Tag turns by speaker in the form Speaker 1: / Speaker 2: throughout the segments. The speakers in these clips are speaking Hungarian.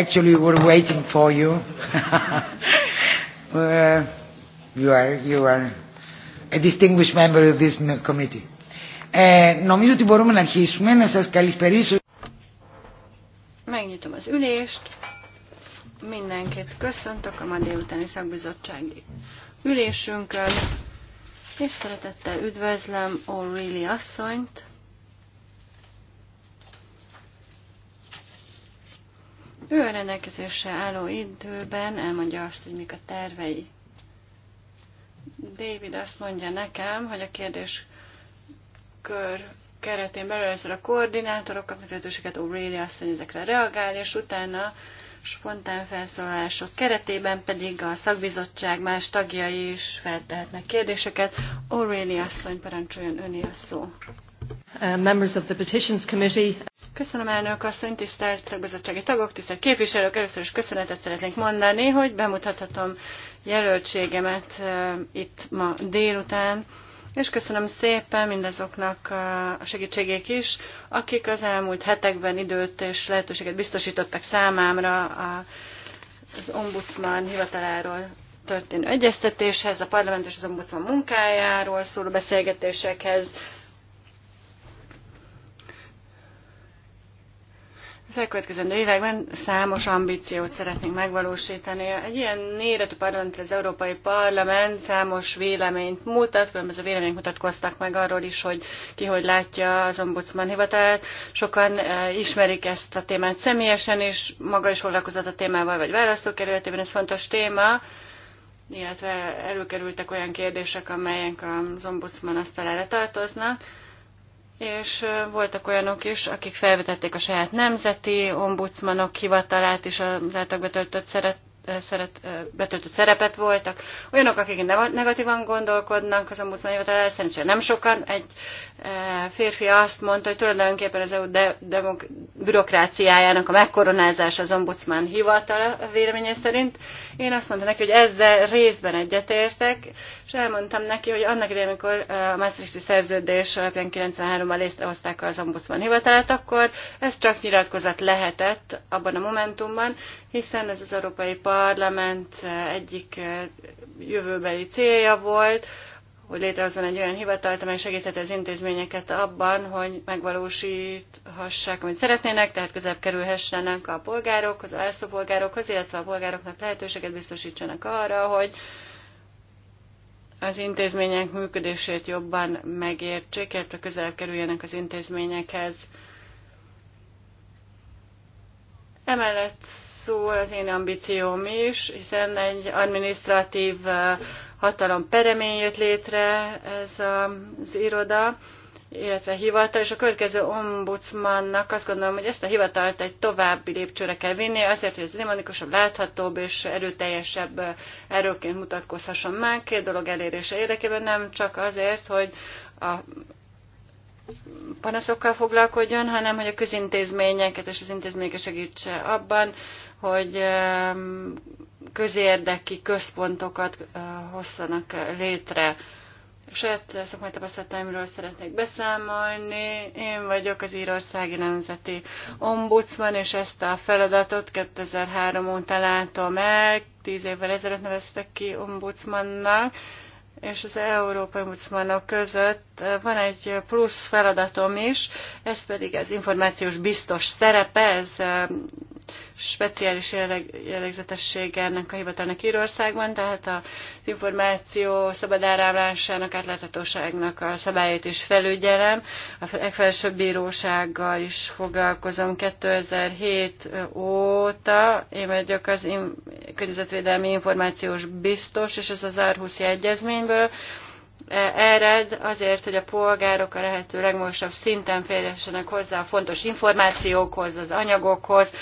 Speaker 1: actually were waiting for you. uh, you are, you are a distinguished member of this committee. Ε, uh, νομίζω ότι μπορούμε να αρχίσουμε. Να σας καλησπερίσω.
Speaker 2: Megnyitom az ülést. Mindenkit köszöntök a ma délutáni szakbizottsági ülésünkön, és szeretettel üdvözlöm O'Reilly asszonyt, Ő a rendelkezésre álló időben elmondja azt, hogy mik a tervei. David azt mondja nekem, hogy a kérdés kör keretén belül ezzel a koordinátorok, a vezetőséget O'Reilly mondja, ezekre reagál, és utána spontán felszólalások keretében pedig a szakbizottság más tagjai is feltehetnek kérdéseket. O'Reilly asszony parancsoljon öné a szó. Uh, members of the Petitions Committee. Köszönöm elnök asszony, tisztelt bizottsági tagok, tisztelt képviselők. Először is köszönetet szeretnék mondani, hogy bemutathatom jelöltségemet itt ma délután. És köszönöm szépen mindazoknak a segítségék is, akik az elmúlt hetekben időt és lehetőséget biztosítottak számámra az ombudsman hivataláról történő egyeztetéshez, a parlament és az ombudsman munkájáról szóló beszélgetésekhez, Az elkövetkező években számos ambíciót szeretnénk megvalósítani. Egy ilyen méretű parlament, az Európai Parlament számos véleményt mutat, különböző vélemények mutatkoztak meg arról is, hogy ki hogy látja az ombudsman hivatalát. Sokan eh, ismerik ezt a témát személyesen, és maga is foglalkozott a témával, vagy választókerületében, ez fontos téma illetve előkerültek olyan kérdések, amelyek az ombudsman asztalára tartoznak és voltak olyanok is, akik felvetették a saját nemzeti ombudsmanok hivatalát is az által betöltött, szeret, szeret, betöltött szerepet voltak. Olyanok, akik negatívan gondolkodnak az ombudsman hivatalára, szerintem nem sokan. Egy férfi azt mondta, hogy tulajdonképpen az EU de, demok, bürokráciájának a megkoronázása az ombudsman hivatala véleménye szerint. Én azt mondtam neki, hogy ezzel részben egyetértek, és elmondtam neki, hogy annak idején, amikor a Maastrichti szerződés alapján 93-ban létrehozták az ombudsman hivatalát, akkor ez csak nyilatkozat lehetett abban a momentumban, hiszen ez az Európai Parlament egyik jövőbeli célja volt, hogy létrehozzon egy olyan hivatalt, amely segítheti az intézményeket abban, hogy megvalósíthassák, amit szeretnének, tehát közelebb kerülhessenek a polgárokhoz, az elszópolgárokhoz, illetve a polgároknak lehetőséget biztosítsanak arra, hogy az intézmények működését jobban megértsék, illetve közelebb kerüljenek az intézményekhez. Emellett szól az én ambícióm is, hiszen egy administratív uh, hatalom peremén jött létre ez az iroda, illetve hivatal, és a következő ombudsmannak azt gondolom, hogy ezt a hivatalt egy további lépcsőre kell vinni, azért, hogy ez demonikusabb, láthatóbb és erőteljesebb erőként mutatkozhasson meg. Két dolog elérése érdekében nem csak azért, hogy a panaszokkal foglalkodjon, hanem hogy a közintézményeket és az intézményeket segítse abban, hogy um, közérdeki központokat uh, hozzanak létre saját szakmai tapasztalataimról szeretnék beszámolni. Én vagyok az Írországi Nemzeti Ombudsman, és ezt a feladatot 2003 óta látom el. Tíz évvel ezelőtt neveztek ki ombudsmannak, és az Európai Ombudsmanok között eh, van egy plusz feladatom is, ez pedig az információs biztos szerepe, ez eh, speciális jelleg, jellegzetessége ennek a hivatalnak Írországban, tehát az információ szabad áramlásának, átláthatóságnak a szabályait is felügyelem. A legfelsőbb bírósággal is foglalkozom 2007 óta. Én vagyok az in, környezetvédelmi információs biztos, és ez az Árhuszi Egyezményből e, ered azért, hogy a polgárok a lehető legmagasabb szinten férjessenek hozzá a fontos információkhoz, az anyagokhoz,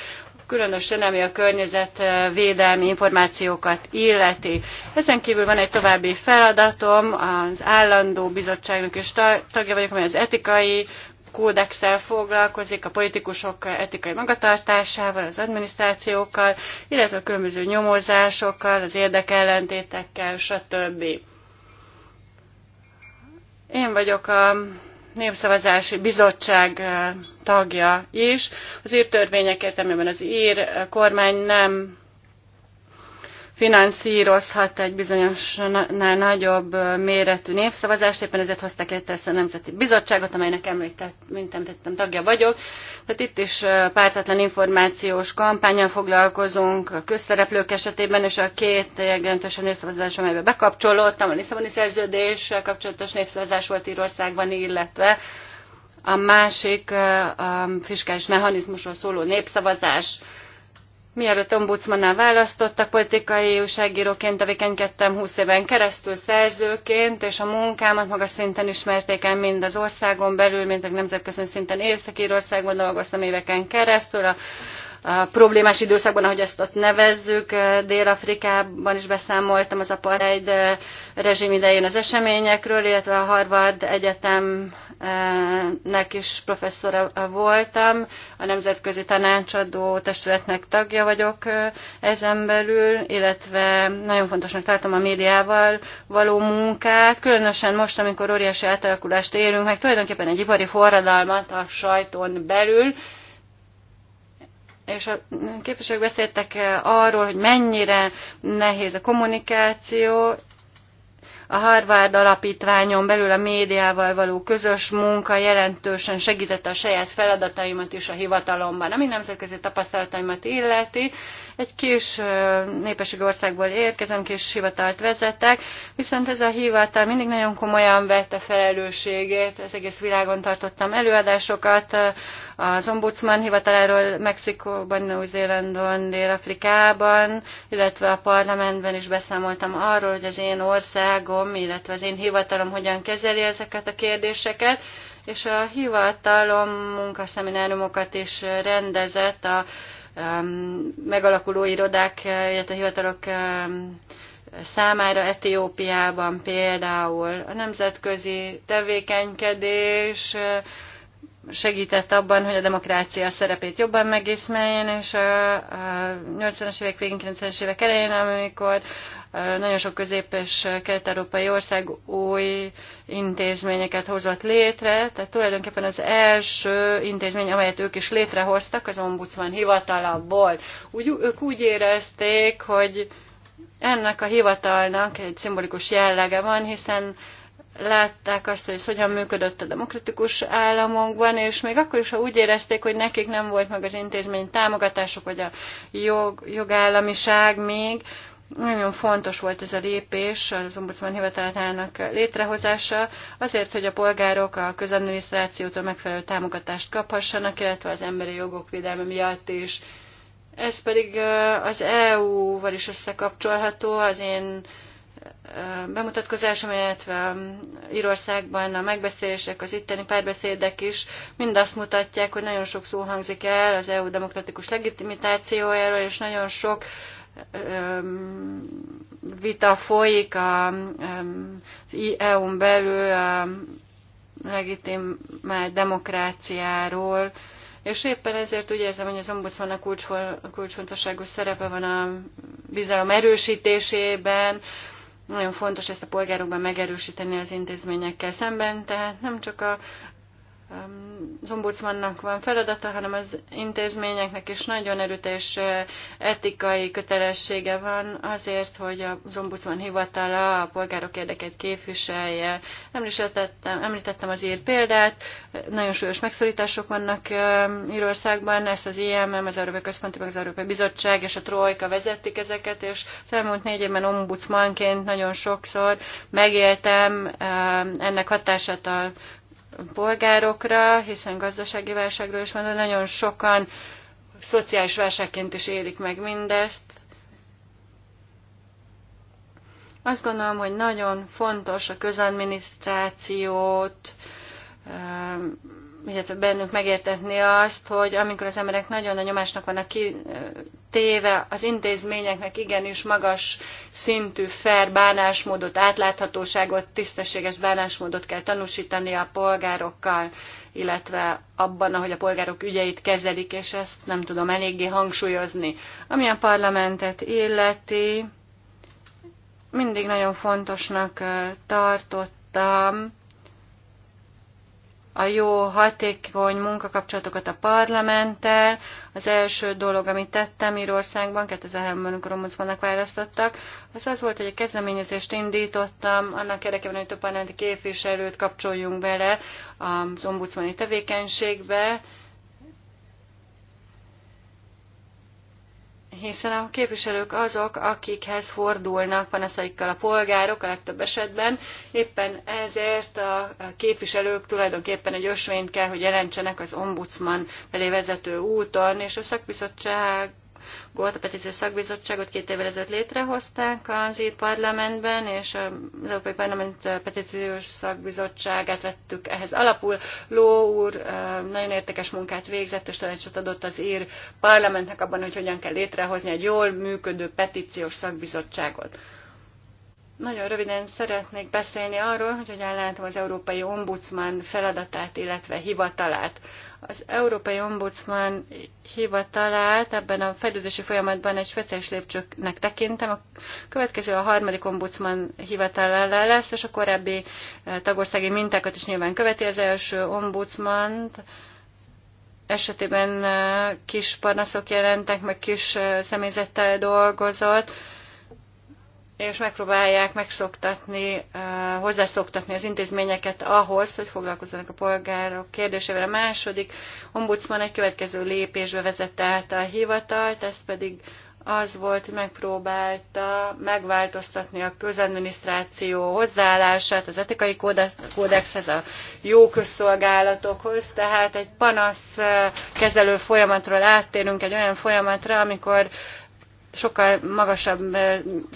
Speaker 2: különösen ami a környezetvédelmi információkat illeti. Ezen kívül van egy további feladatom, az állandó bizottságnak is tagja vagyok, amely az etikai kódexsel foglalkozik, a politikusok etikai magatartásával, az adminisztrációkkal, illetve a különböző nyomozásokkal, az érdekellentétekkel, stb. Én vagyok a Népszavazási Bizottság tagja is. Az ír törvényeket, amiben az ír kormány nem finanszírozhat egy bizonyos nagyobb méretű népszavazást, éppen ezért hozták létre ezt a Nemzeti Bizottságot, amelynek említett, mint említettem, tagja vagyok. Tehát itt is pártatlan információs kampányal foglalkozunk a közszereplők esetében, és a két jelentős népszavazás, amelybe bekapcsolódtam, a Lisszaboni szerződés kapcsolatos népszavazás volt Írországban, illetve a másik a fiskális mechanizmusról szóló népszavazás Mielőtt ombudsmanná választottak, politikai újságíróként tevékenykedtem 20 éven keresztül szerzőként, és a munkámat magas szinten ismerték el mind az országon belül, mind a nemzetközi szinten Észak-Írországban dolgoztam éveken keresztül, a problémás időszakban, ahogy ezt ott nevezzük, eh, Dél-Afrikában is beszámoltam az apartheid eh, rezsim idején az eseményekről, illetve a Harvard Egyetemnek is professzora voltam, a Nemzetközi Tanácsadó Testületnek tagja vagyok eh, ezen belül, illetve nagyon fontosnak tartom a médiával való munkát, különösen most, amikor óriási átalakulást élünk, meg tulajdonképpen egy ipari forradalmat a sajton belül, és a képviselők beszéltek eh, arról, hogy mennyire nehéz a kommunikáció, a Harvard alapítványon belül a médiával való közös munka jelentősen segítette a saját feladataimat is a hivatalomban, ami nemzetközi tapasztalataimat illeti. Egy kis népességű országból érkezem, kis hivatalt vezetek, viszont ez a hivatal mindig nagyon komolyan vette felelősségét. az egész világon tartottam előadásokat az ombudsman hivataláról Mexikóban, Új-Zélandon, Dél-Afrikában, illetve a parlamentben is beszámoltam arról, hogy az én országom, illetve az én hivatalom hogyan kezeli ezeket a kérdéseket és a hivatalom munkaszemináriumokat is rendezett a Um, megalakuló irodák, uh, illetve hivatalok um, számára Etiópiában például a nemzetközi tevékenykedés uh, segített abban, hogy a demokrácia szerepét jobban megismerjen, és a, 80-as évek végén, 90-es évek elején, amikor nagyon sok közép- és kelet-európai ország új intézményeket hozott létre, tehát tulajdonképpen az első intézmény, amelyet ők is létrehoztak, az ombudsman hivatala volt. Úgy, ők úgy érezték, hogy ennek a hivatalnak egy szimbolikus jellege van, hiszen látták azt, hogy ez hogyan működött a demokratikus államokban, és még akkor is, ha úgy érezték, hogy nekik nem volt meg az intézmény támogatások, vagy a jog, jogállamiság még, nagyon fontos volt ez a lépés az ombudsman hivatalának létrehozása, azért, hogy a polgárok a közadminisztrációtól megfelelő támogatást kaphassanak, illetve az emberi jogok védelme miatt is. Ez pedig az EU-val is összekapcsolható, az én bemutatkozásom, illetve Írországban a megbeszélések, az itteni párbeszédek is mind azt mutatják, hogy nagyon sok szó hangzik el az EU demokratikus legitimitációjáról, és nagyon sok vita folyik a, az EU-n belül a legitimált demokráciáról, és éppen ezért úgy érzem, hogy az ombudsmannak kulcsfontosságú szerepe van a bizalom erősítésében, nagyon fontos ezt a polgárokban megerősíteni az intézményekkel szemben, tehát nem csak a az ombudsmannak van feladata, hanem az intézményeknek is nagyon erőteljes etikai kötelessége van azért, hogy az ombudsman hivatala a polgárok érdekeit képviselje. Említettem, említettem az ír példát, nagyon súlyos megszorítások vannak Írországban, ezt az IMM, az Európai Központi Bank, az Európai Bizottság és a Trojka vezetik ezeket, és az elmúlt négy évben ombudsmanként nagyon sokszor megéltem ennek hatását a polgárokra, hiszen gazdasági válságról is van, de nagyon sokan szociális válságként is élik meg mindezt. Azt gondolom, hogy nagyon fontos a közadminisztrációt ehm, illetve bennünk megértetni azt, hogy amikor az emberek nagyon a nyomásnak vannak téve, az intézményeknek igenis magas szintű fair bánásmódot, átláthatóságot, tisztességes bánásmódot kell tanúsítani a polgárokkal, illetve abban, ahogy a polgárok ügyeit kezelik, és ezt nem tudom eléggé hangsúlyozni. Ami a parlamentet illeti, mindig nagyon fontosnak tartottam, a jó, hatékony munkakapcsolatokat a parlamenttel. Az első dolog, amit tettem Írországban, 2003-ban, amikor ombudsmannak választottak, az az volt, hogy a kezdeményezést indítottam, annak érdekében, hogy több parlamenti képviselőt kapcsoljunk bele az ombudsmani tevékenységbe, hiszen a képviselők azok, akikhez fordulnak panaszaikkal a polgárok a legtöbb esetben, éppen ezért a képviselők tulajdonképpen egy ösvényt kell, hogy jelentsenek az ombudsman felé vezető úton, és a szakbizottság volt, a petíciós szakbizottságot két évvel ezelőtt létrehozták az ír parlamentben, és az Európai Parlament eh, petíciós szakbizottságát vettük ehhez alapul. Ló úr eh, nagyon értékes munkát végzett, és tanácsot adott az ír parlamentnek abban, hogy hogyan kell létrehozni egy jól működő petíciós szakbizottságot. Nagyon röviden szeretnék beszélni arról, hogy hogyan látom az Európai Ombudsman feladatát, illetve hivatalát. Az Európai Ombudsman hivatalát ebben a fejlődési folyamatban egy speciális lépcsőknek tekintem. A következő a harmadik ombudsman hivatalá lesz, és a korábbi eh, tagországi mintákat is nyilván követi az első ombudsmant, esetében eh, kis panaszok jelentek, meg kis eh, személyzettel dolgozott, és megpróbálják megszoktatni, hozzászoktatni az intézményeket ahhoz, hogy foglalkozzanak a polgárok kérdésével. A második ombudsman egy következő lépésbe vezette át a hivatalt, ez pedig az volt, hogy megpróbálta megváltoztatni a közadminisztráció hozzáállását az etikai kódexhez, a jó közszolgálatokhoz, tehát egy panasz kezelő folyamatról áttérünk egy olyan folyamatra, amikor sokkal magasabb,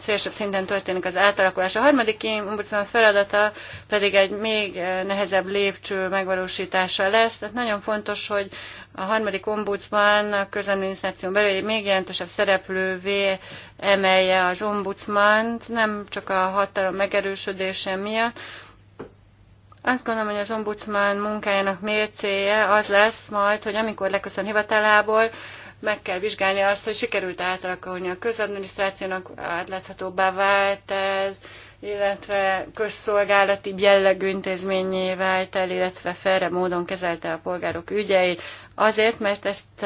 Speaker 2: szélesebb szinten történik az átalakulás. A harmadik ombudsman feladata pedig egy még nehezebb lépcső megvalósítása lesz. Tehát nagyon fontos, hogy a harmadik ombudsman a közadminisztráción belül egy még jelentősebb szereplővé emelje az ombudsmant, nem csak a hatalom megerősödése miatt, azt gondolom, hogy az ombudsman munkájának mércéje az lesz majd, hogy amikor leköszön hivatalából, meg kell vizsgálni azt, hogy sikerült átalakulni a közadminisztrációnak, átláthatóbbá vált ez, illetve közszolgálati jellegű intézményé vált el, illetve felre módon kezelte a polgárok ügyeit, azért, mert ezt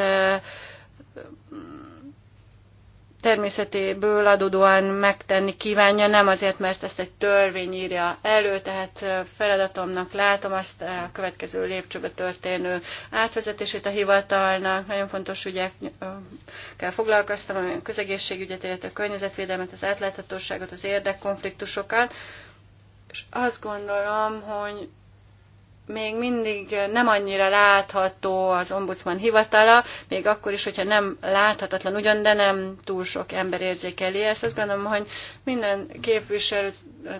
Speaker 2: természetéből adódóan megtenni kívánja, nem azért, mert ezt egy törvény írja elő, tehát feladatomnak látom azt a következő lépcsőbe történő átvezetését a hivatalnak. Nagyon fontos ügyekkel foglalkoztam, a közegészségügyet, illetve a környezetvédelmet, az átláthatóságot, az érdekkonfliktusokat, és azt gondolom, hogy még mindig nem annyira látható az ombudsman hivatala, még akkor is, hogyha nem láthatatlan ugyan, de nem túl sok ember érzékeli ezt. Azt gondolom, hogy minden képviselő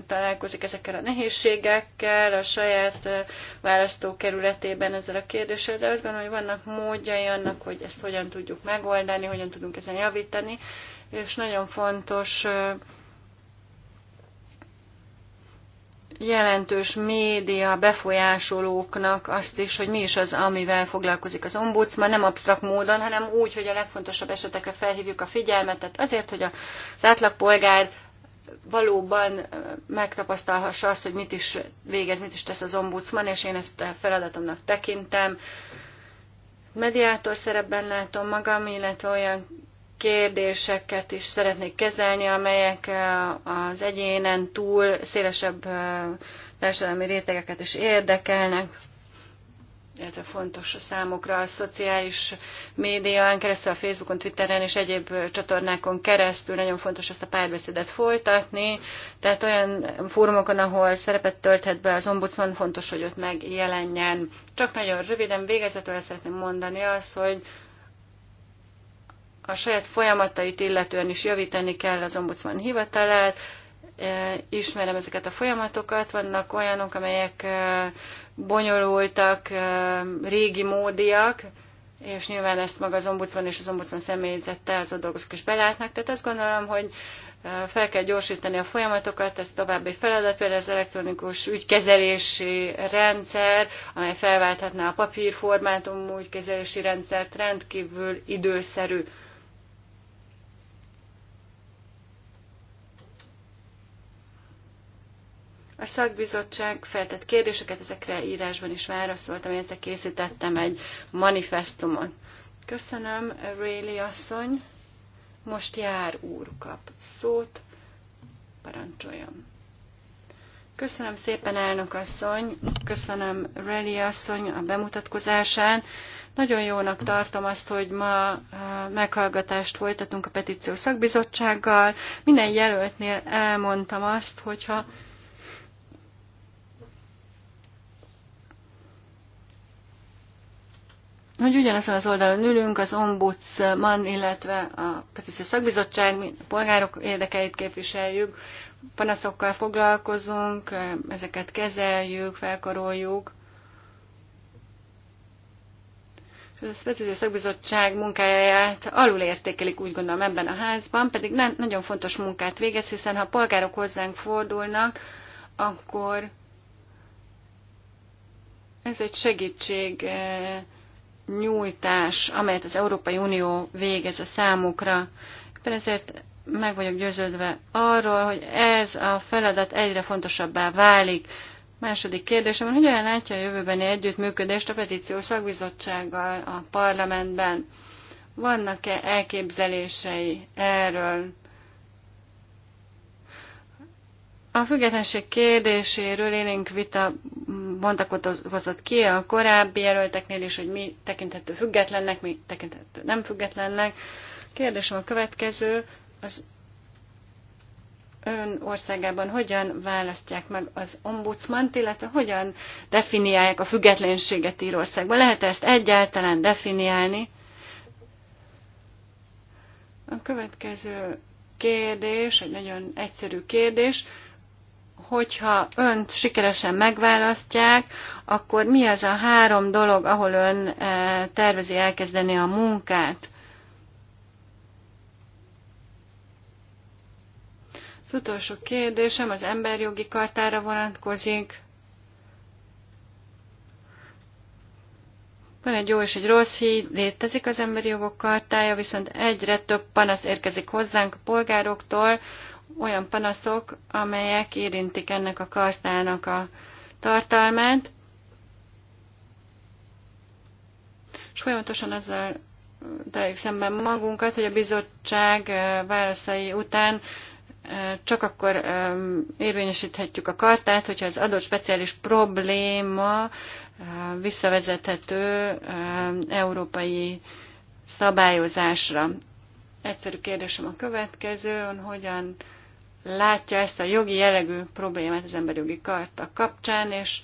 Speaker 2: találkozik ezekkel a nehézségekkel, a saját választókerületében ezzel a kérdéssel, de azt gondolom, hogy vannak módjai annak, hogy ezt hogyan tudjuk megoldani, hogyan tudunk ezen javítani, és nagyon fontos jelentős média befolyásolóknak azt is, hogy mi is az, amivel foglalkozik az ombudsman, nem absztrakt módon, hanem úgy, hogy a legfontosabb esetekre felhívjuk a figyelmet, tehát azért, hogy az átlagpolgár valóban megtapasztalhassa azt, hogy mit is végez, mit is tesz az ombudsman, és én ezt a feladatomnak tekintem. Mediátor szerepben látom magam, illetve olyan kérdéseket is szeretnék kezelni, amelyek az egyénen túl szélesebb társadalmi rétegeket is érdekelnek illetve fontos a számokra, a szociális médián keresztül, a Facebookon, Twitteren és egyéb csatornákon keresztül nagyon fontos ezt a párbeszédet folytatni. Tehát olyan fórumokon, ahol szerepet tölthet be az ombudsman, fontos, hogy ott megjelenjen. Csak nagyon röviden végezetül szeretném mondani azt, hogy a saját folyamatait illetően is javítani kell az ombudsman hivatalát, e, ismerem ezeket a folyamatokat, vannak olyanok, amelyek e, bonyolultak, e, régi módiak, és nyilván ezt maga az ombudsman és az ombudsman személyzette, az a dolgozók is belátnak. Tehát azt gondolom, hogy fel kell gyorsítani a folyamatokat, ez további feladat, például az elektronikus ügykezelési rendszer, amely felválthatná a papírformátum ügykezelési rendszert, rendkívül időszerű. A szakbizottság feltett kérdéseket, ezekre írásban is válaszoltam, te készítettem egy manifestumot. Köszönöm, Réli asszony. Most jár úr kap szót. Parancsoljon. Köszönöm szépen, elnök asszony. Köszönöm Réli asszony a bemutatkozásán. Nagyon jónak tartom azt, hogy ma eh, meghallgatást folytatunk a petíció szakbizottsággal. Minden jelöltnél elmondtam azt, hogyha hogy ugyanazon az oldalon ülünk, az ombudsman, illetve a petíciós szakbizottság, mi a polgárok érdekeit képviseljük, panaszokkal foglalkozunk, ezeket kezeljük, felkaroljuk. És a petíciós szakbizottság munkáját alul értékelik, úgy gondolom, ebben a házban, pedig nem, nagyon fontos munkát végez, hiszen ha a polgárok hozzánk fordulnak, akkor ez egy segítség eh, nyújtás, amelyet az Európai Unió végez a számukra. Éppen ezért meg vagyok győződve arról, hogy ez a feladat egyre fontosabbá válik. Második kérdésem, hogy hogyan látja a jövőbeni együttműködést a petíció szakbizottsággal a parlamentben? Vannak-e elképzelései erről? A függetlenség kérdéséről élénk vita bontakozott ki a korábbi jelölteknél is, hogy mi tekinthető függetlennek, mi tekinthető nem függetlennek. Kérdésem a következő, az ön országában hogyan választják meg az ombudsmant, illetve hogyan definiálják a függetlenséget Írországban? lehet -e ezt egyáltalán definiálni? A következő kérdés, egy nagyon egyszerű kérdés hogyha önt sikeresen megválasztják, akkor mi az a három dolog, ahol ön eh, tervezi elkezdeni a munkát? Az utolsó kérdésem az emberjogi kartára vonatkozik. Van egy jó és egy rossz híd, létezik az emberi jogok kartája, viszont egyre több panasz érkezik hozzánk a polgároktól, olyan panaszok, amelyek érintik ennek a kartának a tartalmát, és folyamatosan azzal találjuk szemben magunkat, hogy a bizottság válaszai után csak akkor érvényesíthetjük a kartát, hogyha az adott speciális probléma visszavezethető európai szabályozásra. Egyszerű kérdésem a következő, hogyan látja ezt a jogi jellegű problémát az jogi karta kapcsán, és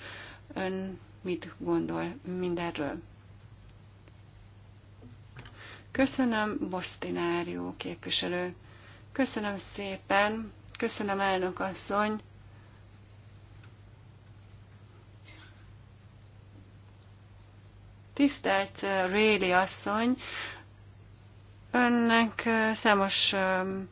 Speaker 2: ön mit gondol mindenről? Köszönöm, Bosztinárió képviselő. Köszönöm szépen, köszönöm elnök asszony. Tisztelt uh, Réli asszony, önnek uh, számos um,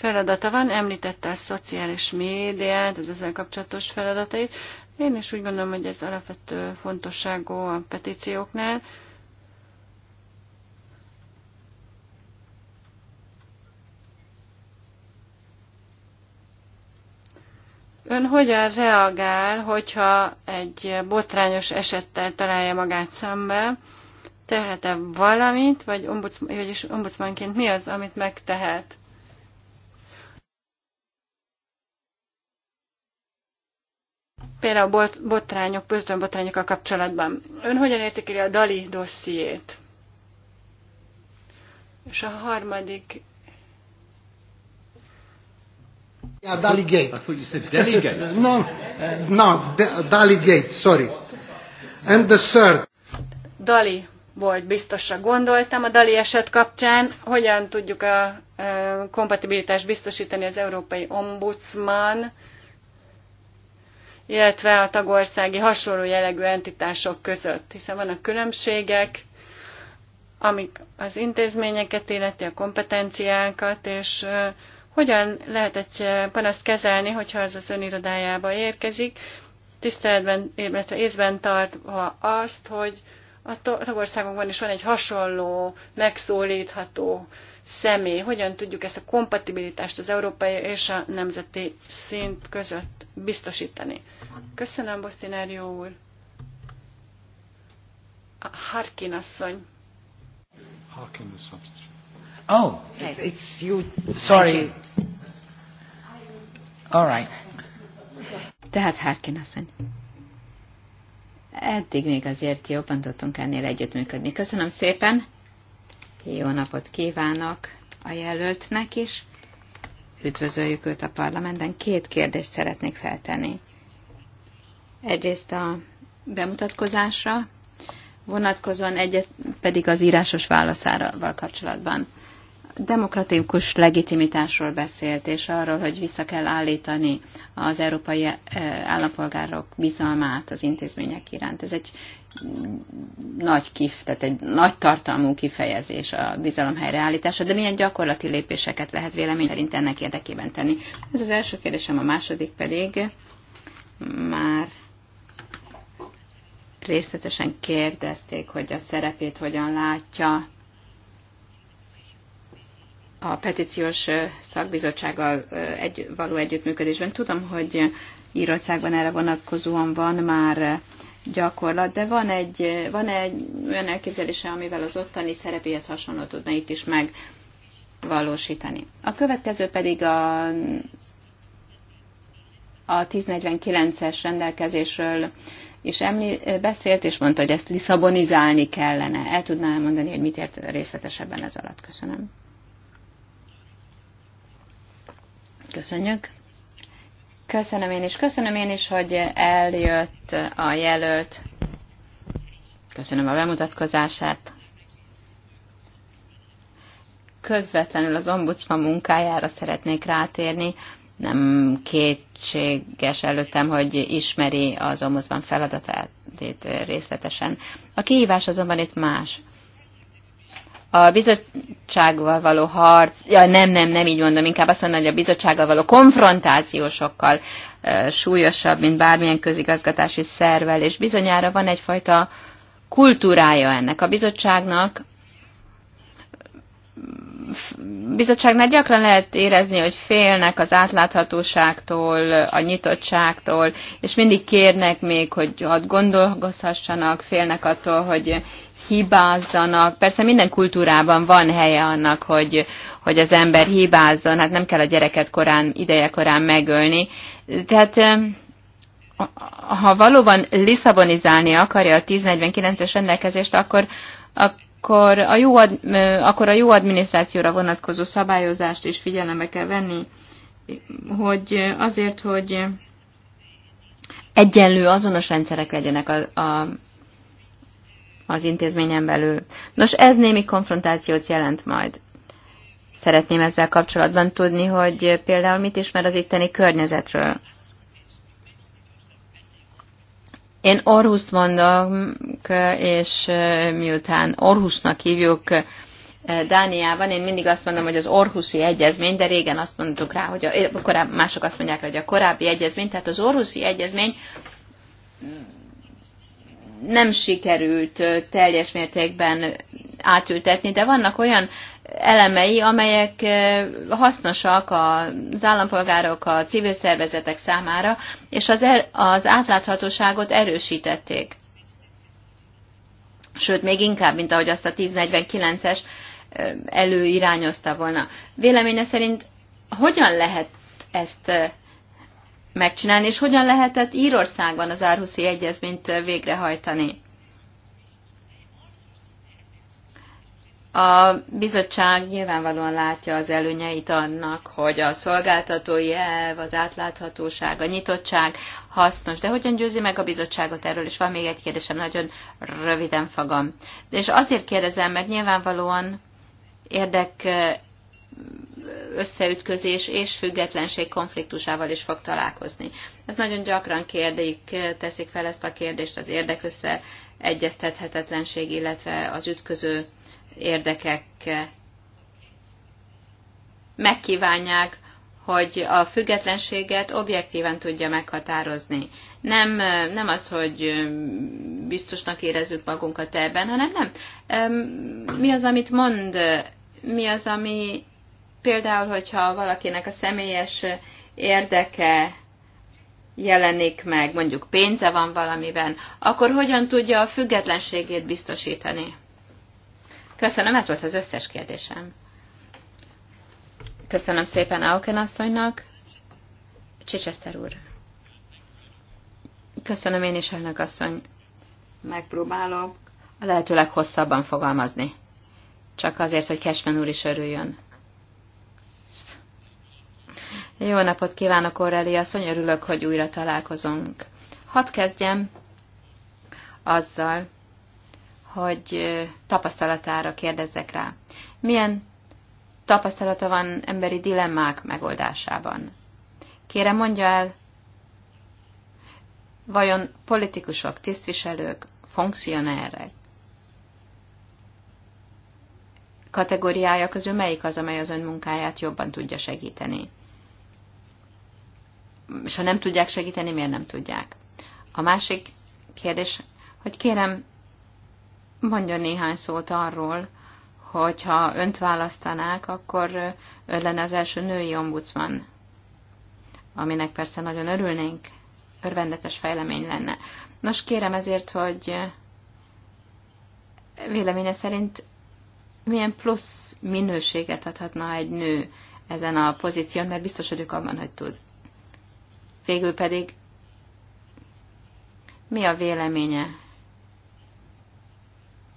Speaker 2: feladata van, említette a szociális médiát, az ezzel kapcsolatos feladatait. Én is úgy gondolom, hogy ez alapvető fontosságú a petícióknál. Ön hogyan reagál, hogyha egy botrányos esettel találja magát szembe? Tehet-e valamit, vagy, ombudsman, vagyis ombudsmanként mi az, amit megtehet? Például bot, botrányok, botrányokkal kapcsolatban. Ön hogyan értékeli a Dali dossziét? És a harmadik
Speaker 1: Yeah, Dali Gate. Dali Gate? no, said no, no, Dali Gate, sorry. And the third.
Speaker 2: Dali volt biztosra gondoltam a Dali eset kapcsán. Hogyan tudjuk a kompatibilitást biztosítani az Európai Ombudsman illetve a tagországi hasonló jellegű entitások között, hiszen vannak különbségek, amik az intézményeket illeti, a kompetenciákat, és hogyan lehet egy panaszt kezelni, hogyha az az önirodájába érkezik, tiszteletben, illetve észben tartva azt, hogy a tagországokban is van egy hasonló, megszólítható személy. Hogyan tudjuk ezt a kompatibilitást az európai és a nemzeti szint között biztosítani. Köszönöm, Bosztinárió úr. A Harkin asszony.
Speaker 1: Harkin asszony. Oh, it's, it's you. Sorry. All right.
Speaker 3: Tehát Harkin asszony. Eddig még azért jobban tudtunk ennél együttműködni. Köszönöm szépen. Jó napot kívánok a jelöltnek is. Üdvözöljük őt a parlamentben. Két kérdést szeretnék feltenni. Egyrészt a bemutatkozásra, vonatkozóan egyet pedig az írásos válaszával kapcsolatban demokratikus legitimitásról beszélt, és arról, hogy vissza kell állítani az európai eh, állampolgárok bizalmát az intézmények iránt. Ez egy nagy kif, tehát egy nagy tartalmú kifejezés a bizalom helyreállítása, de milyen gyakorlati lépéseket lehet vélemény szerint ennek érdekében tenni? Ez az első kérdésem, a második pedig már részletesen kérdezték, hogy a szerepét hogyan látja a petíciós szakbizottsággal egy, való együttműködésben. Tudom, hogy Írországban erre vonatkozóan van már gyakorlat, de van egy, van egy olyan elképzelése, amivel az ottani szerepéhez hasonló tudna itt is megvalósítani. A következő pedig a, a 1049-es rendelkezésről és emlí- beszélt, és mondta, hogy ezt liszabonizálni kellene. El tudná elmondani, hogy mit ért részletesebben ez alatt? Köszönöm. Köszönjük. Köszönöm én is. Köszönöm én is, hogy eljött a jelölt. Köszönöm a bemutatkozását. Közvetlenül az ombudsman munkájára szeretnék rátérni. Nem kétséges előttem, hogy ismeri az ombudsman feladatát részletesen. A kihívás azonban itt más a bizottsággal való harc, ja nem, nem, nem így mondom, inkább azt mondom, hogy a bizottsággal való konfrontáció sokkal e, súlyosabb, mint bármilyen közigazgatási szervel, és bizonyára van egyfajta kultúrája ennek a bizottságnak, bizottságnál gyakran lehet érezni, hogy félnek az átláthatóságtól, a nyitottságtól, és mindig kérnek még, hogy ott gondolkozhassanak, félnek attól, hogy hibázzanak. Persze minden kultúrában van helye annak, hogy, hogy az ember hibázzon, hát nem kell a gyereket korán, ideje korán megölni. Tehát ha valóban liszabonizálni akarja a 1049-es rendelkezést, akkor, akkor, a jó ad, akkor a jó adminisztrációra vonatkozó szabályozást is figyelembe kell venni, hogy azért, hogy egyenlő, azonos rendszerek legyenek a, a, az intézményen belül. Nos, ez némi konfrontációt jelent majd. Szeretném ezzel kapcsolatban tudni, hogy például mit ismer az itteni környezetről. Én Orhuszt mondok, és miután Orhusnak hívjuk Dániában, én mindig azt mondom, hogy az Orhuszi Egyezmény, de régen azt mondtuk rá, hogy a, korábbi, mások azt mondják hogy a korábbi egyezmény, tehát az Orhuszi Egyezmény nem sikerült teljes mértékben átültetni, de vannak olyan elemei, amelyek hasznosak az állampolgárok, a civil szervezetek számára, és az, er, az átláthatóságot erősítették. Sőt, még inkább, mint ahogy azt a 1049-es előirányozta volna. Véleménye szerint hogyan lehet ezt megcsinálni, és hogyan lehetett Írországban az Árhuszi Egyezményt végrehajtani. A bizottság nyilvánvalóan látja az előnyeit annak, hogy a szolgáltatói elv, az átláthatóság, a nyitottság hasznos. De hogyan győzi meg a bizottságot erről? És van még egy kérdésem, nagyon röviden fogom. És azért kérdezem, mert nyilvánvalóan érdek összeütközés és függetlenség konfliktusával is fog találkozni. Ez nagyon gyakran kérdik, teszik fel ezt a kérdést az érdekössze egyeztethetetlenség, illetve az ütköző érdekek megkívánják, hogy a függetlenséget objektíven tudja meghatározni. Nem, nem az, hogy biztosnak érezzük magunkat ebben, hanem nem. Mi az, amit mond, mi az, ami Például, hogyha valakinek a személyes érdeke jelenik meg, mondjuk pénze van valamiben, akkor hogyan tudja a függetlenségét biztosítani? Köszönöm, ez volt az összes kérdésem. Köszönöm szépen Auken asszonynak. Csicseszter úr. Köszönöm én is, elnök asszony. Megpróbálok a lehető leghosszabban fogalmazni. Csak azért, hogy Kesmen úr is örüljön. Jó napot kívánok, Aureli asszony, örülök, hogy újra találkozunk. Hadd kezdjem azzal, hogy tapasztalatára kérdezzek rá. Milyen tapasztalata van emberi dilemmák megoldásában? Kérem, mondja el, vajon politikusok, tisztviselők, funkcionárek kategóriája közül melyik az, amely az ön munkáját jobban tudja segíteni? és ha nem tudják segíteni, miért nem tudják? A másik kérdés, hogy kérem, mondjon néhány szót arról, hogyha önt választanák, akkor ön lenne az első női ombudsman, aminek persze nagyon örülnénk, örvendetes fejlemény lenne. Nos, kérem ezért, hogy véleménye szerint milyen plusz minőséget adhatna egy nő ezen a pozíción, mert biztos vagyok abban, hogy tud. Végül pedig mi a véleménye?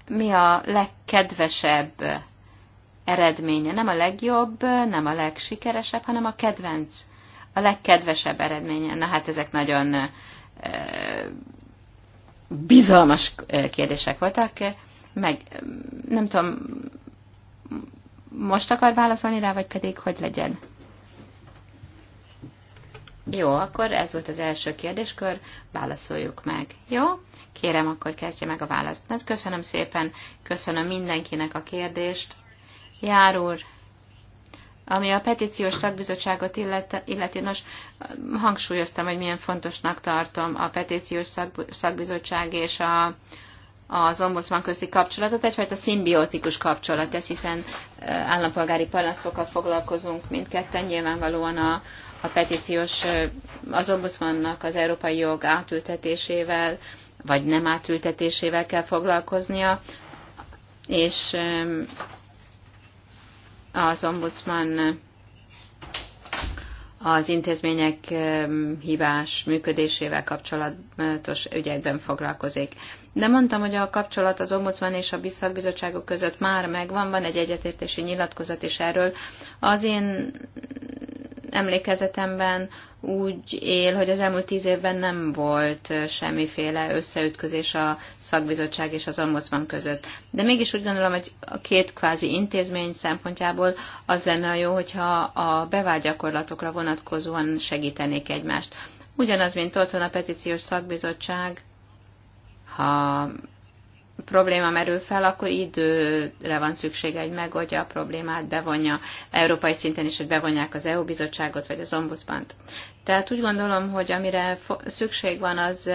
Speaker 3: Mi a legkedvesebb eredménye? Nem a legjobb, nem a legsikeresebb, hanem a kedvenc, a legkedvesebb eredménye. Na hát ezek nagyon bizalmas kérdések voltak. Meg nem tudom, most akar válaszolni rá, vagy pedig hogy legyen? Jó, akkor ez volt az első kérdéskör, válaszoljuk meg. Jó? Kérem, akkor kezdje meg a választ. Na, köszönöm szépen, köszönöm mindenkinek a kérdést. Jár úr, ami a petíciós szakbizottságot illeti, nos, hangsúlyoztam, hogy milyen fontosnak tartom a petíciós szakbizottság és a, az ombudsman közti kapcsolatot, egyfajta szimbiotikus kapcsolat ez, hiszen állampolgári panaszokkal foglalkozunk mindketten, nyilvánvalóan a, a petíciós az ombudsmannak az európai jog átültetésével, vagy nem átültetésével kell foglalkoznia, és az ombudsman az intézmények hibás működésével kapcsolatos ügyekben foglalkozik. De mondtam, hogy a kapcsolat az ombudsman és a bizottságok között már megvan, van egy egyetértési nyilatkozat is erről. Az én emlékezetemben úgy él, hogy az elmúlt tíz évben nem volt semmiféle összeütközés a szakbizottság és az ombudsman között. De mégis úgy gondolom, hogy a két kvázi intézmény szempontjából az lenne a jó, hogyha a bevált gyakorlatokra vonatkozóan segítenék egymást. Ugyanaz, mint otthon a petíciós szakbizottság, ha probléma merül fel, akkor időre van szüksége, hogy megoldja a problémát, bevonja európai szinten is, hogy bevonják az EU bizottságot vagy az ombudsmant. Tehát úgy gondolom, hogy amire szükség van, az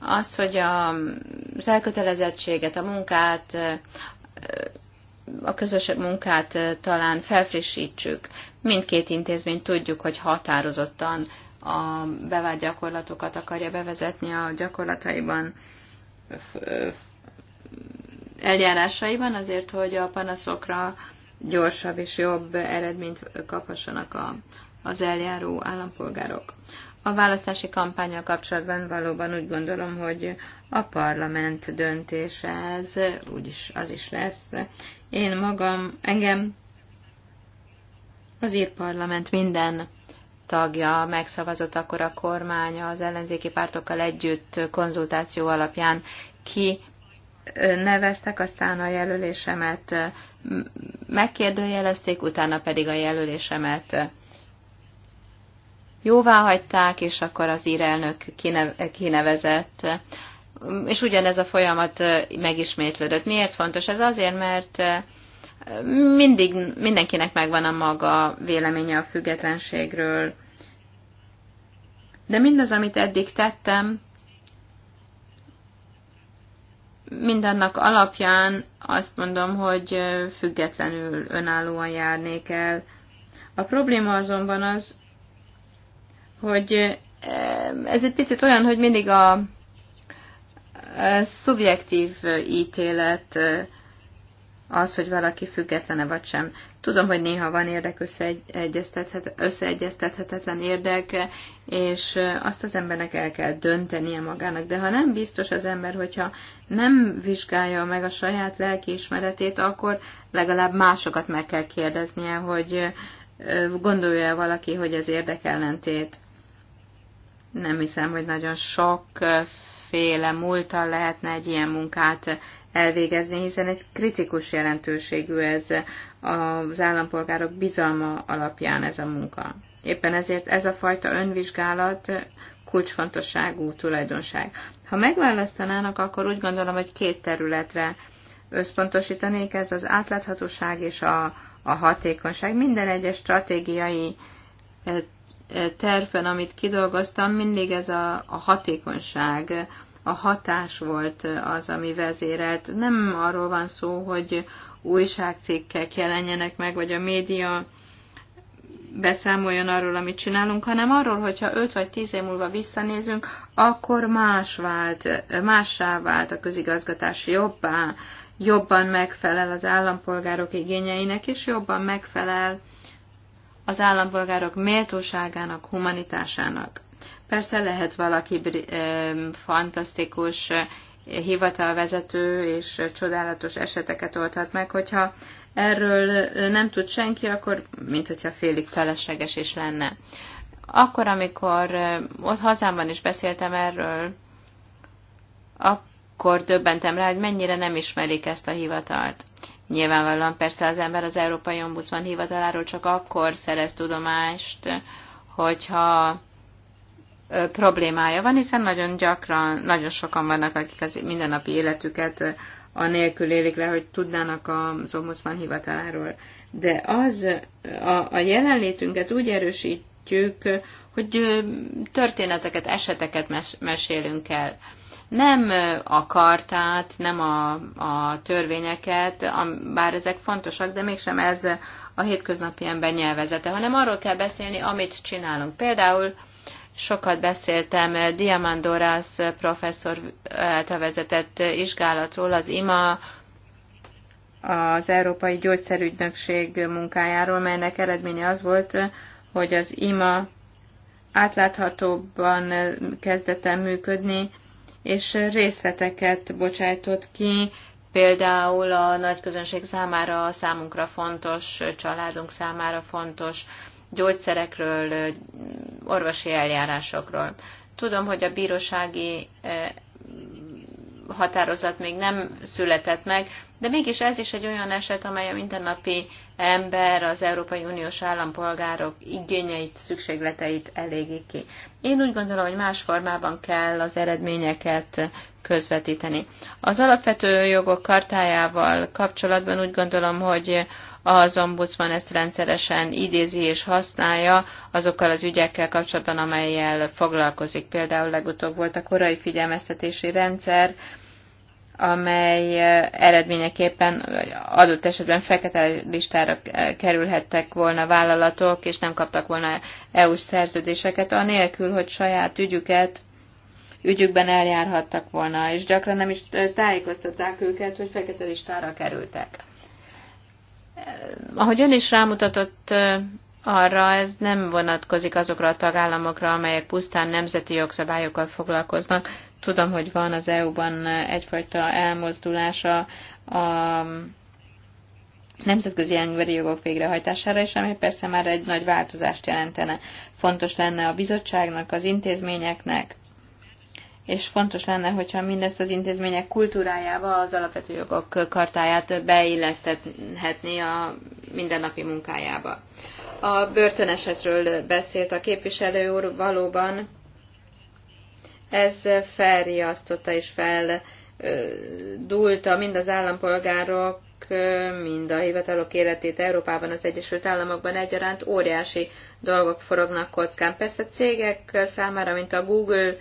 Speaker 3: az, hogy a, az elkötelezettséget, a munkát, a közös munkát talán felfrissítsük. Mindkét intézmény tudjuk, hogy határozottan a bevált gyakorlatokat akarja bevezetni a gyakorlataiban eljárásaiban, azért, hogy a panaszokra gyorsabb és jobb eredményt kaphassanak a, az eljáró állampolgárok. A választási kampánya kapcsolatban valóban úgy gondolom, hogy a parlament döntése ez, úgyis az is lesz. Én magam, engem az ír parlament minden tagja megszavazott akkor a kormánya az ellenzéki pártokkal együtt konzultáció alapján ki neveztek, aztán a jelölésemet megkérdőjelezték, utána pedig a jelölésemet jóvá hagyták, és akkor az írelnök kinevezett. És ugyanez a folyamat megismétlődött. Miért fontos? Ez azért, mert mindig mindenkinek megvan a maga véleménye a függetlenségről. De mindaz, amit eddig tettem, mindannak alapján azt mondom, hogy függetlenül önállóan járnék el. A probléma azonban az, hogy ez egy picit olyan, hogy mindig a szubjektív ítélet az, hogy valaki függetlene vagy sem. Tudom, hogy néha van érdek összeegyeztethet, összeegyeztethetetlen érdeke és azt az embernek el kell döntenie magának. De ha nem biztos az ember, hogyha nem vizsgálja meg a saját lelkiismeretét, akkor legalább másokat meg kell kérdeznie, hogy gondolja valaki, hogy ez érdekellentét. Nem hiszem, hogy nagyon sok féle múltal lehetne egy ilyen munkát elvégezni, hiszen egy kritikus jelentőségű ez az állampolgárok bizalma alapján ez a munka. Éppen ezért ez a fajta önvizsgálat kulcsfontosságú tulajdonság. Ha megválasztanának, akkor úgy gondolom, hogy két területre összpontosítanék, ez az átláthatóság és a, a hatékonyság. Minden egyes stratégiai eh, eh, terven, amit kidolgoztam, mindig ez a, a hatékonyság a hatás volt az, ami vezérelt. Nem arról van szó, hogy újságcikkek jelenjenek meg, vagy a média beszámoljon arról, amit csinálunk, hanem arról, hogyha 5 vagy 10 év múlva visszanézünk, akkor más vált, mássá vált a közigazgatás jobbá, jobban megfelel az állampolgárok igényeinek, és jobban megfelel az állampolgárok méltóságának, humanitásának. Persze lehet valaki fantasztikus hivatalvezető és csodálatos eseteket oldhat meg, hogyha erről nem tud senki, akkor mint hogyha félig felesleges is lenne. Akkor, amikor ott hazámban is beszéltem erről, akkor döbbentem rá, hogy mennyire nem ismerik ezt a hivatalt. Nyilvánvalóan persze az ember az Európai Ombudsman hivataláról csak akkor szerez tudomást, hogyha problémája van, hiszen nagyon gyakran, nagyon sokan vannak, akik az mindennapi életüket anélkül élik le, hogy tudnának az ombudsman hivataláról. De az a, a jelenlétünket úgy erősítjük, hogy történeteket, eseteket mes, mesélünk el. Nem a kartát, nem a, a törvényeket, a, bár ezek fontosak, de mégsem ez a hétköznapi ember nyelvezete, hanem arról kell beszélni, amit csinálunk. Például sokat beszéltem Diamandorász professzor által vezetett vizsgálatról, az IMA, az Európai Gyógyszerügynökség munkájáról, melynek eredménye az volt, hogy az IMA átláthatóbban kezdett el működni, és részleteket bocsájtott ki, például a nagy közönség számára, a számunkra fontos, családunk számára fontos gyógyszerekről, orvosi eljárásokról. Tudom, hogy a bírósági határozat még nem született meg, de mégis ez is egy olyan eset, amely a mindennapi ember, az Európai Uniós állampolgárok igényeit, szükségleteit elégi ki. Én úgy gondolom, hogy más formában kell az eredményeket közvetíteni. Az alapvető jogok kartájával kapcsolatban úgy gondolom, hogy az ombudsman ezt rendszeresen idézi és használja azokkal az ügyekkel kapcsolatban, amelyel foglalkozik. Például legutóbb volt a korai figyelmeztetési rendszer, amely eh, eredményeképpen adott esetben fekete listára kerülhettek volna vállalatok, és nem kaptak volna EU-s szerződéseket, anélkül, hogy saját ügyüket ügyükben eljárhattak volna, és gyakran nem is eh, tájékoztatták őket, hogy fekete listára kerültek. Ahogy ön is rámutatott arra, ez nem vonatkozik azokra a tagállamokra, amelyek pusztán nemzeti jogszabályokkal foglalkoznak. Tudom, hogy van az EU-ban egyfajta elmozdulása a nemzetközi emberi jogok végrehajtására, és ami persze már egy nagy változást jelentene. Fontos lenne a bizottságnak, az intézményeknek, és fontos lenne, hogyha mindezt az intézmények kultúrájába, az alapvető jogok kartáját beilleszthetné a mindennapi munkájába. A börtönesetről beszélt a képviselő úr, valóban ez felriasztotta és feldulta mind az állampolgárok, mind a hivatalok életét Európában, az Egyesült Államokban egyaránt óriási dolgok forognak kockán. Persze cégek számára, mint a Google,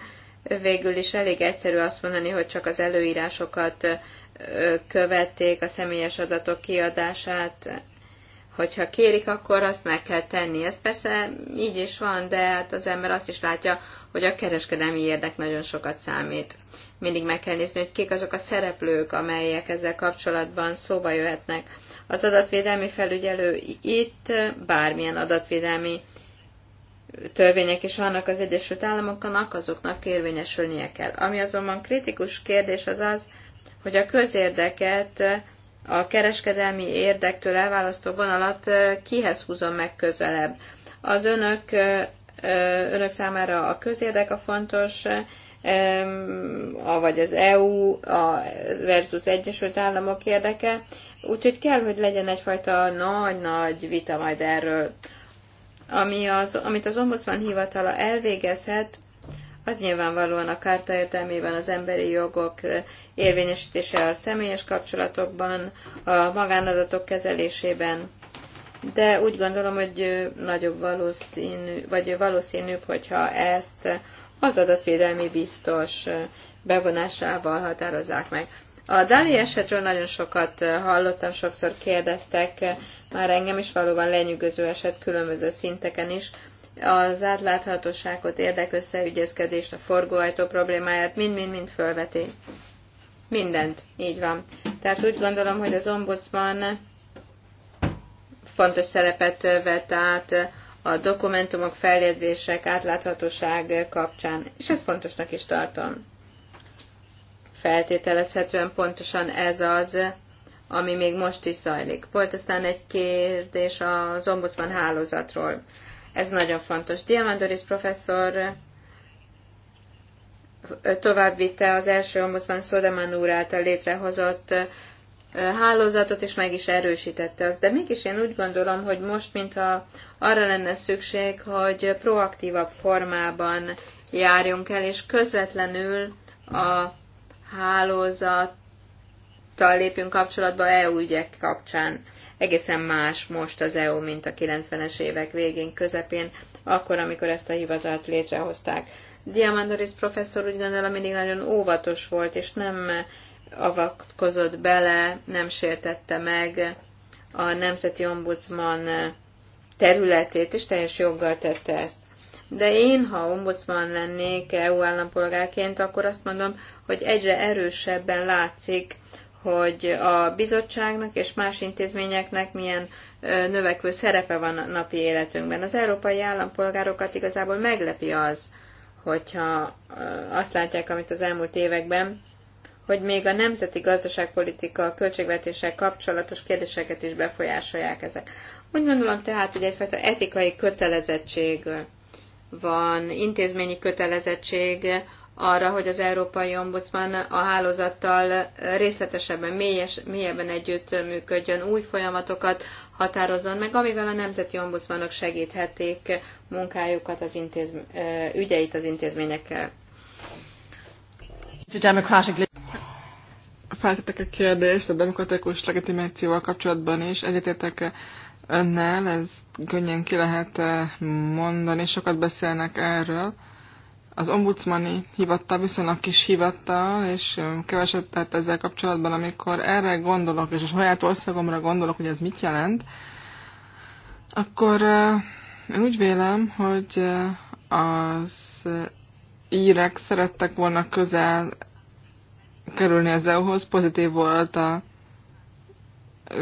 Speaker 3: végül is elég egyszerű azt mondani, hogy csak az előírásokat követték, a személyes adatok kiadását, hogyha kérik, akkor azt meg kell tenni. Ez persze így is van, de hát az ember azt is látja, hogy a kereskedelmi érdek nagyon sokat számít. Mindig meg kell nézni, hogy kik azok a szereplők, amelyek ezzel kapcsolatban szóba jöhetnek. Az adatvédelmi felügyelő itt bármilyen adatvédelmi törvények is vannak az Egyesült Államoknak, azoknak érvényesülnie kell. Ami azonban kritikus kérdés az az, hogy a közérdeket a kereskedelmi érdektől elválasztó vonalat kihez húzom meg közelebb. Az önök, önök számára a közérdek a fontos, vagy az EU versus Egyesült Államok érdeke, úgyhogy kell, hogy legyen egyfajta nagy-nagy vita majd erről ami az, amit az ombudsman hivatala elvégezhet, az nyilvánvalóan a kárta értelmében az emberi jogok érvényesítése a személyes kapcsolatokban, a magánadatok kezelésében, de úgy gondolom, hogy nagyobb valószínű, vagy valószínűbb, hogyha ezt az adatvédelmi biztos bevonásával határozzák meg. A Dali esetről nagyon sokat hallottam, sokszor kérdeztek már engem is valóban lenyűgöző eset különböző szinteken is, az átláthatóságot, érdekösszeügyezkedést, a forgóajtó problémáját, mind-mind-mind fölveti. Mindent, így van. Tehát úgy gondolom, hogy az ombudsman fontos szerepet vett át a dokumentumok, feljegyzések, átláthatóság kapcsán, és ezt fontosnak is tartom. Feltételezhetően pontosan ez az, ami még most is zajlik. Volt aztán egy kérdés az ombudsman hálózatról. Ez nagyon fontos. Diamandoris professzor továbbvitte az első ombudsman Szodeman úr által létrehozott hálózatot, és meg is erősítette azt. De mégis én úgy gondolom, hogy most, mintha arra lenne szükség, hogy proaktívabb formában járjunk el, és közvetlenül a hálózat tal lépünk kapcsolatba EU ügyek kapcsán. Egészen más most az EU, mint a 90-es évek végén, közepén, akkor, amikor ezt a hivatalt létrehozták. Diamandoris professzor úgy gondolom mindig nagyon óvatos volt, és nem avatkozott bele, nem sértette meg a Nemzeti Ombudsman területét, és teljes joggal tette ezt. De én, ha ombudsman lennék EU állampolgárként, akkor azt mondom, hogy egyre erősebben látszik hogy a bizottságnak és más intézményeknek milyen növekvő szerepe van a napi életünkben. Az európai állampolgárokat igazából meglepi az, hogyha azt látják, amit az elmúlt években, hogy még a nemzeti gazdaságpolitika költségvetéssel kapcsolatos kérdéseket is befolyásolják ezek. Úgy gondolom tehát, hogy egyfajta etikai kötelezettség van, intézményi kötelezettség arra, hogy az Európai Ombudsman a hálózattal részletesebben, mélyes, mélyebben együtt működjön, új folyamatokat határozzon meg, amivel a nemzeti ombudsmanok segíthetik munkájukat, az intézm, ügyeit az intézményekkel.
Speaker 4: Feltettek egy kérdést a demokratikus legitimációval kapcsolatban is. Egyetértek -e önnel, ez könnyen ki lehet mondani, sokat beszélnek erről az ombudsmani hivatta viszonylag kis hivatta, és keveset tett ezzel kapcsolatban, amikor erre gondolok, és a saját országomra gondolok, hogy ez mit jelent, akkor én úgy vélem, hogy az írek szerettek volna közel kerülni az EU-hoz, pozitív volt a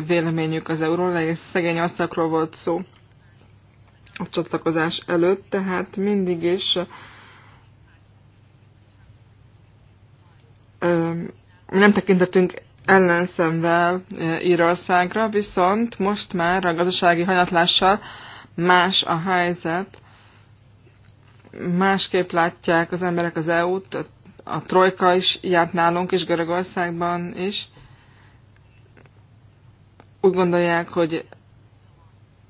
Speaker 4: véleményük az euróról, és szegény asztakról volt szó a csatlakozás előtt, tehát mindig is nem tekintettünk ellenszemvel Írországra, viszont most már a gazdasági hanyatlással más a helyzet, másképp látják az emberek az EU-t, a trojka is járt nálunk is, Görögországban is. Úgy gondolják, hogy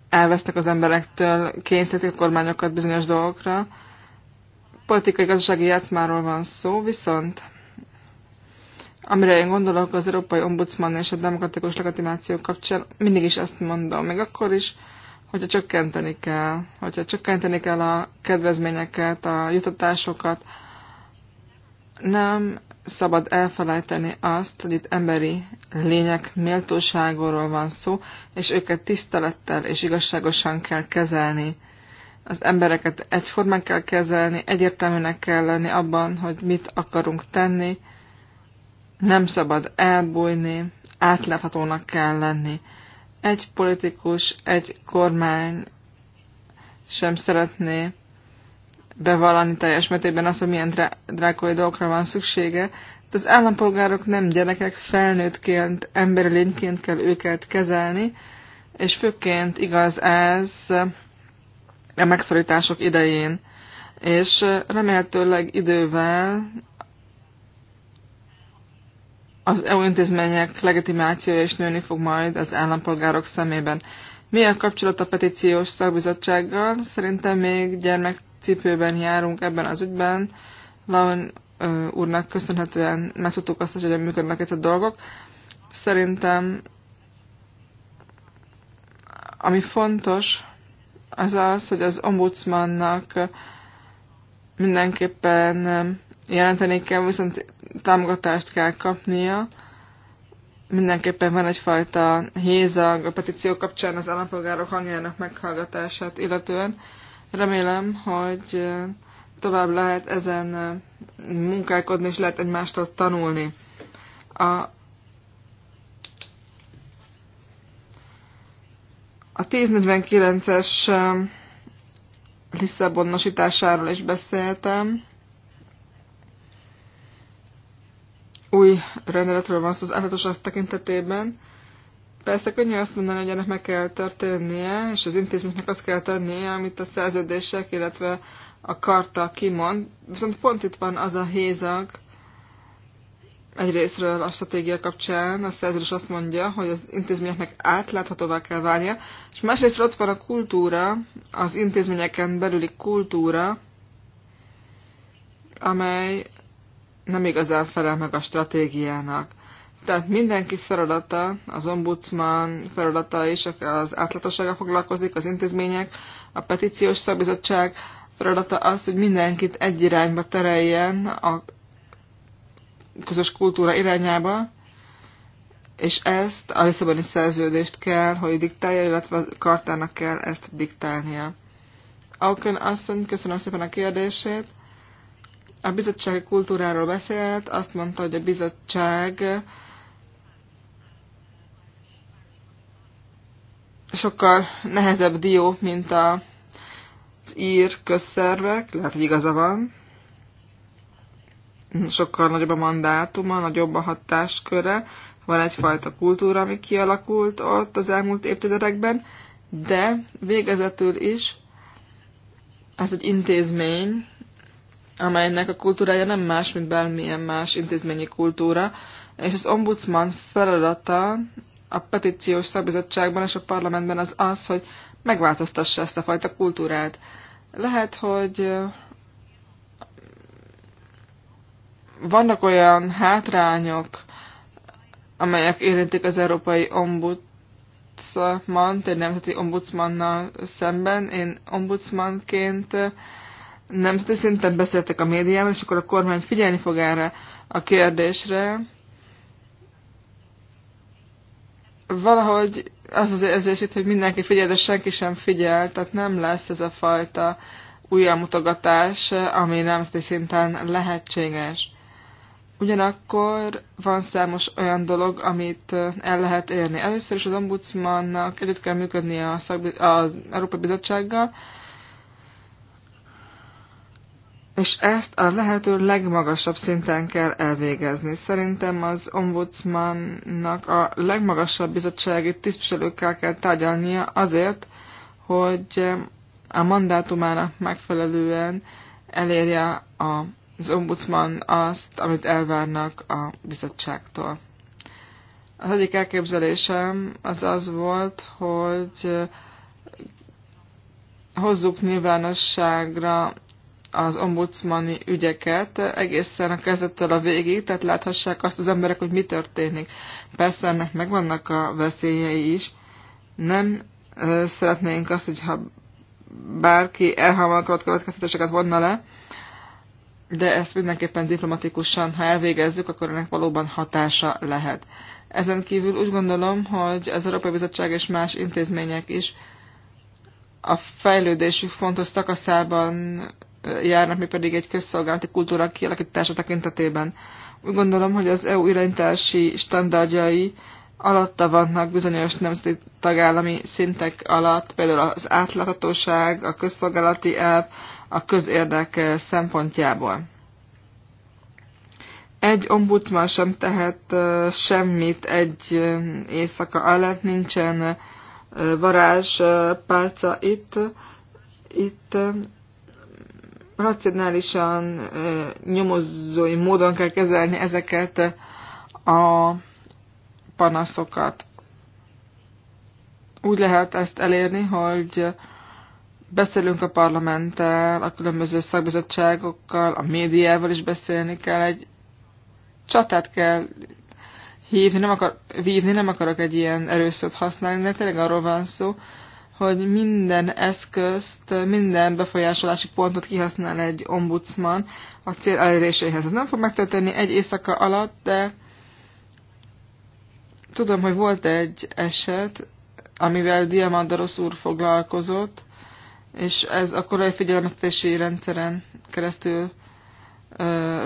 Speaker 4: elvesznek az emberektől, kényszerítik a kormányokat bizonyos dolgokra. Politikai gazdasági játszmáról van szó, viszont amire én gondolok az Európai Ombudsman és a demokratikus legitimáció kapcsán, mindig is azt mondom, még akkor is, hogyha csökkenteni kell, hogyha csökkenteni kell a kedvezményeket, a jutatásokat, nem szabad elfelejteni azt, hogy itt emberi lények méltóságról van szó, és őket tisztelettel és igazságosan kell kezelni. Az embereket egyformán kell kezelni, egyértelműnek kell lenni abban, hogy mit akarunk tenni, nem szabad elbújni, átláthatónak kell lenni. Egy politikus, egy kormány sem szeretné bevallani teljes mértékben azt, hogy milyen drá- dolgokra van szüksége, de az állampolgárok nem gyerekek, felnőttként, emberi lényként kell őket kezelni, és főként igaz ez a megszorítások idején. És remélhetőleg idővel az EU intézmények legitimációja is nőni fog majd az állampolgárok szemében. Mi a kapcsolat a petíciós szakbizottsággal? Szerintem még gyermekcipőben járunk ebben az ügyben. Laun úrnak köszönhetően meg tudtuk azt, hogy működnek itt a dolgok. Szerintem ami fontos, az az, hogy az ombudsmannak mindenképpen jelenteni kell, viszont támogatást kell kapnia. Mindenképpen van egyfajta hézag a petíció kapcsán az állampolgárok hangjának meghallgatását, illetően remélem, hogy eh, tovább lehet ezen eh, munkálkodni, és lehet egymástól tanulni. A A 1049-es eh, Lisszabonosításáról is beszéltem. új rendeletről van szó az általános tekintetében. Persze könnyű azt mondani, hogy ennek meg kell történnie, és az intézménynek azt kell tennie, amit a szerződések, illetve a karta kimond. Viszont pont itt van az a hézag, egyrésztről a stratégia kapcsán a szerződés azt mondja, hogy az intézményeknek átláthatóvá kell válnia, és másrészt ott van a kultúra, az intézményeken belüli kultúra, amely nem igazán felel meg a stratégiának. Tehát mindenki feladata, az ombudsman feladata is, az átlatossága foglalkozik, az intézmények, a petíciós szabizottság feladata az, hogy mindenkit egy irányba tereljen a közös kultúra irányába, és ezt a Lisszaboni szerződést kell, hogy diktálja, illetve a kartának kell ezt diktálnia. Auken asszony, köszönöm szépen a kérdését. A bizottság kultúráról beszélt, azt mondta, hogy a bizottság sokkal nehezebb dió, mint a, az ír közszervek, lehet, hogy igaza van. Sokkal nagyobb a mandátuma, nagyobb a hatásköre, van egyfajta kultúra, ami kialakult ott az elmúlt évtizedekben, de végezetül is ez egy intézmény, amelynek a kultúrája nem más, mint bármilyen más intézményi kultúra, és az ombudsman feladata a petíciós szakbizottságban és a parlamentben az az, hogy megváltoztassa ezt a fajta kultúrát. Lehet, hogy vannak olyan hátrányok, amelyek érintik az európai ombudsman, egy nemzeti ombudsmannal szemben. Én ombudsmanként nemzeti szinten beszéltek a médiával, és akkor a kormány figyelni fog erre a kérdésre. Valahogy az az érzés itt, hogy mindenki figyel, de senki sem figyel, tehát nem lesz ez a fajta újjelmutogatás, ami nemzeti szinten lehetséges. Ugyanakkor van számos olyan dolog, amit el lehet érni. Először is az ombudsmannak együtt kell működnie az Európai Bizottsággal, és ezt a lehető legmagasabb szinten kell elvégezni. Szerintem az ombudsmannak a legmagasabb bizottsági tisztviselőkkel kell tárgyalnia azért, hogy a mandátumának megfelelően elérje az ombudsman azt, amit elvárnak a bizottságtól. Az egyik elképzelésem az az volt, hogy hozzuk nyilvánosságra az ombudsmani ügyeket egészen a kezdettől a végig, tehát láthassák azt az emberek, hogy mi történik. Persze ennek megvannak a veszélyei is. Nem szeretnénk azt, hogyha bárki elhamarkodott következtetéseket vonna le, de ezt mindenképpen diplomatikusan, ha elvégezzük, akkor ennek valóban hatása lehet. Ezen kívül úgy gondolom, hogy az Európai Bizottság és más intézmények is a fejlődésük fontos szakaszában járnak, mi pedig egy közszolgálati kultúra kialakítása tekintetében. Úgy gondolom, hogy az EU irányítási standardjai alatta vannak bizonyos nemzeti tagállami szintek alatt, például az átláthatóság, a közszolgálati elv, a közérdek eh, szempontjából. Egy ombudsman sem tehet eh, semmit egy eh, éjszaka alatt, nincsen varázspálca itt, itt racionálisan, nyomozói módon kell kezelni ezeket a panaszokat. Úgy lehet ezt elérni, hogy beszélünk a parlamenttel, a különböző szakbizottságokkal, a médiával is beszélni kell, egy csatát kell hívni, nem akar, vívni, nem akarok egy ilyen erőszót használni, de tényleg arról van szó, hogy minden eszközt, minden befolyásolási pontot kihasznál egy ombudsman a cél eléréséhez. Ez nem fog megtörténni egy éjszaka alatt, de tudom, hogy volt egy eset, amivel Diamandarosz úr foglalkozott, és ez a korai figyelmeztetési rendszeren keresztül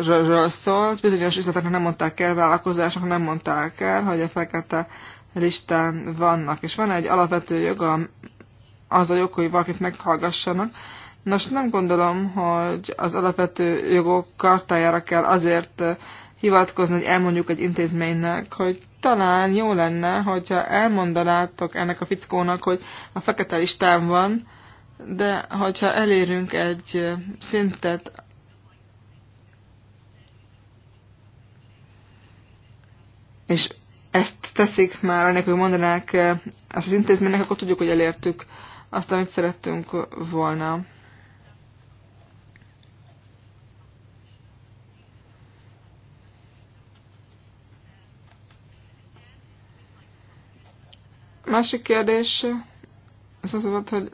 Speaker 4: ről szólt. Bizonyos üzleteknek nem mondták el, vállalkozások nem mondták el, hogy a fekete listán vannak. És van egy alapvető jog a az a jog, hogy valakit meghallgassanak. Nos, nem gondolom, hogy az alapvető jogok kartájára kell azért eh, hivatkozni, hogy elmondjuk egy intézménynek, hogy talán jó lenne, hogyha elmondanátok ennek a fickónak, hogy a fekete listán van, de hogyha elérünk egy eh, szintet, és ezt teszik már, hogy mondanák ezt eh, az intézménynek, akkor tudjuk, hogy elértük azt, amit szerettünk volna. Másik kérdés az az volt, hogy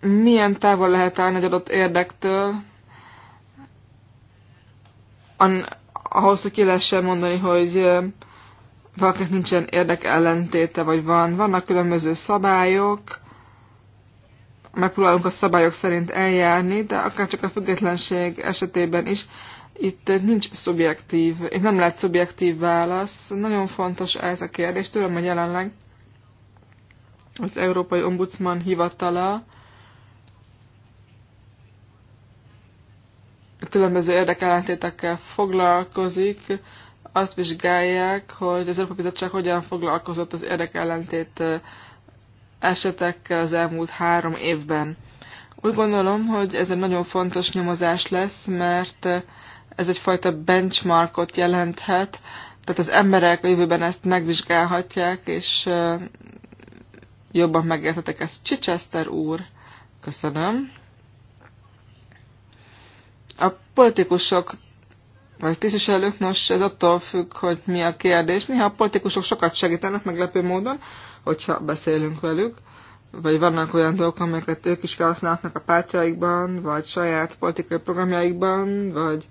Speaker 4: milyen távol lehet állni egy adott érdektől, an, ahhoz, hogy ki lehessen mondani, hogy valakinek nincsen érdek ellentéte, vagy van. Vannak különböző szabályok, megpróbálunk a szabályok szerint eljárni, de akár csak a függetlenség esetében is, itt nincs szubjektív, itt nem lehet szubjektív válasz. Nagyon fontos ez a kérdés. Tudom, hogy jelenleg az Európai Ombudsman hivatala különböző érdekellentétekkel foglalkozik, azt vizsgálják, hogy az Európai Bizottság hogyan foglalkozott az érdekellentét esetekkel az elmúlt három évben. Úgy gondolom, hogy ez egy nagyon fontos nyomozás lesz, mert ez egyfajta benchmarkot jelenthet, tehát az emberek a jövőben ezt megvizsgálhatják, és jobban megérthetek ezt. Chichester úr, köszönöm. A politikusok vagy tisztviselők, nos, ez attól függ, hogy mi a kérdés. Néha a politikusok sokat segítenek meglepő módon, hogyha beszélünk velük, vagy vannak olyan dolgok, amelyeket ők is felhasználnak a pártjaikban, vagy saját politikai programjaikban, vagy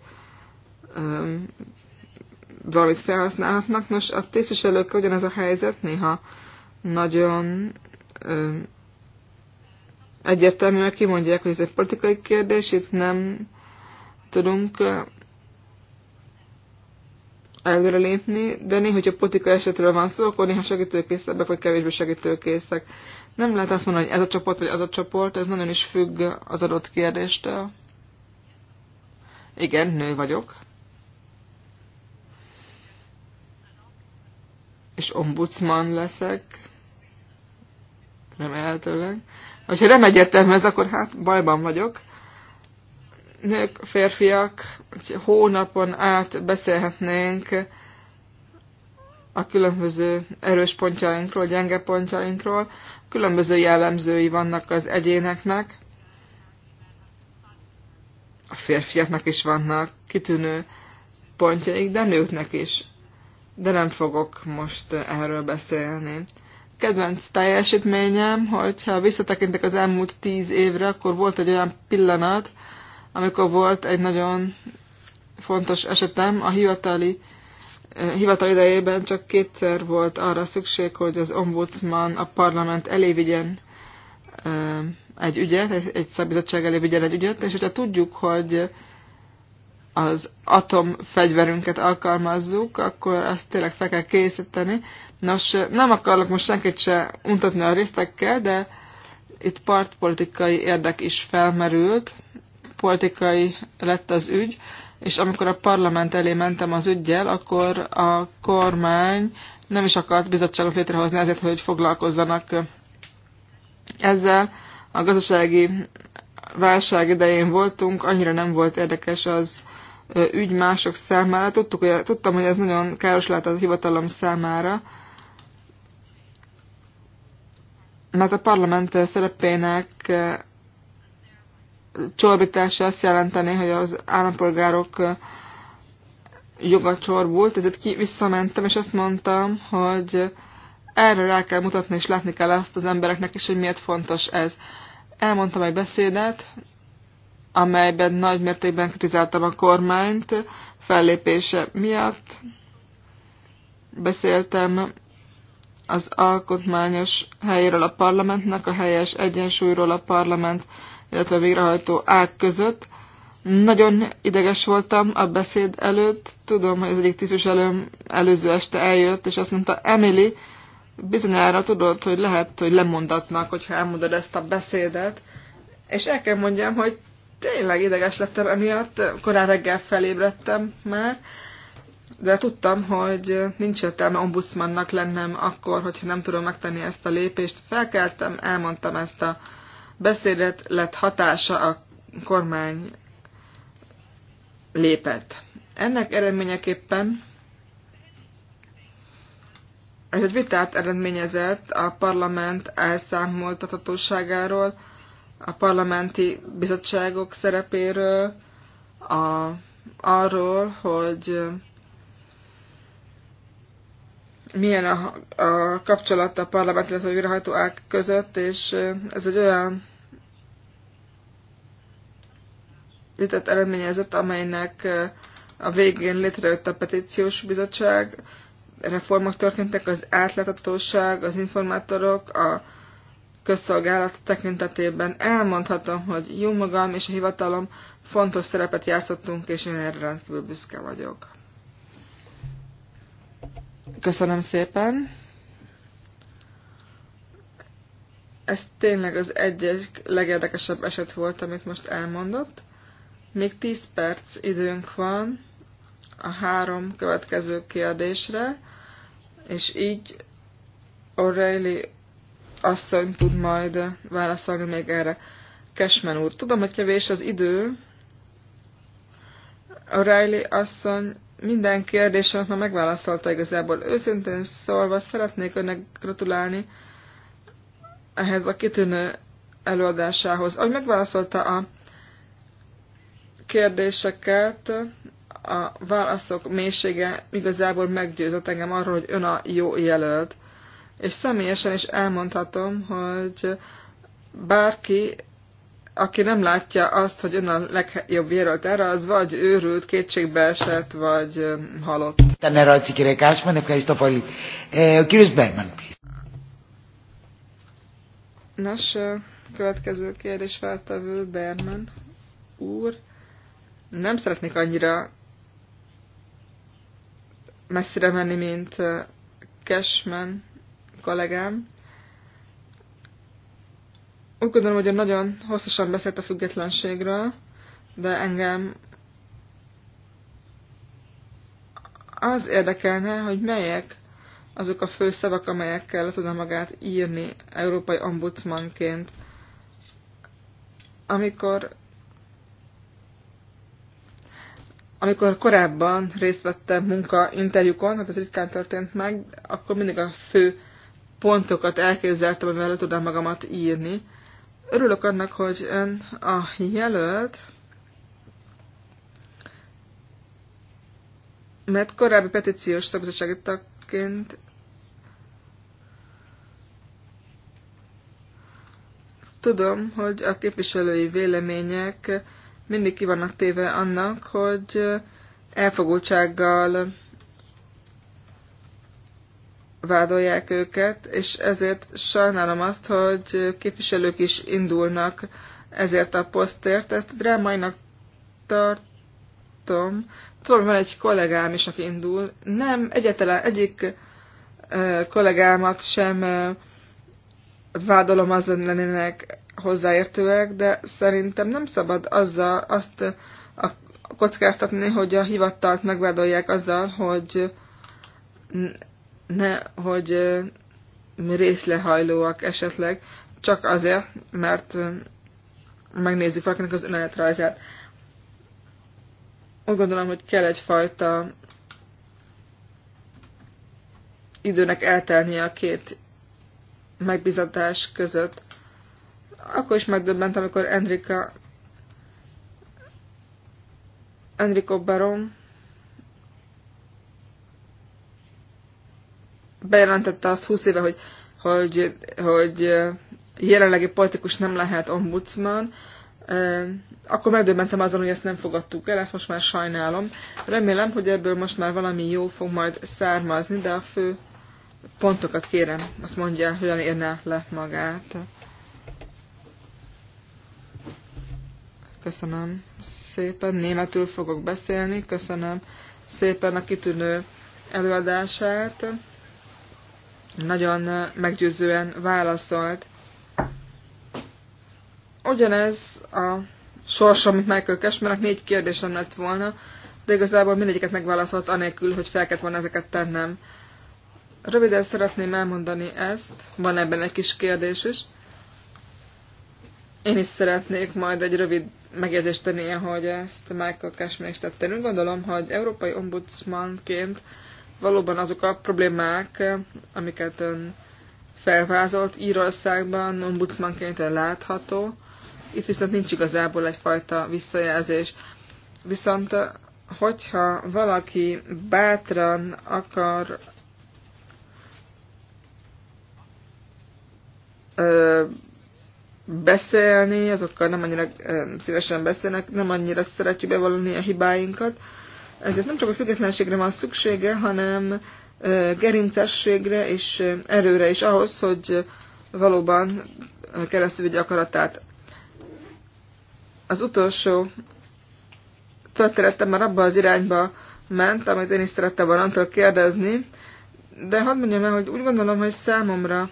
Speaker 4: um, valamit felhasználhatnak. Nos, a tisztviselőkkel ugyanez a helyzet, néha nagyon um, egyértelműen kimondják, hogy ez egy politikai kérdés, itt nem tudunk előre lépni, de néha, hogyha politika esetről van szó, akkor néha segítőkészebbek vagy kevésbé segítőkészek. Nem lehet azt mondani, hogy ez a csoport vagy az a csoport, ez nagyon is függ az adott kérdéstől. Igen, nő vagyok. És ombudsman leszek. Remélhetőleg. Ha nem egyértelmű ez, akkor hát bajban vagyok nők, férfiak, hónapon át beszélhetnénk a különböző erős pontjainkról, gyenge pontjainkról. Különböző jellemzői vannak az egyéneknek. A férfiaknak is vannak kitűnő pontjaik, de nőknek is. De nem fogok most erről beszélni. Kedvenc teljesítményem, hogyha visszatekintek az elmúlt tíz évre, akkor volt egy olyan pillanat, amikor volt egy nagyon fontos esetem, a hivatali eh, hivatal idejében csak kétszer volt arra szükség, hogy az ombudsman a parlament elé vigyen eh, egy ügyet, egy szabizottság elé vigyen egy ügyet, és hogyha tudjuk, hogy az atomfegyverünket alkalmazzuk, akkor azt tényleg fel kell készíteni. Nos, eh, nem akarok most senkit se untatni a résztekkel, de itt partpolitikai érdek is felmerült, politikai lett az ügy, és amikor a parlament elé mentem az ügyjel, akkor a kormány nem is akart bizottságot létrehozni ezért, hogy foglalkozzanak ezzel. A gazdasági válság idején voltunk, annyira nem volt érdekes az ügy mások számára. Tudtuk, hogy, tudtam, hogy ez nagyon káros lehet a hivatalom számára, mert a parlament szerepének csorbítása azt jelenteni, hogy az állampolgárok joga csorbult, ezért ki visszamentem, és azt mondtam, hogy erre rá kell mutatni, és látni kell azt az embereknek is, hogy miért fontos ez. Elmondtam egy beszédet, amelyben nagy mértékben kritizáltam a kormányt fellépése miatt. Beszéltem az alkotmányos helyéről a parlamentnek, a helyes egyensúlyról a parlament illetve a végrehajtó ág között. Nagyon ideges voltam a beszéd előtt, tudom, hogy az egyik tisztviselőm előző este eljött, és azt mondta, Emily, bizonyára tudod, hogy lehet, hogy lemondatnak, hogyha elmondod ezt a beszédet, és el kell mondjam, hogy tényleg ideges lettem emiatt, korán reggel felébredtem már, de tudtam, hogy nincs értelme ombudsmannak lennem akkor, hogyha nem tudom megtenni ezt a lépést. Felkeltem, elmondtam ezt a beszédet lett hatása a kormány lépett. Ennek eredményeképpen ez egy vitát eredményezett a parlament elszámoltathatóságáról, a parlamenti bizottságok szerepéről, a, arról, hogy milyen a, a kapcsolat a parlament, illetve a között, és ez egy olyan vitát eredményezett, amelynek a végén létrejött a petíciós bizottság, reformok történtek, az átláthatóság, az informátorok, a közszolgálat tekintetében elmondhatom, hogy jó magam és a hivatalom fontos szerepet játszottunk, és én erre rendkívül büszke vagyok. Köszönöm szépen! Ez tényleg az egyik legérdekesebb eset volt, amit most elmondott. Még 10 perc időnk van a három következő kérdésre, és így O'Reilly asszony tud majd válaszolni még erre. Kesmen úr, tudom, hogy kevés az idő. O'Reilly asszony minden kérdésemet már megválaszolta igazából. Őszintén szólva szeretnék önnek gratulálni ehhez a kitűnő előadásához. Ahogy megválaszolta a kérdéseket, a válaszok mélysége igazából meggyőzött engem arról, hogy ön a jó jelölt. És személyesen is elmondhatom, hogy bárki, aki nem látja azt, hogy ön a legjobb jelölt erre, az vagy őrült, kétségbe esett, vagy halott. Nos, következő kérdés feltevő Berman úr nem szeretnék annyira messzire menni, mint Cashman kollégám. Úgy gondolom, hogy ő nagyon hosszasan beszélt a függetlenségről, de engem az érdekelne, hogy melyek azok a fő szavak, amelyekkel le tudna magát írni európai ombudsmanként. Amikor amikor korábban részt vettem munka interjúkon, hát ez ritkán történt meg, akkor mindig a fő pontokat elképzeltem, amivel le tudnám magamat írni. Örülök annak, hogy ön a jelölt, mert korábbi petíciós szabadsági tagként tudom, hogy a képviselői vélemények mindig ki vannak téve annak, hogy elfogultsággal vádolják őket, és ezért sajnálom azt, hogy képviselők is indulnak ezért a posztért. Ezt drámainak tartom. Tudom, van egy kollégám is, aki indul. Nem, egyetlen egyik kollégámat sem vádolom az lennének hozzáértőek, de szerintem nem szabad azzal azt a kockáztatni, hogy a hivatalt megvádolják azzal, hogy ne, hogy részlehajlóak esetleg, csak azért, mert megnézzük valakinek az önéletrajzát. Úgy gondolom, hogy kell egyfajta időnek eltelnie a két megbizatás között akkor is megdöbbent, amikor Enrika Enrico Baron bejelentette azt 20 éve, hogy, hogy, hogy jelenlegi politikus nem lehet ombudsman, akkor megdöbbentem azon, hogy ezt nem fogadtuk el, ezt most már sajnálom. Remélem, hogy ebből most már valami jó fog majd származni, de a fő pontokat kérem, azt mondja, hogyan érne le magát. Köszönöm szépen, németül fogok beszélni. Köszönöm szépen a kitűnő előadását. Nagyon meggyőzően válaszolt. Ugyanez a sorsom, amit Michael Cashmernek négy kérdésem lett volna, de igazából mindegyiket megválaszolt anélkül, hogy fel kellett volna ezeket tennem. Röviden szeretném elmondani ezt, van ebben egy kis kérdés is. Én is szeretnék majd egy rövid megjegyzést tennie, hogy ezt Michael Cashman is tette. Én úgy gondolom, hogy európai ombudsmanként valóban azok a problémák, amiket ön felvázolt Írországban ombudsmanként látható, itt viszont nincs igazából egyfajta visszajelzés. Viszont hogyha valaki bátran akar ö, beszélni, azokkal nem annyira szívesen beszélnek, nem annyira szeretjük bevallani a hibáinkat. Ezért nem csak a függetlenségre van szüksége, hanem gerincességre és erőre is ahhoz, hogy valóban keresztül vigye akaratát. Az utolsó történetem már abba az irányba ment, amit én is szerettem volna kérdezni, de hadd mondjam el, hogy úgy gondolom, hogy számomra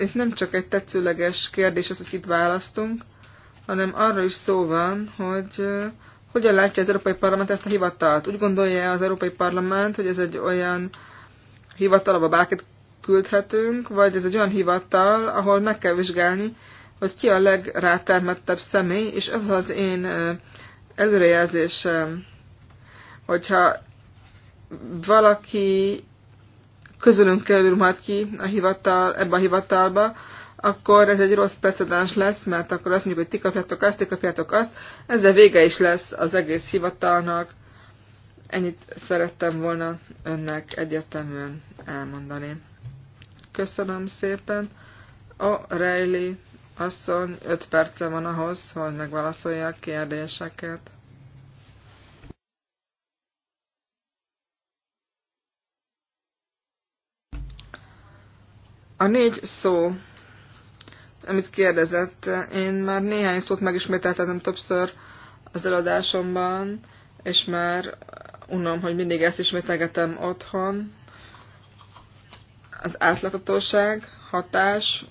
Speaker 4: ez nem csak egy tetszőleges kérdés az, hogy itt választunk, hanem arra is szó van, hogy hogyan látja az Európai Parlament ezt a hivatalt. Úgy gondolja az Európai Parlament, hogy ez egy olyan hivatal, ahol bárkit küldhetünk, vagy ez egy olyan hivatal, ahol meg kell vizsgálni, hogy ki a legrátermettebb személy, és ez az én előrejelzésem, hogyha valaki közülünk kerül majd ki a hivatal, ebbe a hivatalba, akkor ez egy rossz precedens lesz, mert akkor azt mondjuk, hogy ti kapjátok azt, ti kapjátok azt, ezzel vége is lesz az egész hivatalnak. Ennyit szerettem volna önnek egyértelműen elmondani. Köszönöm szépen. A Reilly asszony 5 perce van ahhoz, hogy megválaszolja a kérdéseket. A négy szó, amit kérdezett, én már néhány szót megismételtem többször az eladásomban, és már unom, hogy mindig ezt ismételgetem otthon. Az átláthatóság, hatás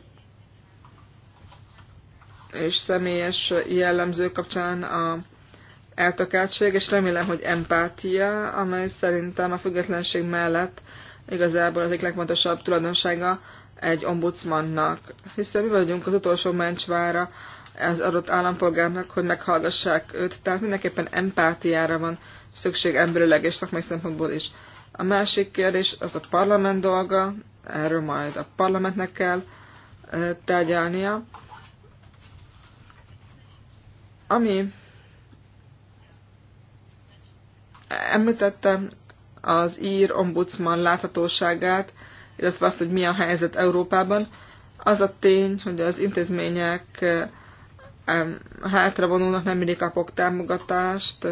Speaker 4: és személyes jellemző kapcsán a eltökeltség, és remélem, hogy empátia, amely szerintem a függetlenség mellett igazából az egyik legfontosabb tulajdonsága egy ombudsmannak, hiszen mi vagyunk az utolsó mencsvára az adott állampolgárnak, hogy meghallgassák őt, tehát mindenképpen empátiára van szükség emberileg és szakmai szempontból is. A másik kérdés az a parlament dolga, erről majd a parlamentnek kell tárgyalnia. Ami említette az ír ombudsman láthatóságát, illetve azt, hogy mi a helyzet Európában. Az a tény, hogy az intézmények hátra vonulnak, nem mindig kapok támogatást.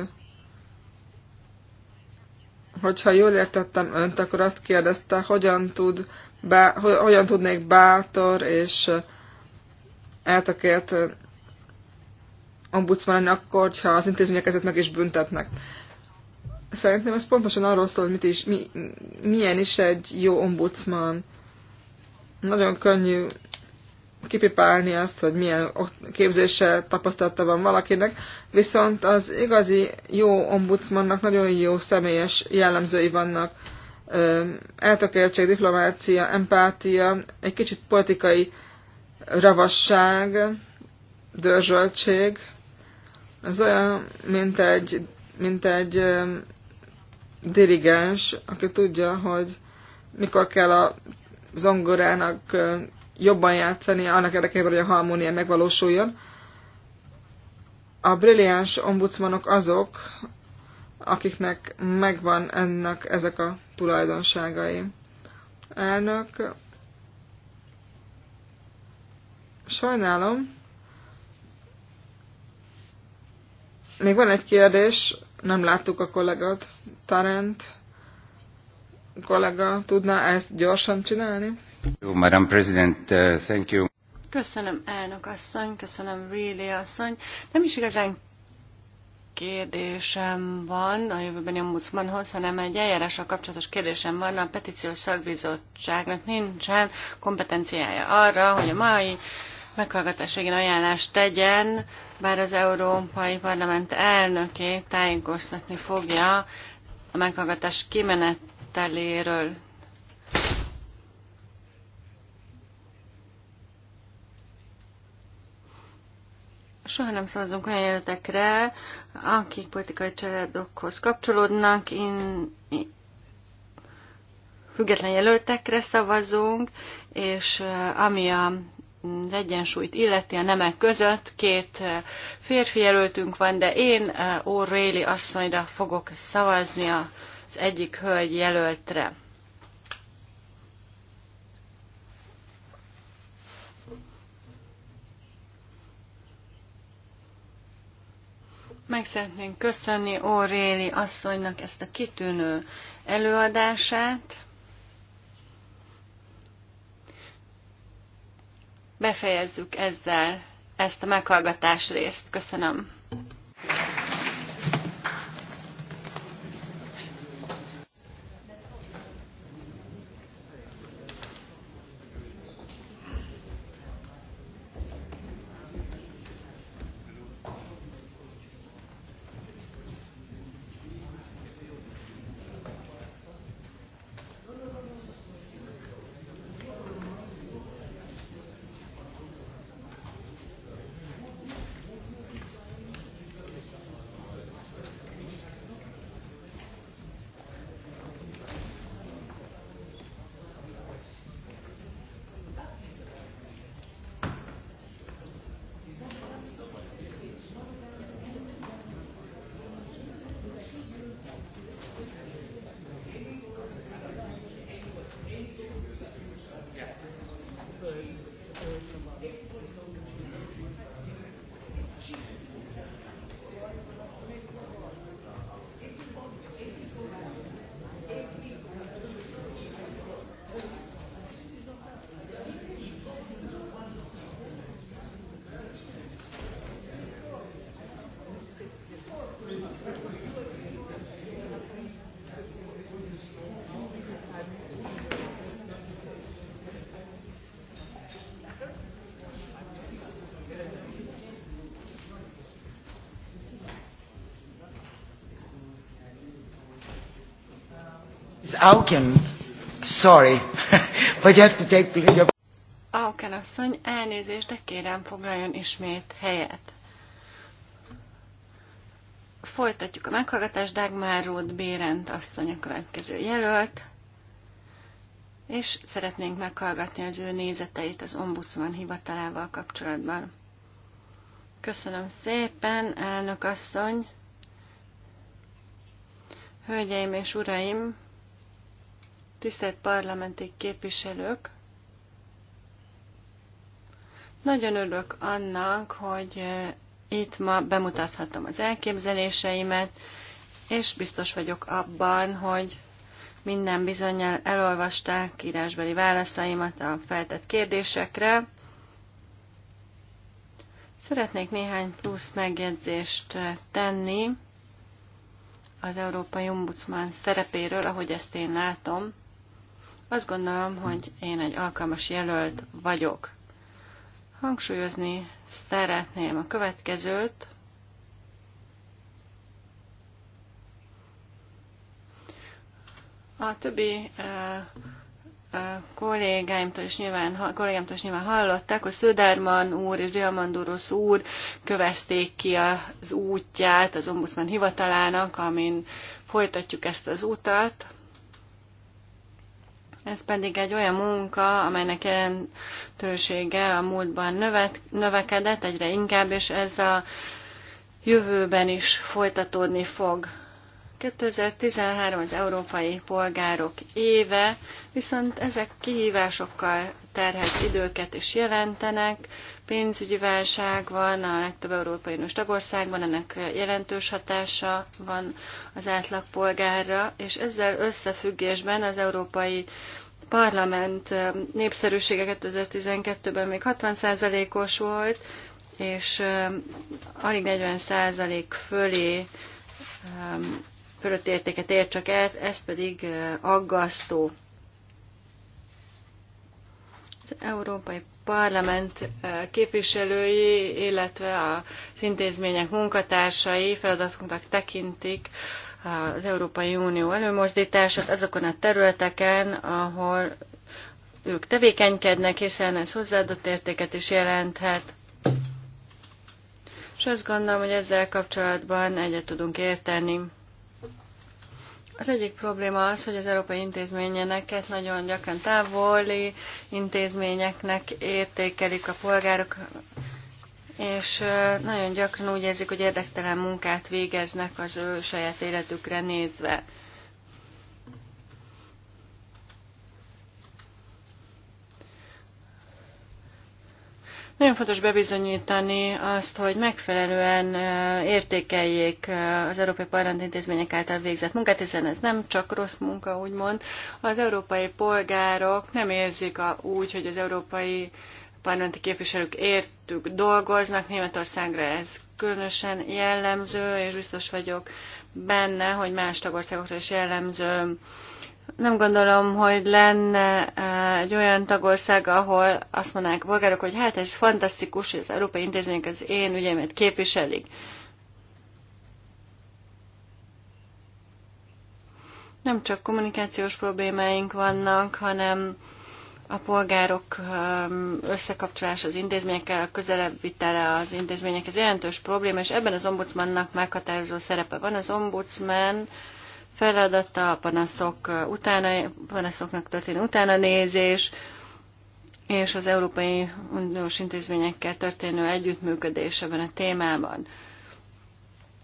Speaker 4: Hogyha jól értettem önt, akkor azt kérdezte, hogyan, tud, bá, hogyan tudnék bátor és eltökélt eh, ombudsman lenni akkor, ha az intézmények ezért meg is büntetnek. Szerintem ez pontosan arról szól, mit is, mi, milyen is egy jó ombudsman. Nagyon könnyű kipipálni azt, hogy milyen képzéssel tapasztalata van valakinek, viszont az igazi jó ombudsmannak nagyon jó személyes jellemzői vannak. Eltökéltség, diplomácia, empátia, egy kicsit politikai ravasság, dörzsöltség. Ez olyan, mint egy, mint egy dirigens, aki tudja, hogy mikor kell a zongorának jobban játszani, annak érdekében, hogy a harmónia megvalósuljon. A brilliáns ombudsmanok azok, akiknek megvan ennek ezek a tulajdonságai. Elnök, sajnálom, még van egy kérdés, nem láttuk a kollégát. Tarent kollega tudná ezt gyorsan csinálni?
Speaker 1: Jó, Madam President, uh, thank you.
Speaker 4: Köszönöm, elnök
Speaker 2: asszony, köszönöm, Really asszony. Nem is igazán kérdésem van a jövőbeni ombudsmanhoz, hanem egy eljárással kapcsolatos kérdésem van. A petíciós szakbizottságnak nincsen kompetenciája arra, hogy a mai meghallgatás végén ajánlást tegyen bár az Európai Parlament elnökét tájékoztatni fogja a meghallgatás kimeneteléről. Soha nem szavazunk olyan jelöltekre, akik politikai családokhoz kapcsolódnak, in, in, független jelöltekre szavazunk, és ami a az egyensúlyt illeti a nemek között. Két férfi jelöltünk van, de én O'Reilly asszonyra fogok szavazni az egyik hölgy jelöltre. Meg szeretnénk köszönni Óréli asszonynak ezt a kitűnő előadását. befejezzük ezzel ezt a meghallgatás részt. Köszönöm.
Speaker 1: Alken, sorry, but you have to take your...
Speaker 2: Auken asszony, elnézést, de kérem foglaljon ismét helyet. Folytatjuk a meghallgatást, Dagmar Ruth Bérent asszony a következő jelölt, és szeretnénk meghallgatni az ő nézeteit az ombudsman hivatalával kapcsolatban. Köszönöm szépen, elnök asszony! Hölgyeim és uraim, Tisztelt parlamenti képviselők! Nagyon örülök annak, hogy eh, itt ma bemutathatom az elképzeléseimet, és biztos vagyok abban, hogy minden bizonyal elolvasták írásbeli válaszaimat a feltett kérdésekre. Szeretnék néhány plusz megjegyzést eh, tenni az Európai Ombudsman szerepéről, ahogy ezt én látom. Azt gondolom, hogy én egy alkalmas jelölt vagyok. Hangsúlyozni szeretném a következőt. A többi kollégáimtól is nyilván, kollégáimtól is nyilván hallották, hogy Szöderman úr és Diamandurosz úr kövezték ki az útját az ombudsman hivatalának, amin folytatjuk ezt az utat. Ez pedig egy olyan munka, amelynek jelentősége a múltban növet, növekedett egyre inkább, és ez a jövőben is folytatódni fog. 2013 az európai polgárok éve, viszont ezek kihívásokkal terhet, időket is jelentenek. Pénzügyi válság van a legtöbb Európai Uniós tagországban, ennek jelentős hatása van az átlagpolgárra, és ezzel összefüggésben az Európai Parlament népszerűsége 2012-ben még 60%-os volt, és alig 40% fölé fölött értéket ér csak ez, ez pedig aggasztó. Az Európai Parlament képviselői, illetve az intézmények munkatársai feladatunknak tekintik az Európai Unió előmozdítását azokon a területeken, ahol ők tevékenykednek, hiszen ez hozzáadott értéket is jelenthet. És azt gondolom, hogy ezzel kapcsolatban egyet tudunk érteni. Az egyik probléma az, hogy az európai intézményeket nagyon gyakran távoli intézményeknek értékelik a polgárok, és nagyon gyakran úgy érzik, hogy érdektelen munkát végeznek az ő saját életükre nézve. Nagyon fontos bebizonyítani azt, hogy megfelelően értékeljék az Európai Parlament intézmények által végzett munkát, hiszen ez nem csak rossz munka, úgymond. Az európai polgárok nem érzik a, úgy, hogy az európai parlamenti képviselők értük dolgoznak. Németországra ez különösen jellemző, és biztos vagyok benne, hogy más tagországokra is jellemző nem gondolom, hogy lenne eh, egy olyan tagország, ahol azt mondanák a bolgárok, hogy hát ez fantasztikus, hogy az európai intézmények az én ügyemet képviselik. Nem csak kommunikációs problémáink vannak, hanem a polgárok eh, összekapcsolása az intézményekkel, a közelebb vitele az intézményekhez jelentős probléma, és ebben az ombudsmannak meghatározó szerepe van. Az ombudsman feladata, a panaszok utána, panaszoknak történő utána nézés, és az Európai Uniós intézményekkel történő együttműködés ebben a témában.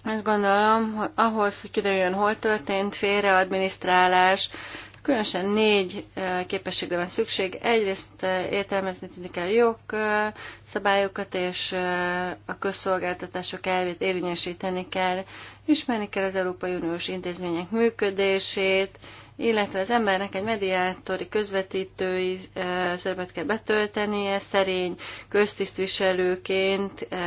Speaker 2: Azt gondolom, hogy ahhoz, hogy kiderüljön, hol történt félreadminisztrálás, különösen négy eh, képességre van szükség. Egyrészt eh, értelmezni tudni kell jogszabályokat, eh, és a közszolgáltatások elvét érvényesíteni kell. Ismerni kell az Európai Uniós intézmények működését, illetve az embernek egy mediátori, közvetítői e, szerepet kell betöltenie, szerény köztisztviselőként e,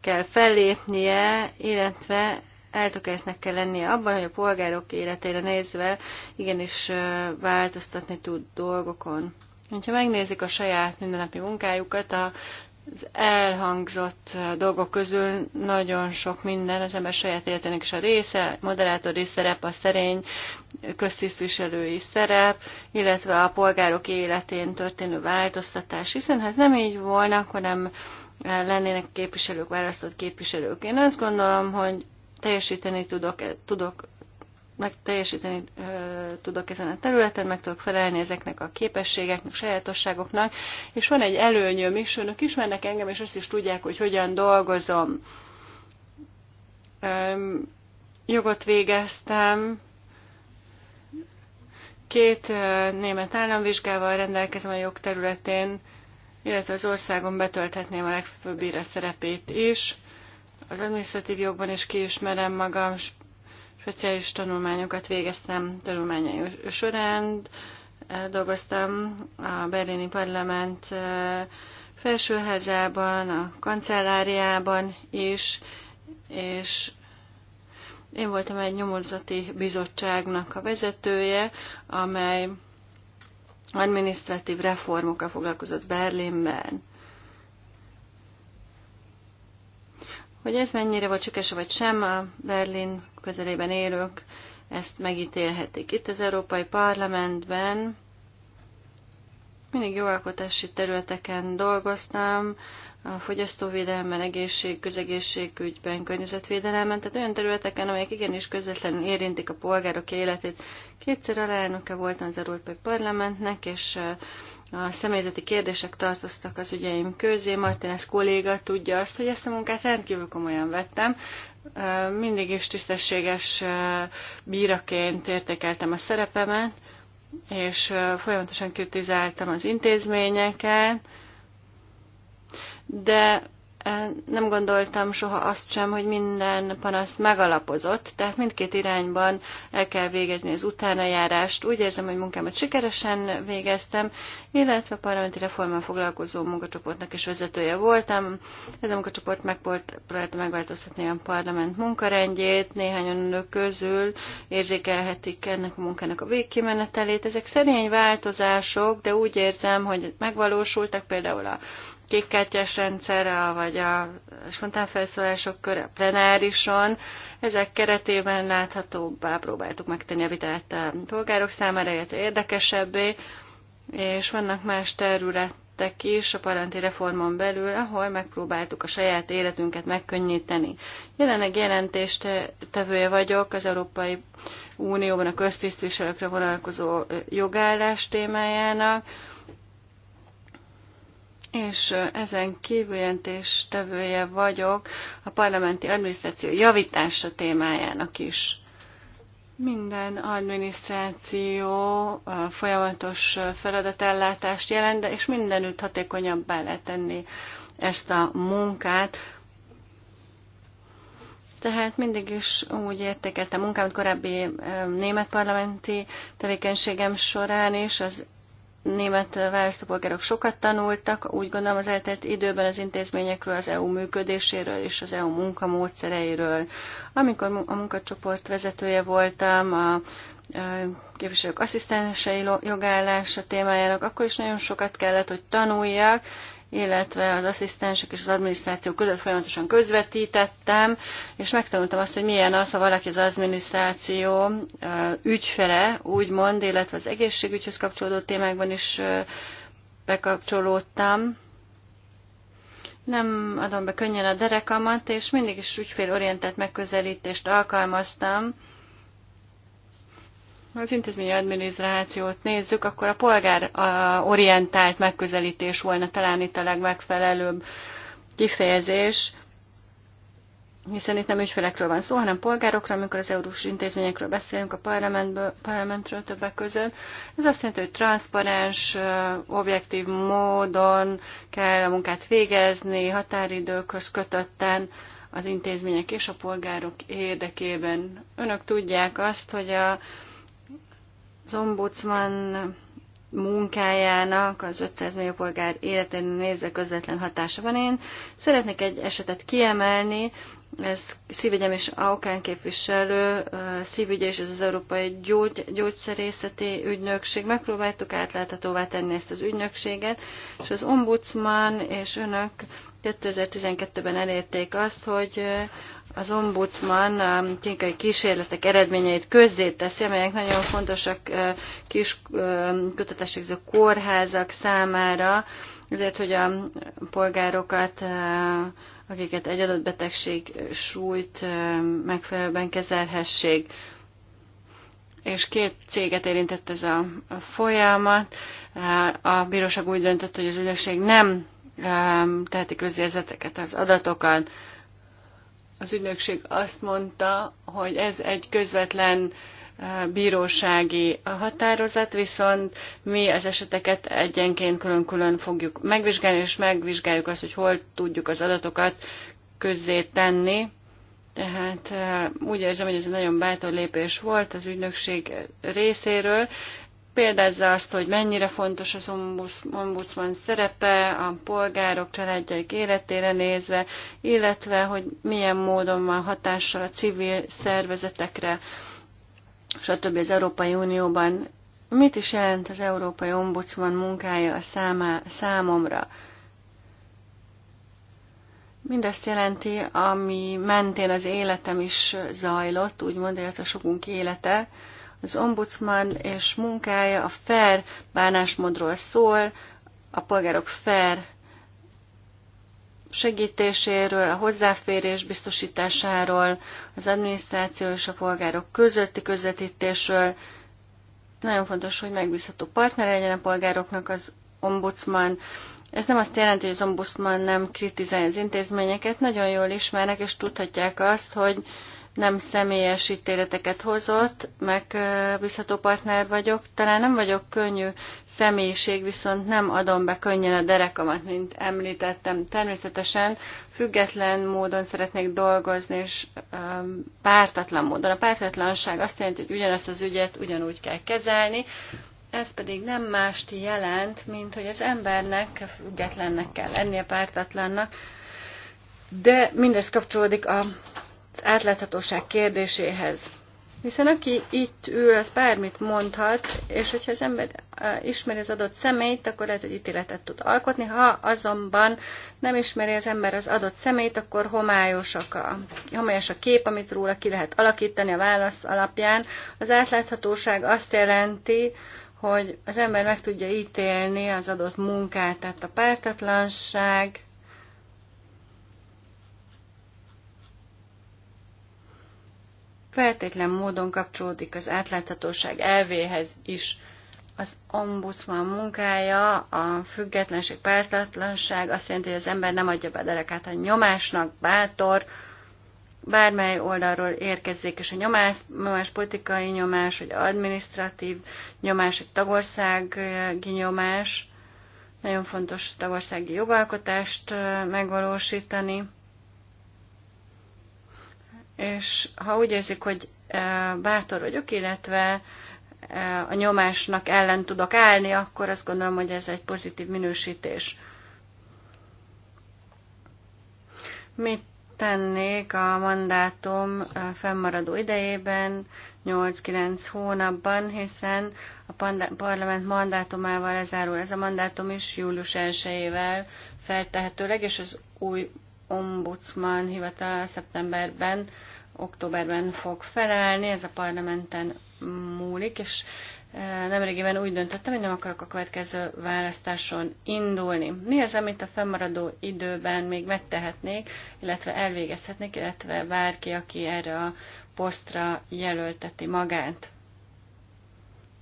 Speaker 2: kell fellépnie, illetve eltökéletnek kell lennie abban, hogy a polgárok életére nézve igenis e, változtatni tud dolgokon. Ha megnézik a saját mindennapi munkájukat, a az elhangzott dolgok közül nagyon sok minden az ember saját életének is a része, moderátori szerep, a szerény köztisztviselői szerep, illetve a polgárok életén történő változtatás, hiszen ha ez nem így volna, akkor nem lennének képviselők, választott képviselők. Én azt gondolom, hogy teljesíteni tudok, tudok meg teljesíteni ö, tudok ezen a területen, meg tudok felelni ezeknek a képességeknek, sajátosságoknak, és van egy előnyöm is, önök ismernek engem, és azt is tudják, hogy hogyan dolgozom. Ö, jogot végeztem, két ö, német államvizsgával rendelkezem a jogterületén, illetve az országon betölthetném a legfőbb bíra szerepét is. Az adminisztratív jogban is kiismerem magam, szociális tanulmányokat végeztem tanulmányai során, eh, dolgoztam a berlini parlament eh, felsőházában, a kancelláriában is, és én voltam egy nyomozati bizottságnak a vezetője, amely administratív reformokkal foglalkozott Berlinben. Hogy ez mennyire volt sikeres vagy sem, a Berlin közelében élők ezt megítélhetik. Itt az Európai Parlamentben mindig jogalkotási területeken dolgoztam, a fogyasztóvédelemben, egészség, közegészségügyben, környezetvédelemben, tehát olyan területeken, amelyek igenis közvetlenül érintik a polgárok életét. Kétszer alelnöke voltam az Európai Parlamentnek, és a személyzeti kérdések tartoztak az ügyeim közé. Martinez kolléga tudja azt, hogy ezt a munkát rendkívül komolyan vettem. Mindig is tisztességes bíraként értékeltem a szerepemet, és folyamatosan kritizáltam az intézményeket, de nem gondoltam soha azt sem, hogy minden panasz megalapozott, tehát mindkét irányban el kell végezni az utánajárást. Úgy érzem, hogy munkámat sikeresen végeztem, illetve a parlamenti reformmal foglalkozó munkacsoportnak is vezetője voltam. Ez a munkacsoport megpróbálta megváltoztatni a parlament munkarendjét, néhány önök közül érzékelhetik ennek a munkának a végkimenetelét. Ezek szerény változások, de úgy érzem, hogy megvalósultak például a kékkártyás rendszerre, vagy a spontán felszólások köre, a plenárison. Ezek keretében láthatóbbá próbáltuk megtenni a vitát a polgárok számára, illetve érdekesebbé, és vannak más területek is a parlamenti reformon belül, ahol megpróbáltuk a saját életünket megkönnyíteni. Jelenleg tevője vagyok az Európai Unióban a köztisztviselőkre vonalkozó jogállás témájának, és ezen kívül tevője vagyok a parlamenti adminisztráció javítása témájának is. Minden adminisztráció folyamatos feladatellátást jelent, de és mindenütt hatékonyabbá lehet tenni ezt a munkát. Tehát mindig is úgy értékeltem munkámat korábbi német parlamenti tevékenységem során is, az német választópolgárok sokat tanultak, úgy gondolom az eltelt időben az intézményekről, az EU működéséről és az EU munkamódszereiről. Amikor a munkacsoport vezetője voltam, a képviselők asszisztensei jogállása témájának, akkor is nagyon sokat kellett, hogy tanuljak, illetve az asszisztensek és az adminisztráció között folyamatosan közvetítettem, és megtanultam azt, hogy milyen az, ha valaki az adminisztráció ügyfele, úgymond, illetve az egészségügyhöz kapcsolódó témákban is bekapcsolódtam. Nem adom be könnyen a derekamat, és mindig is ügyfélorientált megközelítést alkalmaztam, az intézményi adminisztrációt nézzük, akkor a polgár orientált megközelítés volna talán itt a legmegfelelőbb kifejezés, hiszen itt nem ügyfelekről van szó, hanem polgárokról, amikor az eurós intézményekről beszélünk, a parlamentről többek között. Ez azt jelenti, hogy transzparens, objektív módon kell a munkát végezni, határidőkhöz kötötten az intézmények és a polgárok érdekében. Önök tudják azt, hogy a az ombudsman munkájának az 500 millió polgár életén nézve közvetlen hatása van. Én szeretnék egy esetet kiemelni, ez szívügyem és Aukán képviselő szívügye és ez az Európai Gyógy, Gyógyszerészeti Ügynökség. Megpróbáltuk átláthatóvá tenni ezt az ügynökséget, és az ombudsman és önök 2012-ben elérték azt, hogy az ombudsman klinikai kísérletek eredményeit közzéteszi, amelyek nagyon fontosak kis kötetességző kórházak számára, ezért, hogy a polgárokat, akiket egy adott betegség sújt, megfelelően kezelhessék. És két céget érintett ez a folyamat. A bíróság úgy döntött, hogy az ügyesség nem teheti közé ezeket az adatokat. Az ügynökség azt mondta, hogy ez egy közvetlen e, bírósági határozat, viszont mi az eseteket egyenként külön-külön fogjuk megvizsgálni, és megvizsgáljuk azt, hogy hol tudjuk az adatokat közzé tenni. Tehát e, úgy érzem, hogy ez egy nagyon bátor lépés volt az ügynökség részéről, példázza azt, hogy mennyire fontos az ombudsman szerepe a polgárok családjaik életére nézve, illetve hogy milyen módon van hatással a civil szervezetekre, stb. az Európai Unióban. Mit is jelent az Európai Ombudsman munkája a számá, számomra? Mindezt jelenti, ami mentén az életem is zajlott, úgymond, illetve sokunk élete, az ombudsman és munkája a fair bánásmódról szól, a polgárok fair segítéséről, a hozzáférés biztosításáról, az adminisztráció és a polgárok közötti közvetítésről. Nagyon fontos, hogy megbízható partner legyen a polgároknak az ombudsman. Ez nem azt jelenti, hogy az ombudsman nem kritizálja az intézményeket, nagyon jól ismernek és tudhatják azt, hogy nem személyes ítéleteket hozott, megbízható partner vagyok. Talán nem vagyok könnyű személyiség, viszont nem adom be könnyen a derekamat, mint említettem. Természetesen független módon szeretnék dolgozni, és um, pártatlan módon. A pártatlanság azt jelenti, hogy ugyanezt az ügyet ugyanúgy kell kezelni, ez pedig nem mást jelent, mint hogy az embernek függetlennek kell lennie, pártatlannak, de mindez kapcsolódik a az átláthatóság kérdéséhez. Hiszen aki itt ül, az bármit mondhat, és hogyha az ember eh, ismeri az adott személyt, akkor lehet, hogy ítéletet tud alkotni. Ha azonban nem ismeri az ember az adott személyt, akkor homályos a, homályos a kép, amit róla ki lehet alakítani a válasz alapján. Az átláthatóság azt jelenti, hogy az ember meg tudja ítélni az adott munkát, tehát a pártatlanság, feltétlen módon kapcsolódik az átláthatóság elvéhez is. Az ombudsman munkája, a függetlenség, pártatlanság azt jelenti, hogy az ember nem adja be derekát a nyomásnak, bátor, bármely oldalról érkezzék, és a nyomás, nyomás politikai nyomás, vagy administratív nyomás, egy tagországi nyomás, nagyon fontos tagországi jogalkotást megvalósítani. És ha úgy érzik, hogy e, bátor vagyok, illetve e, a nyomásnak ellen tudok állni, akkor azt gondolom, hogy ez egy pozitív minősítés. Mit tennék a mandátum e, fennmaradó idejében, 8-9 hónapban, hiszen a parlament mandátumával lezárul ez a mandátum is július 1-ével feltehetőleg, és az új ombudsman hivatal szeptemberben, októberben fog felelni, ez a parlamenten múlik, és e, nemrégiben úgy döntöttem, hogy nem akarok a következő választáson indulni. Mi az, amit a fennmaradó időben még megtehetnék, illetve elvégezhetnék, illetve bárki, aki erre a posztra jelölteti magát?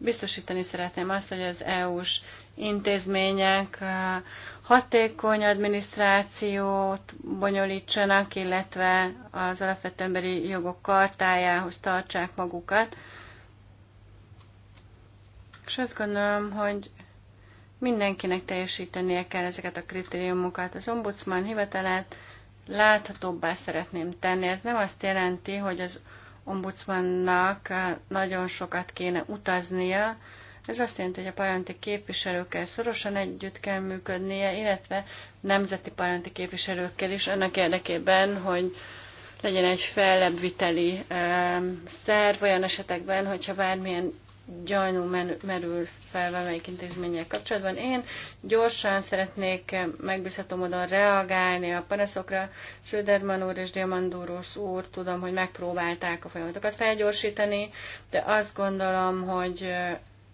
Speaker 2: Biztosítani szeretném azt, hogy az EU-s intézmények eh, hatékony adminisztrációt bonyolítsanak, illetve az alapvető emberi jogok kartájához tartsák magukat. És azt gondolom, hogy mindenkinek teljesítenie kell ezeket a kritériumokat. Az ombudsman hivatalát láthatóbbá szeretném tenni. Ez nem azt jelenti, hogy az ombudsmannak nagyon sokat kéne utaznia. Ez azt jelenti, hogy a parlamenti képviselőkkel szorosan együtt kell működnie, illetve nemzeti parlamenti képviselőkkel is, annak érdekében, hogy legyen egy fellebbviteli szerv olyan esetekben, hogyha bármilyen gyanú merül fel valamelyik intézménnyel kapcsolatban. Én gyorsan szeretnék megbízható módon reagálni a panaszokra. Szöderman úr és Diamandúros úr, tudom, hogy megpróbálták a folyamatokat felgyorsítani, de azt gondolom, hogy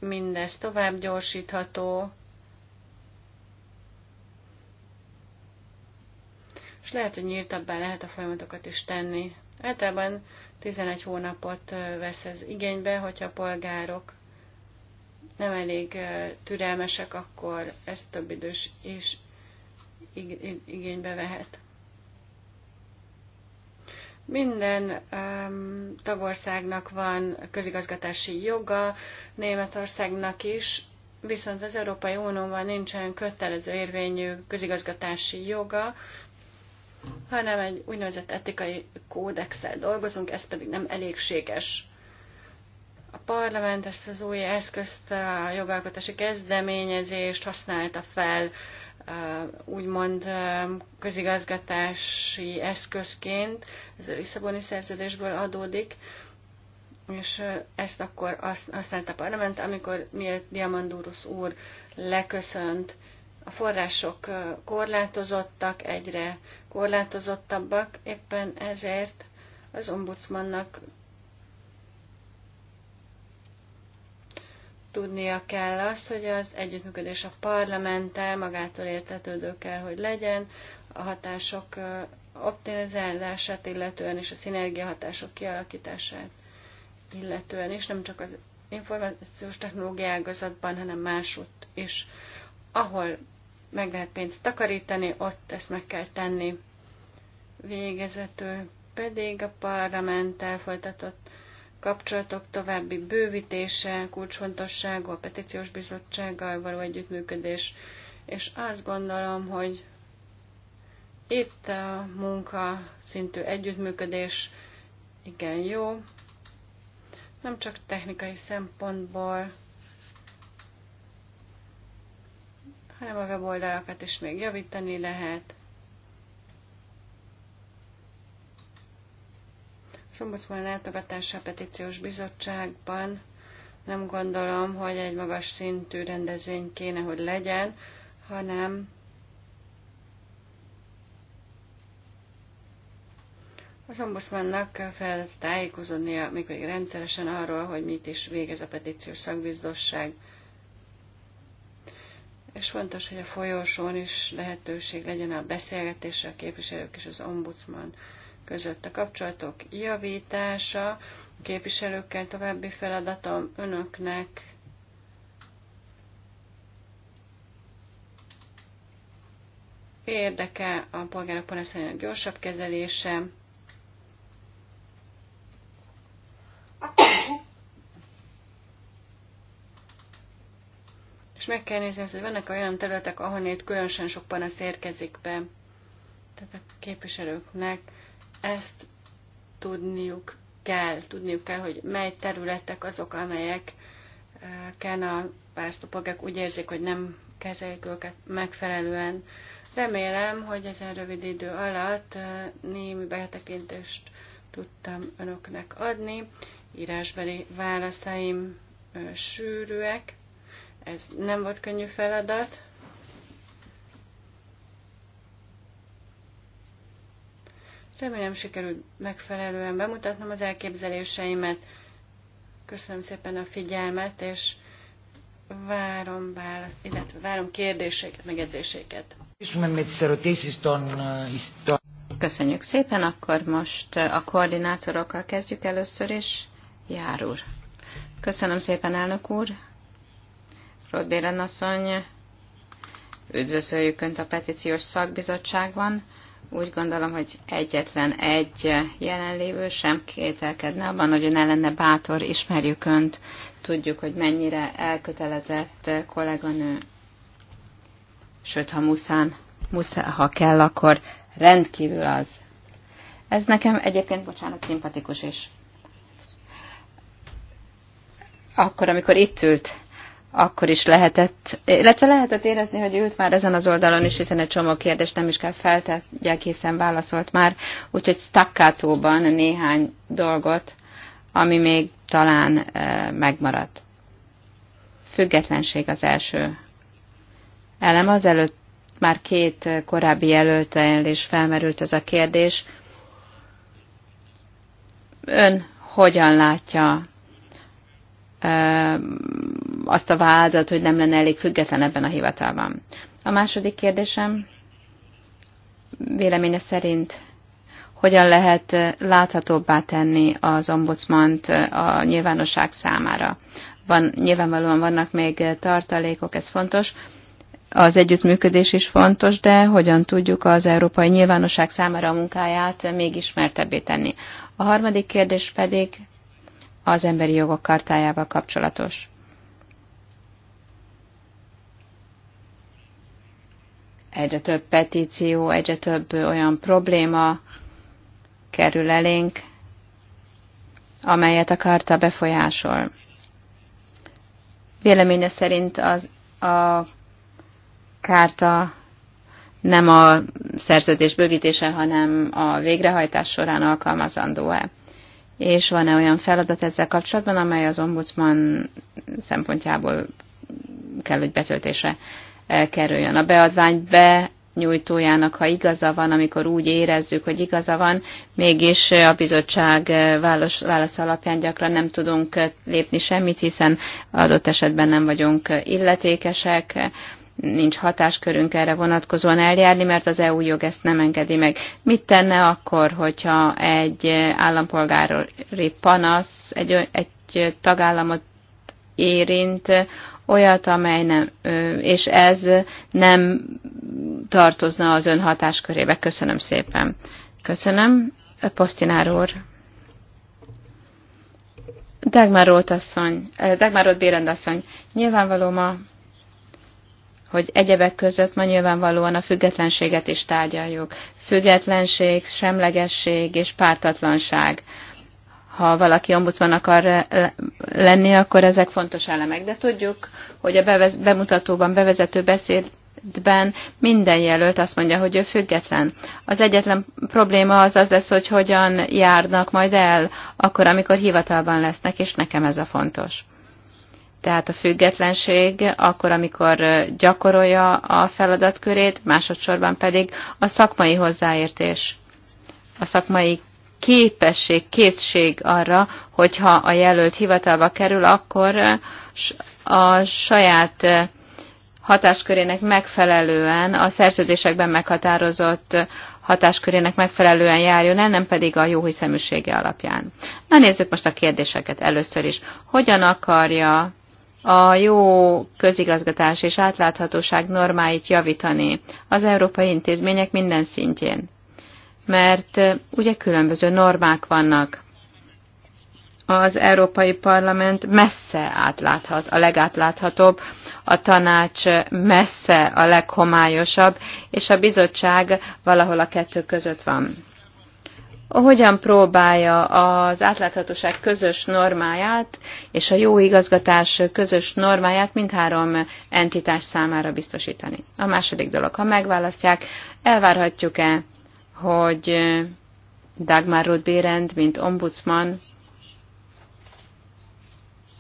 Speaker 2: mindez tovább gyorsítható, és lehet, hogy nyíltabbá lehet a folyamatokat is tenni. Általában 11 hónapot vesz ez igénybe, hogyha a polgárok nem elég türelmesek, akkor ez több idős is igénybe vehet. Minden um, tagországnak van közigazgatási joga, Németországnak is, viszont az Európai Unióban nincsen kötelező érvényű közigazgatási joga, hanem egy úgynevezett etikai kódexsel dolgozunk, ez pedig nem elégséges. A parlament ezt az új eszközt, a jogalkotási kezdeményezést használta fel úgymond közigazgatási eszközként, ez a Lisszaboni szerződésből adódik, és ezt akkor használta a parlament, amikor miért Diamandurus úr leköszönt. A források korlátozottak, egyre korlátozottabbak, éppen ezért az ombudsmannak tudnia kell azt, hogy az együttműködés a parlamenttel magától értetődő kell, hogy legyen, a hatások optimizálását illetően és a szinergia hatások kialakítását illetően is, nem csak az információs technológiai ágazatban, hanem másutt is. Ahol meg lehet pénzt takarítani, ott ezt meg kell tenni. Végezetül pedig a parlamenttel folytatott kapcsolatok további bővítése, kulcsfontosságú, a petíciós bizottsággal való együttműködés, és azt gondolom, hogy itt a munka szintű együttműködés igen jó, nem csak technikai szempontból, hanem a weboldalakat is még javítani lehet, Szombatban látogatása a petíciós bizottságban nem gondolom, hogy egy magas szintű rendezvény kéne, hogy legyen, hanem az ombudsmannak fel tájékozódnia még pedig rendszeresen arról, hogy mit is végez a petíciós szakbizdosság. És fontos, hogy a folyosón is lehetőség legyen a beszélgetésre a képviselők és az ombudsman között a kapcsolatok javítása, a képviselőkkel további feladatom önöknek érdeke a polgárok panaszainak gyorsabb kezelése, És meg kell nézni azt, hogy vannak olyan területek, ahonnan itt különösen sok panasz érkezik be. Tehát a képviselőknek ezt tudniuk kell, tudniuk kell, hogy mely területek azok, amelyek eh, Ken a pásztopagek úgy érzik, hogy nem kezelik őket megfelelően. Remélem, hogy ezen rövid idő alatt eh, némi betekintést tudtam önöknek adni. Írásbeli válaszaim eh, sűrűek, ez nem volt könnyű feladat, Remélem sikerült megfelelően bemutatnom az elképzeléseimet. Köszönöm szépen a figyelmet, és várom, vála, illetve várom kérdéseket, megjegyzéseket.
Speaker 3: Köszönjük szépen, akkor most a koordinátorokkal kezdjük először, és jár úr. Köszönöm szépen, elnök úr. Rodbéren asszony, üdvözöljük Önt a petíciós szakbizottságban. Úgy gondolom, hogy egyetlen egy jelenlévő sem kételkedne abban, hogy ön lenne bátor, ismerjük önt, tudjuk, hogy mennyire elkötelezett kolléganő. Sőt, ha muszán, muszá, ha kell, akkor rendkívül az. Ez nekem egyébként, bocsánat, szimpatikus is. Akkor, amikor itt ült, akkor is lehetett, illetve lehetett érezni, hogy ült már ezen az oldalon is, hiszen egy csomó kérdést nem is kell feltetják, hiszen válaszolt már, úgyhogy staccatóban néhány dolgot, ami még talán e, megmaradt. Függetlenség az első elem, az előtt már két eh, korábbi jelöltel is felmerült ez a kérdés. Ön hogyan látja azt a vádat, hogy nem lenne elég független ebben a hivatalban. A második kérdésem véleménye szerint hogyan lehet láthatóbbá tenni az ombudsmant a nyilvánosság számára. Van, nyilvánvalóan vannak még tartalékok, ez fontos. Az együttműködés is fontos, de hogyan tudjuk az európai nyilvánosság számára a munkáját még ismertebbé tenni. A harmadik kérdés pedig az emberi jogok kartájával kapcsolatos. Egyre több petíció, egyre több olyan probléma kerül elénk, amelyet a karta befolyásol. Véleménye szerint az, a kárta nem a szerződés bővítése, hanem a végrehajtás során alkalmazandó-e és van-e olyan feladat ezzel kapcsolatban, amely az ombudsman szempontjából kell, hogy betöltése e, kerüljön. A beadvány be nyújtójának, ha igaza van, amikor úgy érezzük, hogy igaza van, mégis a bizottság e, válasz, válasz alapján gyakran nem tudunk e, lépni semmit, hiszen adott esetben nem vagyunk illetékesek, nincs hatáskörünk erre vonatkozóan eljárni, mert az EU jog ezt nem engedi meg. Mit tenne akkor, hogyha egy állampolgári panasz egy, egy tagállamot érint, olyat, amely nem, és ez nem tartozna az ön hatáskörébe. Köszönöm szépen. Köszönöm. Posztinár úr. Dagmar Rót asszony, Dagmar Rót Bérend asszony, nyilvánvaló ma hogy egyebek között ma nyilvánvalóan a függetlenséget is tárgyaljuk. Függetlenség, semlegesség és pártatlanság. Ha valaki ombudsman akar eh, lenni, akkor ezek fontos elemek. De tudjuk, hogy a bevez, bemutatóban, bevezető beszéd ben minden jelölt azt mondja, hogy ő független. Az egyetlen probléma az az lesz, hogy hogyan járnak majd el, akkor, amikor hivatalban lesznek, és nekem ez a fontos tehát a függetlenség akkor, amikor gyakorolja a feladatkörét, másodszorban pedig a szakmai hozzáértés, a szakmai képesség, készség arra, hogyha a jelölt hivatalba kerül, akkor a saját hatáskörének megfelelően, a szerződésekben meghatározott hatáskörének megfelelően járjon el, nem pedig a jóhiszeműsége alapján. Na nézzük most a kérdéseket először is. Hogyan akarja a jó közigazgatás és átláthatóság normáit javítani az európai intézmények minden szintjén. Mert ugye különböző normák vannak. Az Európai Parlament messze átláthat, a legátláthatóbb, a tanács messze a leghomályosabb, és a bizottság valahol a kettő között van hogyan próbálja az átláthatóság közös normáját és a jó igazgatás közös normáját mindhárom entitás számára biztosítani. A második dolog, ha megválasztják, elvárhatjuk-e, hogy Dagmar Rudbérend, mint ombudsman,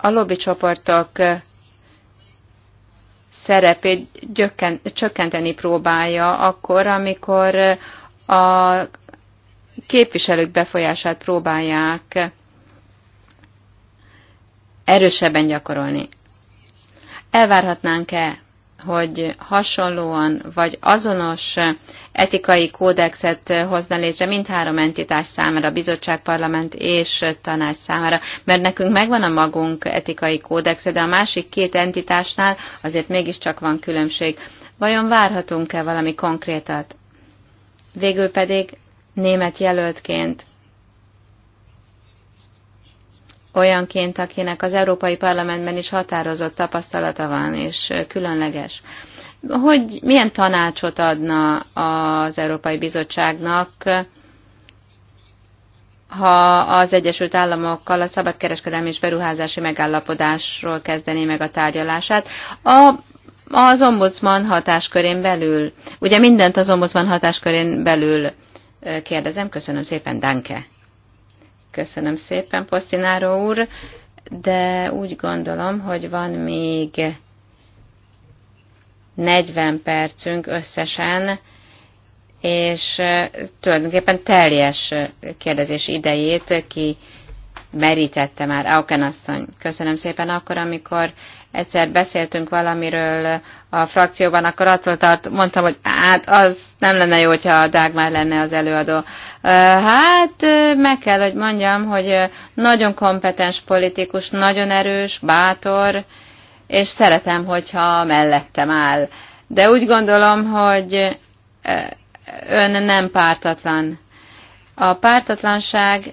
Speaker 3: a csoportok szerepét gyökken, csökkenteni próbálja akkor, amikor a képviselők befolyását próbálják erősebben gyakorolni. Elvárhatnánk-e, hogy hasonlóan vagy azonos etikai kódexet hozna létre mindhárom entitás számára, bizottság, parlament és tanács számára, mert nekünk megvan a magunk etikai kódexe, de a másik két entitásnál azért mégiscsak van különbség. Vajon várhatunk-e valami konkrétat? Végül pedig német jelöltként, olyanként, akinek az Európai Parlamentben is határozott tapasztalata van, és különleges. Hogy milyen tanácsot adna az Európai Bizottságnak, ha az Egyesült Államokkal a szabadkereskedelmi és beruházási megállapodásról kezdené meg a tárgyalását. A, az ombudsman hatáskörén belül, ugye mindent az ombudsman hatáskörén belül kérdezem. Köszönöm szépen, Danke. Köszönöm szépen, Posztináró úr, de úgy gondolom, hogy van még 40 percünk összesen, és tulajdonképpen teljes kérdezés idejét ki merítette már Auken asszony. Köszönöm szépen akkor, amikor egyszer beszéltünk valamiről a frakcióban, akkor attól tart, mondtam, hogy hát az nem lenne jó, hogyha a Dágmár lenne az előadó. Hát meg kell, hogy mondjam, hogy nagyon kompetens politikus, nagyon erős, bátor, és szeretem, hogyha mellettem áll. De úgy gondolom, hogy ön nem pártatlan. A pártatlanság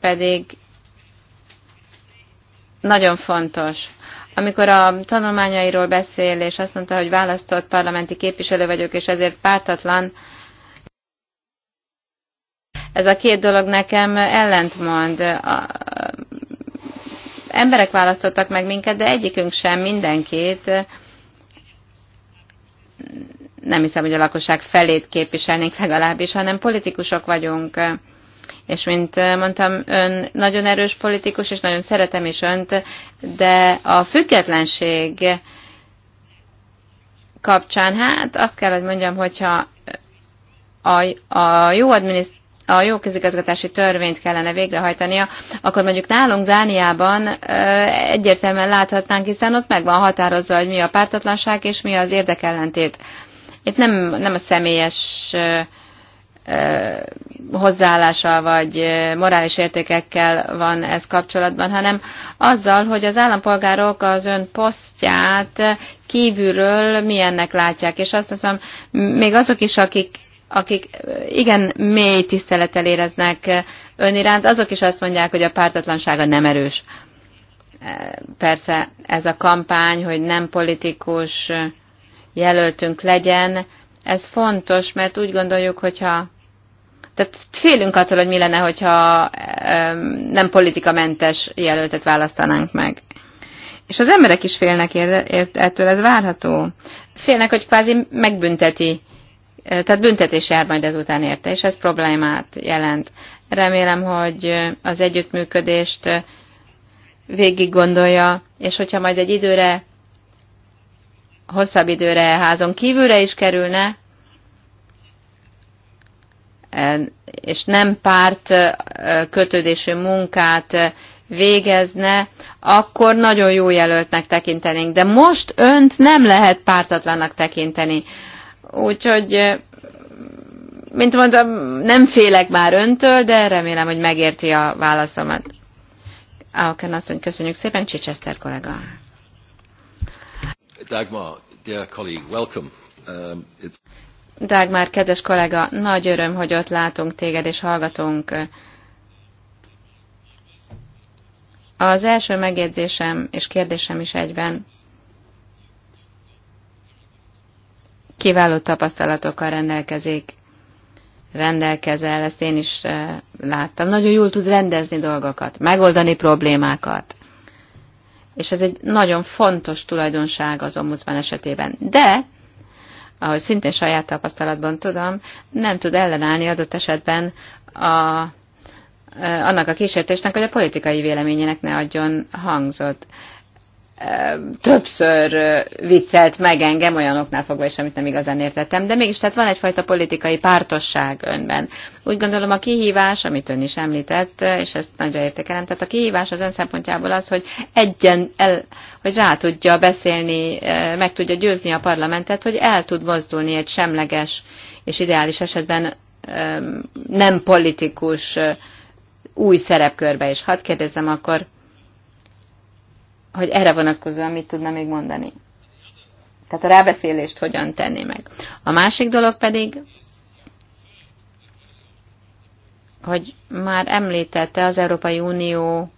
Speaker 3: pedig nagyon fontos. Amikor a tanulmányairól beszél, és azt mondta, hogy választott parlamenti képviselő vagyok, és ezért pártatlan, ez a két dolog nekem ellentmond. A, emberek választottak meg minket, de egyikünk sem, mindenkit. Nem hiszem, hogy a lakosság felét képviselnénk legalábbis, hanem politikusok vagyunk és mint mondtam, ön nagyon erős politikus, és nagyon szeretem is önt, de a függetlenség kapcsán, hát azt kell, hogy mondjam, hogyha a, a jó adminiszt a jó közigazgatási törvényt kellene végrehajtania, akkor mondjuk nálunk Dániában egyértelműen láthatnánk, hiszen ott meg van határozva, hogy mi a pártatlanság és mi az érdekellentét. Itt nem, nem a személyes hozzáállása vagy morális értékekkel van ez kapcsolatban, hanem azzal, hogy az állampolgárok az ön posztját kívülről milyennek látják. És azt hiszem, még azok is, akik, akik igen mély tisztelettel éreznek ön iránt, azok is azt mondják, hogy a pártatlansága nem erős. Persze ez a kampány, hogy nem politikus jelöltünk legyen, ez fontos, mert úgy gondoljuk, hogyha tehát félünk attól, hogy mi lenne, hogyha nem politikamentes jelöltet választanánk meg. És az emberek is félnek ettől, ez várható. Félnek, hogy kvázi megbünteti, e, tehát büntetés jár majd ezután érte, és ez problémát jelent. Remélem, hogy e, az együttműködést e, végig gondolja, és hogyha majd egy időre hosszabb időre házon kívülre is kerülne, e, és nem párt e, kötődésű munkát e, végezne, akkor nagyon jó jelöltnek tekintenénk. De most önt nem lehet pártatlannak tekinteni. Úgyhogy, mint mondtam, nem félek már öntől, de remélem, hogy megérti a válaszomat. Auken asszony, köszönjük szépen, Csicseszter kollega.
Speaker 1: Dagmar, dear colleague, welcome. Um, it's...
Speaker 3: Dagmar, kedves kollega, nagy öröm, hogy ott látunk téged és hallgatunk. Az első megjegyzésem és kérdésem is egyben. Kiváló tapasztalatokkal rendelkezik, rendelkezel, ezt én is eh, láttam. Nagyon jól tud rendezni dolgokat, megoldani problémákat. És ez egy nagyon fontos tulajdonság az ombudsman esetében. De, ahogy szintén saját tapasztalatban tudom, nem tud ellenállni adott esetben a, annak a kísértésnek, hogy a politikai véleményének ne adjon hangzott többször viccelt meg engem, olyanoknál fogva is, amit nem igazán értettem, de mégis tehát van egyfajta politikai pártosság önben. Úgy gondolom a kihívás, amit ön is említett, és ezt nagyra értékelem, tehát a kihívás az ön szempontjából az, hogy egyen el, hogy rá tudja beszélni, meg tudja győzni a parlamentet, hogy el tud mozdulni egy semleges és ideális esetben nem politikus új szerepkörbe. És hadd kérdezzem akkor, hogy erre vonatkozóan mit tudna még mondani. Tehát a rábeszélést hogyan tenni meg. A másik dolog pedig, hogy már említette az Európai Unió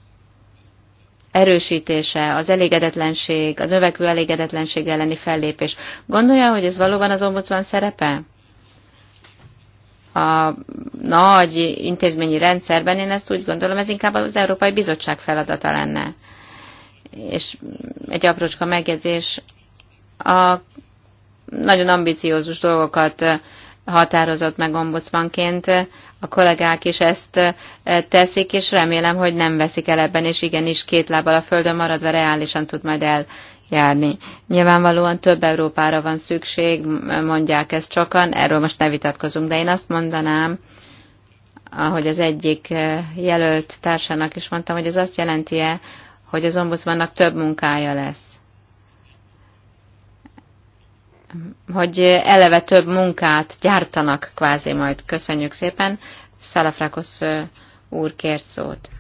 Speaker 3: erősítése, az elégedetlenség, a növekvő elégedetlenség elleni fellépés. Gondolja, hogy ez valóban az ombudsman szerepe? A nagy intézményi rendszerben én ezt úgy gondolom, ez inkább az Európai Bizottság feladata lenne és egy aprócska megjegyzés, a nagyon ambiciózus dolgokat határozott meg ombudsmanként, a kollégák is ezt eh, teszik, és remélem, hogy nem veszik el ebben, és igenis két lábbal a földön maradva reálisan tud majd eljárni. Nyilvánvalóan több Európára van szükség, mondják ezt sokan, erről most ne vitatkozunk, de én azt mondanám, ahogy az egyik eh, jelölt társának is mondtam, hogy ez azt jelenti-e, hogy az ombudsmannak több munkája lesz. Hogy eleve több munkát gyártanak kvázi majd. Köszönjük szépen. Szalafrakosz úr kért szót.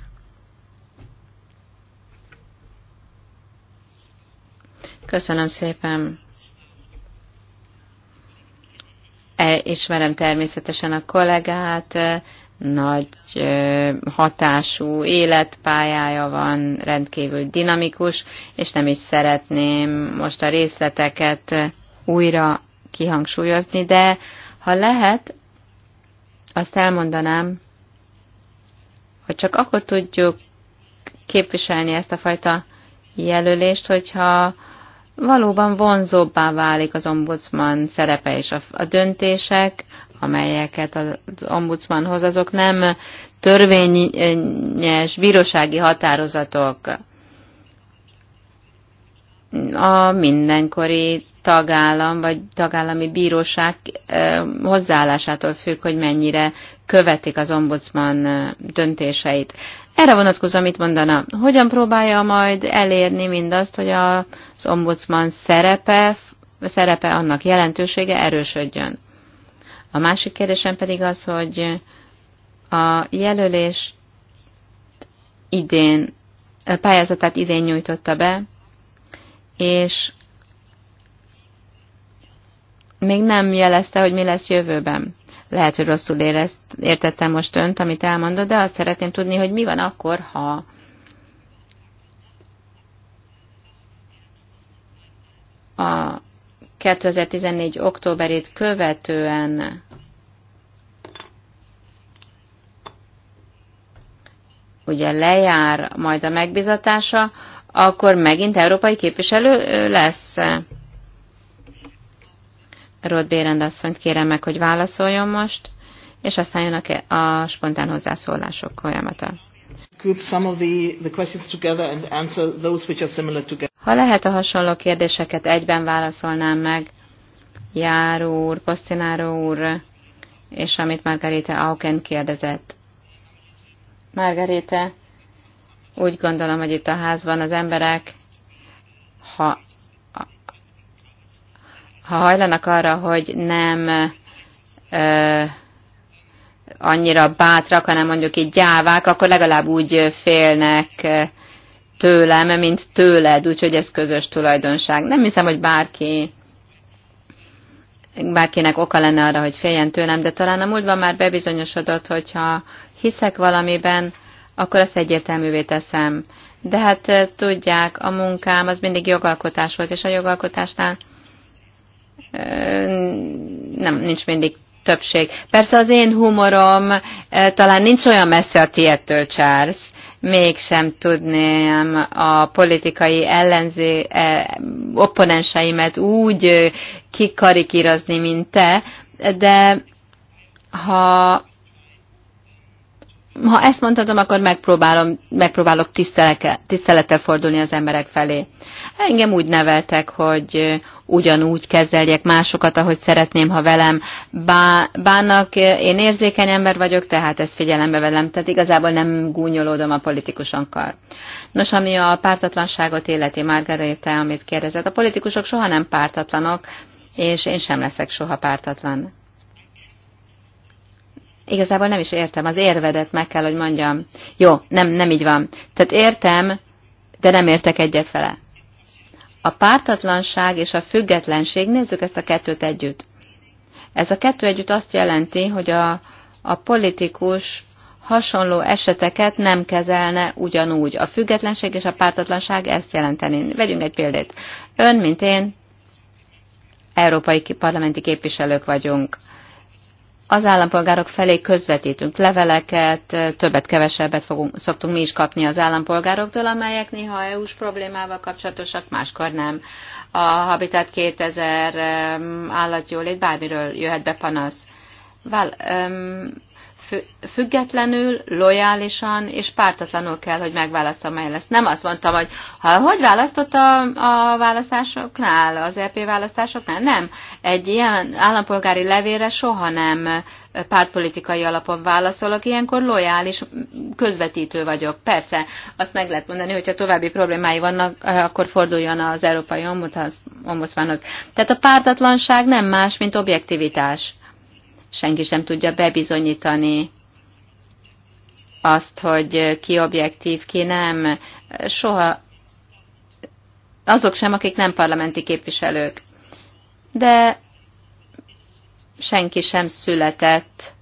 Speaker 3: Köszönöm szépen. E, ismerem természetesen a kollégát, nagy hatású életpályája van, rendkívül dinamikus, és nem is szeretném most a részleteket újra kihangsúlyozni, de ha lehet, azt elmondanám, hogy csak akkor tudjuk képviselni ezt a fajta jelölést, hogyha valóban vonzóbbá válik az ombudsman szerepe és a, a döntések, amelyeket az ombudsman hoz, azok nem törvényes bírósági határozatok. A mindenkori tagállam vagy tagállami bíróság hozzáállásától függ, hogy mennyire követik az ombudsman döntéseit. Erre vonatkozóan mit mondana? Hogyan próbálja majd elérni mindazt, hogy az ombudsman szerepe, szerepe annak jelentősége erősödjön? A másik kérdésem pedig az, hogy a jelölés idén, a pályázatát idén nyújtotta be, és még nem jelezte, hogy mi lesz jövőben. Lehet, hogy rosszul érezt, értettem most önt, amit elmondott, de azt szeretném tudni, hogy mi van akkor, ha a 2014. októberét követően ugye lejár majd a megbizatása, akkor megint európai képviselő lesz. Rod Bérend asszonyt kérem meg, hogy válaszoljon most, és aztán jön a, e a spontán hozzászólások folyamata.
Speaker 4: Group some of the, the questions together and answer those which are similar together. Ha
Speaker 3: lehet a hasonló kérdéseket egyben válaszolnám meg, Járó úr, Posztináró úr, és amit Margarita Auken kérdezett. Margarita, úgy gondolom, hogy itt a házban az emberek, ha, ha hajlanak arra, hogy nem ö, annyira bátrak, hanem mondjuk így gyávák, akkor legalább úgy félnek, tőlem, mint tőled, úgyhogy ez közös tulajdonság. Nem hiszem, hogy bárki bárkinek oka lenne arra, hogy féljen tőlem, de talán a múltban már bebizonyosodott, hogyha hiszek valamiben, akkor azt egyértelművé teszem. De hát eh, tudják, a munkám az mindig jogalkotás volt, és a jogalkotásnál eh, nem, nincs mindig többség. Persze az én humorom eh, talán nincs olyan messze a tiédtől, Charles, mégsem tudném a politikai ellenzé, eh, opponenseimet úgy kikarikírozni, mint te, de ha ha ezt mondhatom, akkor megpróbálom, megpróbálok tisztelettel fordulni az emberek felé. Engem úgy neveltek, hogy ugyanúgy kezeljek másokat, ahogy szeretném, ha velem bánnak. Én érzékeny ember vagyok, tehát ezt figyelembe velem. Tehát igazából nem gúnyolódom a politikusokkal. Nos, ami a pártatlanságot életi, Margarete, amit kérdezett, a politikusok soha nem pártatlanok, és én sem leszek soha pártatlan. Igazából nem is értem, az érvedet meg kell, hogy mondjam. Jó, nem, nem így van. Tehát értem, de nem értek egyet vele. A pártatlanság és a függetlenség, nézzük ezt a kettőt együtt. Ez a kettő együtt azt jelenti, hogy a, a politikus hasonló eseteket nem kezelne ugyanúgy. A függetlenség és a pártatlanság ezt jelenteni. Vegyünk egy példát. Ön, mint én, európai parlamenti képviselők vagyunk az állampolgárok felé közvetítünk leveleket, többet-kevesebbet fogunk, szoktunk mi is kapni az állampolgároktól, amelyek néha EU-s problémával kapcsolatosak, máskor nem. A Habitat 2000 állatjólét bármiről jöhet be panasz. Vál, függetlenül, lojálisan és pártatlanul kell, hogy megválasztja, mely lesz. Nem azt mondtam, hogy ha, hogy választott a, a választásoknál, az EP választásoknál? Nem. Egy ilyen állampolgári levére soha nem pártpolitikai alapon válaszolok, ilyenkor lojális közvetítő vagyok. Persze, azt meg lehet mondani, hogyha további problémái vannak, akkor forduljon az Európai Ombudsmanhoz. Tehát a pártatlanság nem más, mint objektivitás senki sem tudja bebizonyítani azt, hogy ki objektív, ki nem. Soha azok sem, akik nem parlamenti képviselők. De senki sem született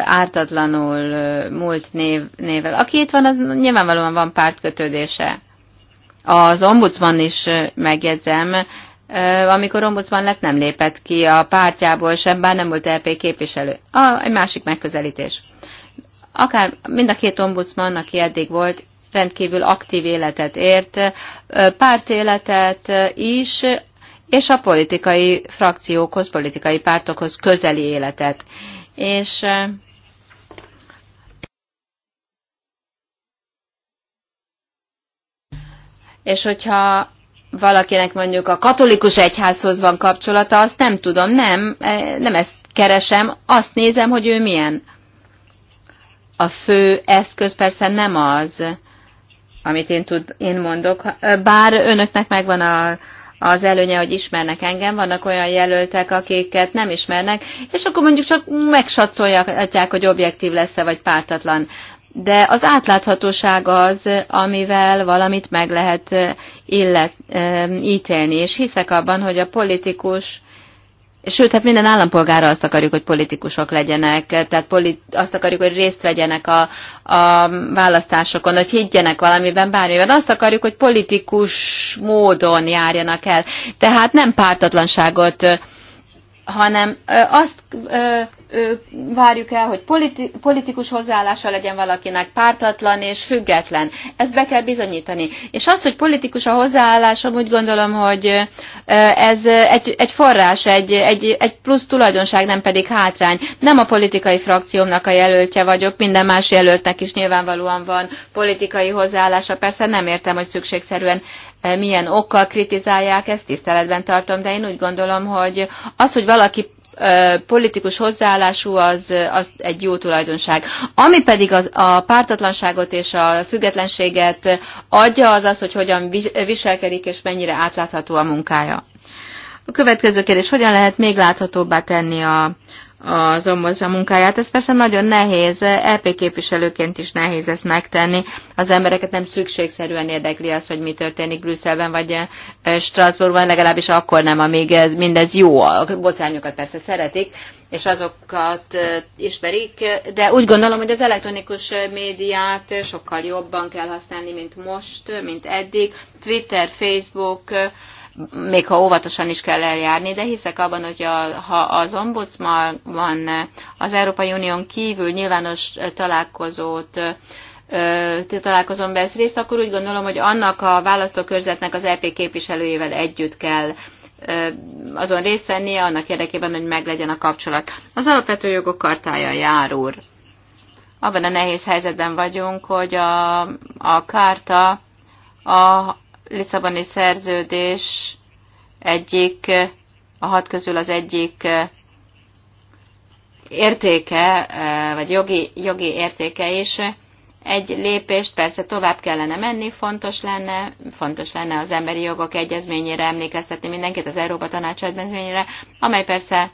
Speaker 3: ártatlanul múlt név, névvel. Aki itt van, az nyilvánvalóan van pártkötődése. Az ombudsman is megjegyzem, amikor ombudsman lett, nem lépett ki a pártjából sem, bár nem volt LP e képviselő. A, egy másik megközelítés. Akár mind a két ombudsman, aki eddig volt, rendkívül aktív életet ért, pártéletet is, és a politikai frakciókhoz, politikai pártokhoz közeli életet. És és hogyha valakinek mondjuk a katolikus egyházhoz van kapcsolata, azt nem tudom, nem, e, nem ezt keresem, azt nézem, hogy ő milyen. A fő eszköz persze nem az, amit én, tud, én mondok, bár önöknek megvan a, az előnye, hogy ismernek engem, vannak olyan jelöltek, akiket nem ismernek, és akkor mondjuk csak megsatszolják, hogy objektív lesz-e, vagy pártatlan de az átláthatóság az, amivel valamit meg lehet illet, ítélni, és hiszek abban, hogy a politikus Sőt, hát minden állampolgára azt akarjuk, hogy politikusok legyenek, tehát polit, azt akarjuk, hogy részt vegyenek a, a választásokon, hogy higgyenek valamiben, bármiben. Azt akarjuk, hogy politikus módon járjanak el. Tehát nem pártatlanságot hanem azt várjuk el, hogy politi, politikus hozzáállása legyen valakinek, pártatlan és független. Ezt be kell bizonyítani. És az, hogy politikus a hozzáállásom, úgy gondolom, hogy ez egy, egy forrás, egy, egy, egy plusz tulajdonság, nem pedig hátrány. Nem a politikai frakciómnak a jelöltje vagyok, minden más jelöltnek is nyilvánvalóan van politikai hozzáállása. Persze nem értem, hogy szükségszerűen E, milyen okkal kritizálják, ezt tiszteletben tartom, de én úgy gondolom, hogy az, hogy valaki e, politikus hozzáállású az, az egy jó tulajdonság. Ami pedig az, a pártatlanságot és a függetlenséget adja, az az, hogy hogyan viselkedik és mennyire átlátható a munkája. A következő kérdés, hogyan lehet még láthatóbbá tenni a, az ombudsman munkáját. Ez persze nagyon nehéz, EP képviselőként is nehéz ezt megtenni. Az embereket nem szükségszerűen érdekli az, hogy mi történik Brüsszelben vagy Strasbourgban, legalábbis akkor nem, amíg ez, mindez jó. A bocányokat persze szeretik, és azokat ismerik, de úgy gondolom, hogy az elektronikus médiát sokkal jobban kell használni, mint most, mint eddig. Twitter, Facebook, még ha óvatosan is kell eljárni, de hiszek abban, hogy a, ha az ombudsman van az Európai Unión kívül nyilvános találkozót be ezt részt, akkor úgy gondolom, hogy annak a választókörzetnek az EP képviselőjével együtt kell azon részt vennie, annak érdekében, hogy meglegyen a kapcsolat. Az alapvető jogok kartája jár úr. Abban a nehéz helyzetben vagyunk, hogy a, a kárta a Lisszaboni szerződés egyik, a hat közül az egyik eh, értéke, eh, vagy jogi, jogi értéke is, egy lépést persze tovább kellene menni, fontos lenne, fontos lenne az emberi jogok egyezményére emlékeztetni mindenkit, az Európa Tanács egyezményére, amely persze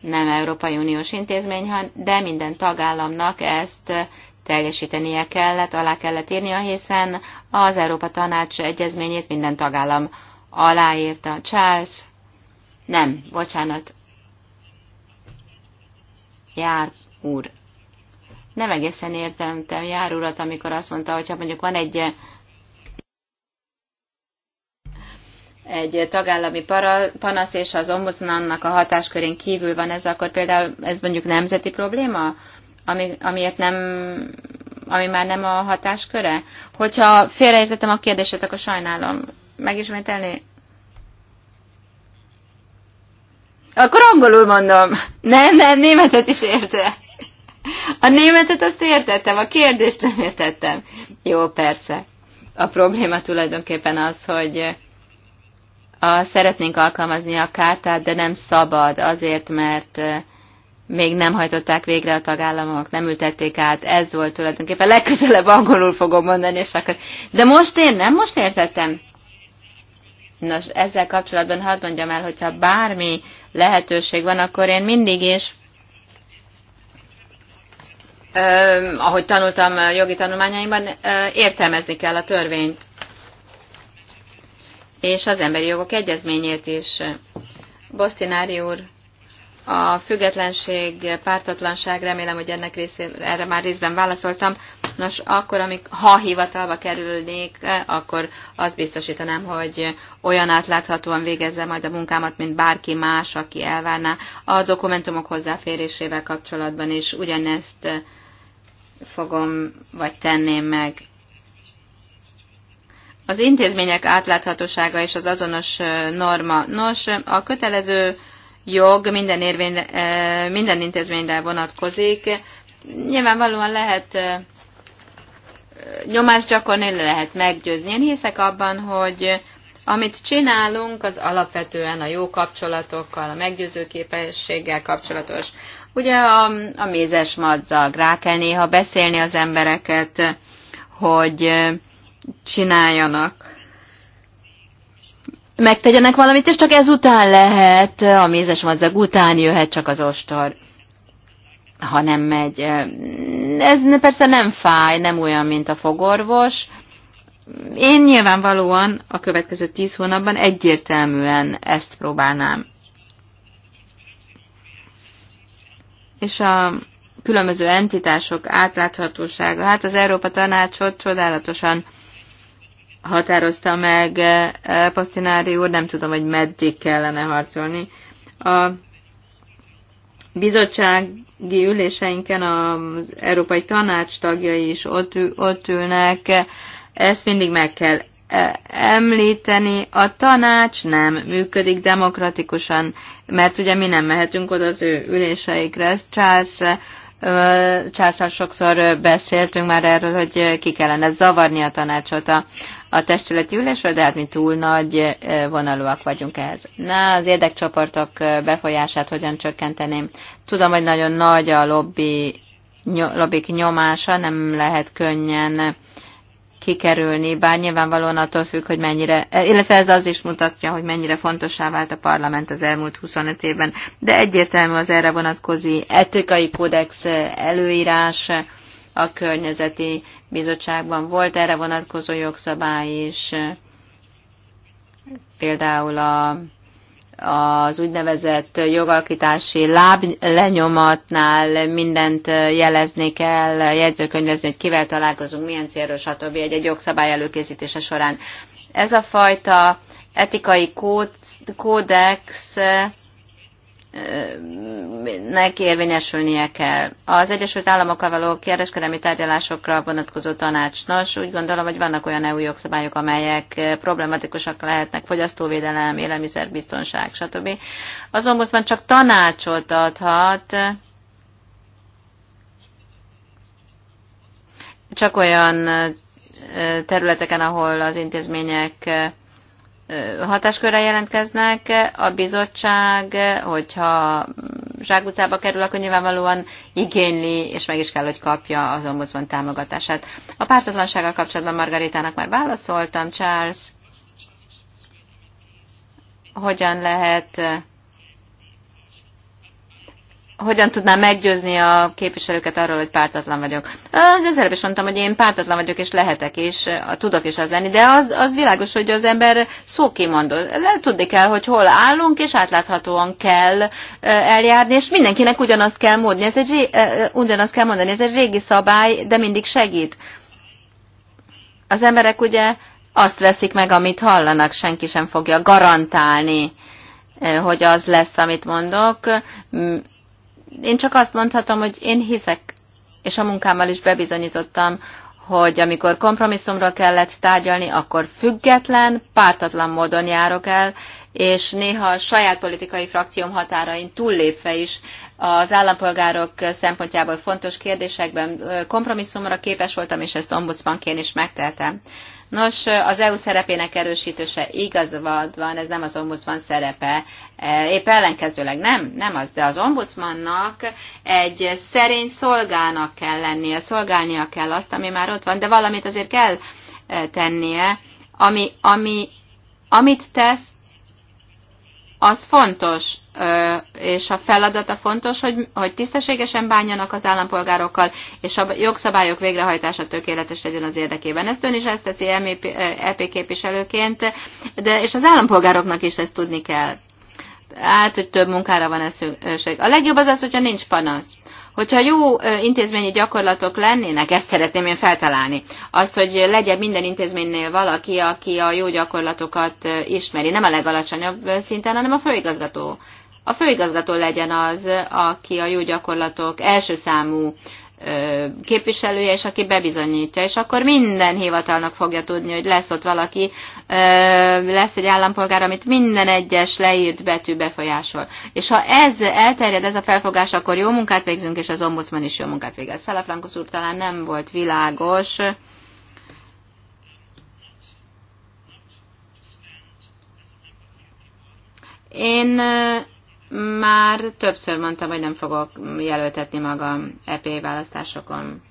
Speaker 3: nem Európai Uniós intézmény, de minden tagállamnak ezt eh, teljesítenie kellett, alá kellett írnia, hiszen az Európa Tanács egyezményét minden tagállam aláírta. Charles, nem, bocsánat, jár úr. Nem egészen értem te jár urat, amikor azt mondta, hogy ha mondjuk van egy egy tagállami para, panasz, és az ombudsmannak a hatáskörén kívül van ez, akkor például ez mondjuk nemzeti probléma? ami, amiért nem, ami már nem a hatásköre? Hogyha félreértettem a kérdését, akkor sajnálom. Megismételni? Akkor angolul mondom. Nem, nem, németet is érte. A németet azt értettem, a kérdést nem értettem. Jó, persze. A probléma tulajdonképpen az, hogy a, szeretnénk alkalmazni a kártát, de nem szabad, azért, mert még nem hajtották végre a tagállamok, nem ültették át, ez volt tulajdonképpen. Legközelebb angolul fogom mondani, és akkor... De most én nem, most értettem. Nos, ezzel kapcsolatban hadd mondjam el, hogyha bármi lehetőség van, akkor én mindig is, eh, ahogy tanultam jogi tanulmányaimban, eh, értelmezni kell a törvényt. És az emberi jogok egyezményét is. Bosztinári úr a függetlenség, pártatlanság, remélem, hogy ennek részére, erre már részben válaszoltam. Nos, akkor, amik, ha hivatalba kerülnék, akkor azt biztosítanám, hogy olyan átláthatóan végezze majd a munkámat, mint bárki más, aki elvárná a dokumentumok hozzáférésével kapcsolatban, és ugyanezt fogom, vagy tenném meg. Az intézmények átláthatósága és az azonos norma. Nos, a kötelező jog minden, érvényre, eh, minden intézményre vonatkozik. Nyilvánvalóan lehet eh, nyomást gyakorolni, lehet meggyőzni. Én hiszek abban, hogy amit csinálunk, az alapvetően a jó kapcsolatokkal, a meggyőző képességgel kapcsolatos. Ugye a, a mézes madzag, rá kell néha beszélni az embereket, hogy csináljanak megtegyenek valamit, és csak ezután lehet, a mézes madzag után jöhet csak az ostor, ha nem megy. Ez persze nem fáj, nem olyan, mint a fogorvos. Én nyilvánvalóan a következő tíz hónapban egyértelműen ezt próbálnám. És a különböző entitások átláthatósága, hát az Európa Tanácsot csodálatosan határozta meg eh, eh, Pasztinári úr, nem tudom, hogy meddig kellene harcolni. A bizottsági üléseinken az Európai Tanács tagjai is ott, ott ülnek, ezt mindig meg kell eh, említeni. A tanács nem működik demokratikusan, mert ugye mi nem mehetünk oda az ő üléseikre. Ezt Charles Császár sokszor beszéltünk már erről, hogy ki kellene zavarni a tanácsot. A a testületi ülésről, de hát mi túl nagy eh, vonalúak vagyunk ehhez. Na, az érdekcsoportok eh, befolyását hogyan csökkenteném? Tudom, hogy nagyon nagy a lobby, lobbik nyomása, nem lehet könnyen kikerülni, bár nyilvánvalóan attól függ, hogy mennyire, eh, illetve ez az is mutatja, hogy mennyire fontossá vált a parlament az elmúlt 25 évben, de egyértelmű az erre vonatkozó etikai kódex előírás, a környezeti bizottságban volt erre vonatkozó jogszabály is, például a, az úgynevezett jogalkítási láblenyomatnál mindent jelezni kell, jegyzőkönyvezni, hogy kivel találkozunk, milyen célról, stb. egy, egy jogszabály előkészítése során. Ez a fajta etikai kód, kódex nek érvényesülnie kell. Az Egyesült Államokkal való kereskedelmi tárgyalásokra vonatkozó tanács. Nos, úgy gondolom, hogy vannak olyan EU jogszabályok, amelyek problematikusak lehetnek, fogyasztóvédelem, élelmiszerbiztonság, stb. Az ombudsman csak tanácsot adhat, csak olyan területeken, ahol az intézmények hatáskörre jelentkeznek, a bizottság, hogyha zsákutcába kerül, akkor nyilvánvalóan igényli, és meg is kell, hogy kapja az ombudsman támogatását. A pártatlansággal kapcsolatban Margaritának már válaszoltam, Charles, hogyan lehet hogyan tudnám meggyőzni a képviselőket arról, hogy pártatlan vagyok. Ah, az előbb is mondtam, hogy én pártatlan vagyok, és lehetek is, tudok is az lenni, de az, az világos, hogy az ember szókimondó. Le tudni kell, hogy hol állunk, és átláthatóan kell eljárni, és mindenkinek ugyanazt kell módni. Ez egy, ugyanazt kell mondani, ez egy régi szabály, de mindig segít. Az emberek ugye azt veszik meg, amit hallanak, senki sem fogja garantálni, hogy az lesz, amit mondok én csak azt mondhatom, hogy én hiszek, és a munkámmal is bebizonyítottam, hogy amikor kompromisszumra kellett tárgyalni, akkor független, pártatlan módon járok el, és néha a saját politikai frakcióm határain túllépve is az állampolgárok szempontjából fontos kérdésekben kompromisszumra képes voltam, és ezt ombudsmanként is megteltem. Nos, az EU szerepének erősítése igazad van, ez nem az ombudsman szerepe, e, épp ellenkezőleg nem, nem az, de az ombudsmannak egy szerény szolgának kell lennie, szolgálnia kell azt, ami már ott van, de valamit azért kell e, tennie, ami, ami, amit tesz, az fontos, és a feladata fontos, hogy, hogy tisztességesen bánjanak az állampolgárokkal, és a jogszabályok végrehajtása tökéletes legyen az érdekében. Ezt ön is ezt teszi EP e képviselőként, de és az állampolgároknak is ezt tudni kell. Hát, hogy több munkára van szükség. A legjobb az az, hogyha nincs panasz. Hogyha jó intézményi gyakorlatok lennének, ezt szeretném én feltalálni, azt, hogy legyen minden intézménynél valaki, aki a jó gyakorlatokat ismeri, nem a legalacsonyabb szinten, hanem a főigazgató. A főigazgató legyen az, aki a jó gyakorlatok első számú képviselője, és aki bebizonyítja, és akkor minden hivatalnak fogja tudni, hogy lesz ott valaki, lesz egy állampolgár, amit minden egyes leírt betű befolyásol. És ha ez elterjed, ez a felfogás, akkor jó munkát végzünk, és az ombudsman is jó munkát végez. Szelafrankos úr talán nem volt világos, Én már többször mondtam, hogy nem fogok jelöltetni magam EP választásokon.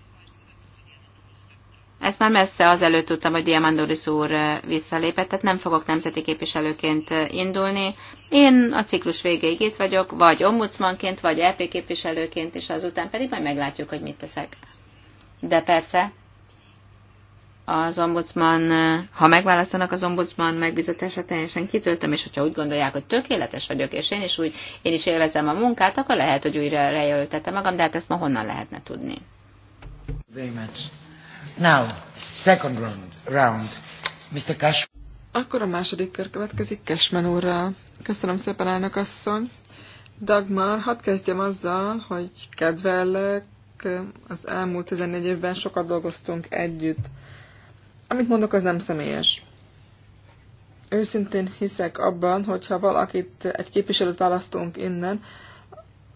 Speaker 3: Ezt már messze azelőtt tudtam, hogy Diamandoris úr visszalépett, tehát nem fogok nemzeti képviselőként indulni. Én a ciklus végéig itt vagyok, vagy ombudsmanként, vagy LP e képviselőként, és azután pedig majd meglátjuk, hogy mit teszek. De persze, az ombudsman, ha megválasztanak az ombudsman megbizetésre, teljesen kitöltöm, és hogyha úgy gondolják, hogy tökéletes vagyok, és én is úgy, én is élvezem a munkát, akkor lehet, hogy újra rejelöltetem magam, de hát ezt ma honnan lehetne tudni.
Speaker 1: Very much. Now, second round. round. Mr. Cash.
Speaker 4: Akkor a második kör következik Cashman úrral. Köszönöm szépen, elnök asszony. Dagmar, hadd kezdjem azzal, hogy kedvellek. Az elmúlt 14 évben sokat dolgoztunk együtt. Amit mondok, az nem személyes. Őszintén hiszek abban, hogyha valakit, egy képviselőt választunk innen,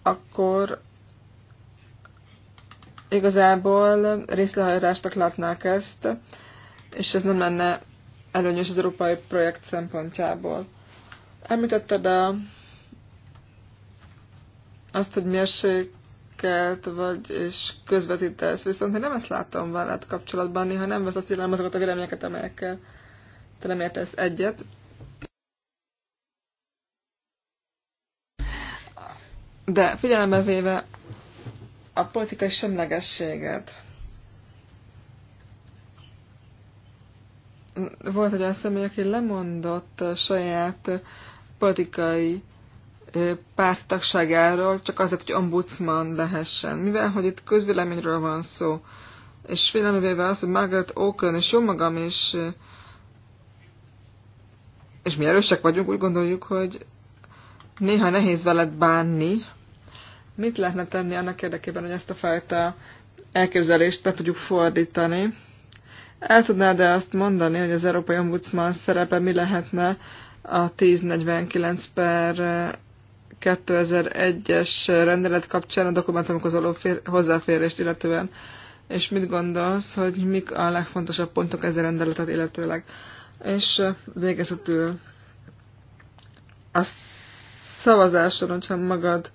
Speaker 4: akkor Igazából részlehajlásnak látnák ezt, és ez nem lenne előnyös az európai projekt szempontjából. Említetted a, azt, hogy mérsékelt vagy, és közvetítesz, viszont én nem ezt látom veled kapcsolatban, néha nem azt figyelem azokat a véleményeket, amelyekkel te nem értesz egyet. De figyelembe véve a politikai semlegességet. Volt egy olyan személy, aki lemondott a saját politikai párttagságáról, csak azért, hogy ombudsman lehessen. Mivel, hogy itt közvéleményről van szó, és véleményével az, hogy Margaret Oaken és jó magam is, és mi erősek vagyunk, úgy gondoljuk, hogy néha nehéz veled bánni, Mit lehetne tenni annak érdekében, hogy ezt a fajta elképzelést be tudjuk fordítani? El tudnád-e azt mondani, hogy az Európai Ombudsman szerepe mi lehetne a 1049 per 2001-es eh, rendelet kapcsán a dokumentumokhoz való hozzáférést illetően? És mit gondolsz, hogy mik a legfontosabb pontok ezzel rendeletet illetőleg? És eh, végezetül a szavazáson, hogyha magad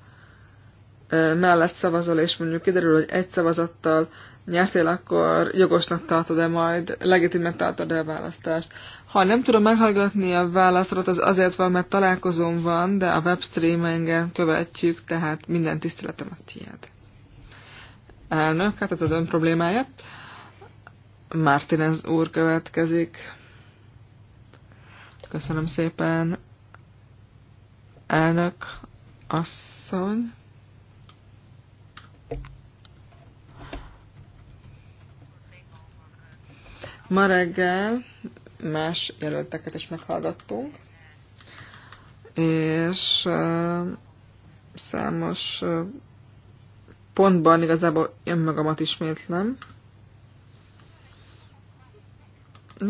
Speaker 4: mellett szavazol, és mondjuk kiderül, hogy egy szavazattal nyertél, akkor jogosnak tartod-e majd, legitimnek tartod-e a választást. Ha nem tudom meghallgatni a válaszodat, az azért van, mert találkozom van, de a webstreamingen követjük, tehát minden tiszteletem a tiéd. Elnök, hát ez az ön problémája. Martinez úr következik. Köszönöm szépen. Elnök asszony. Ma reggel más jelölteket is meghallgattunk, és számos pontban igazából én magamat ismétlem.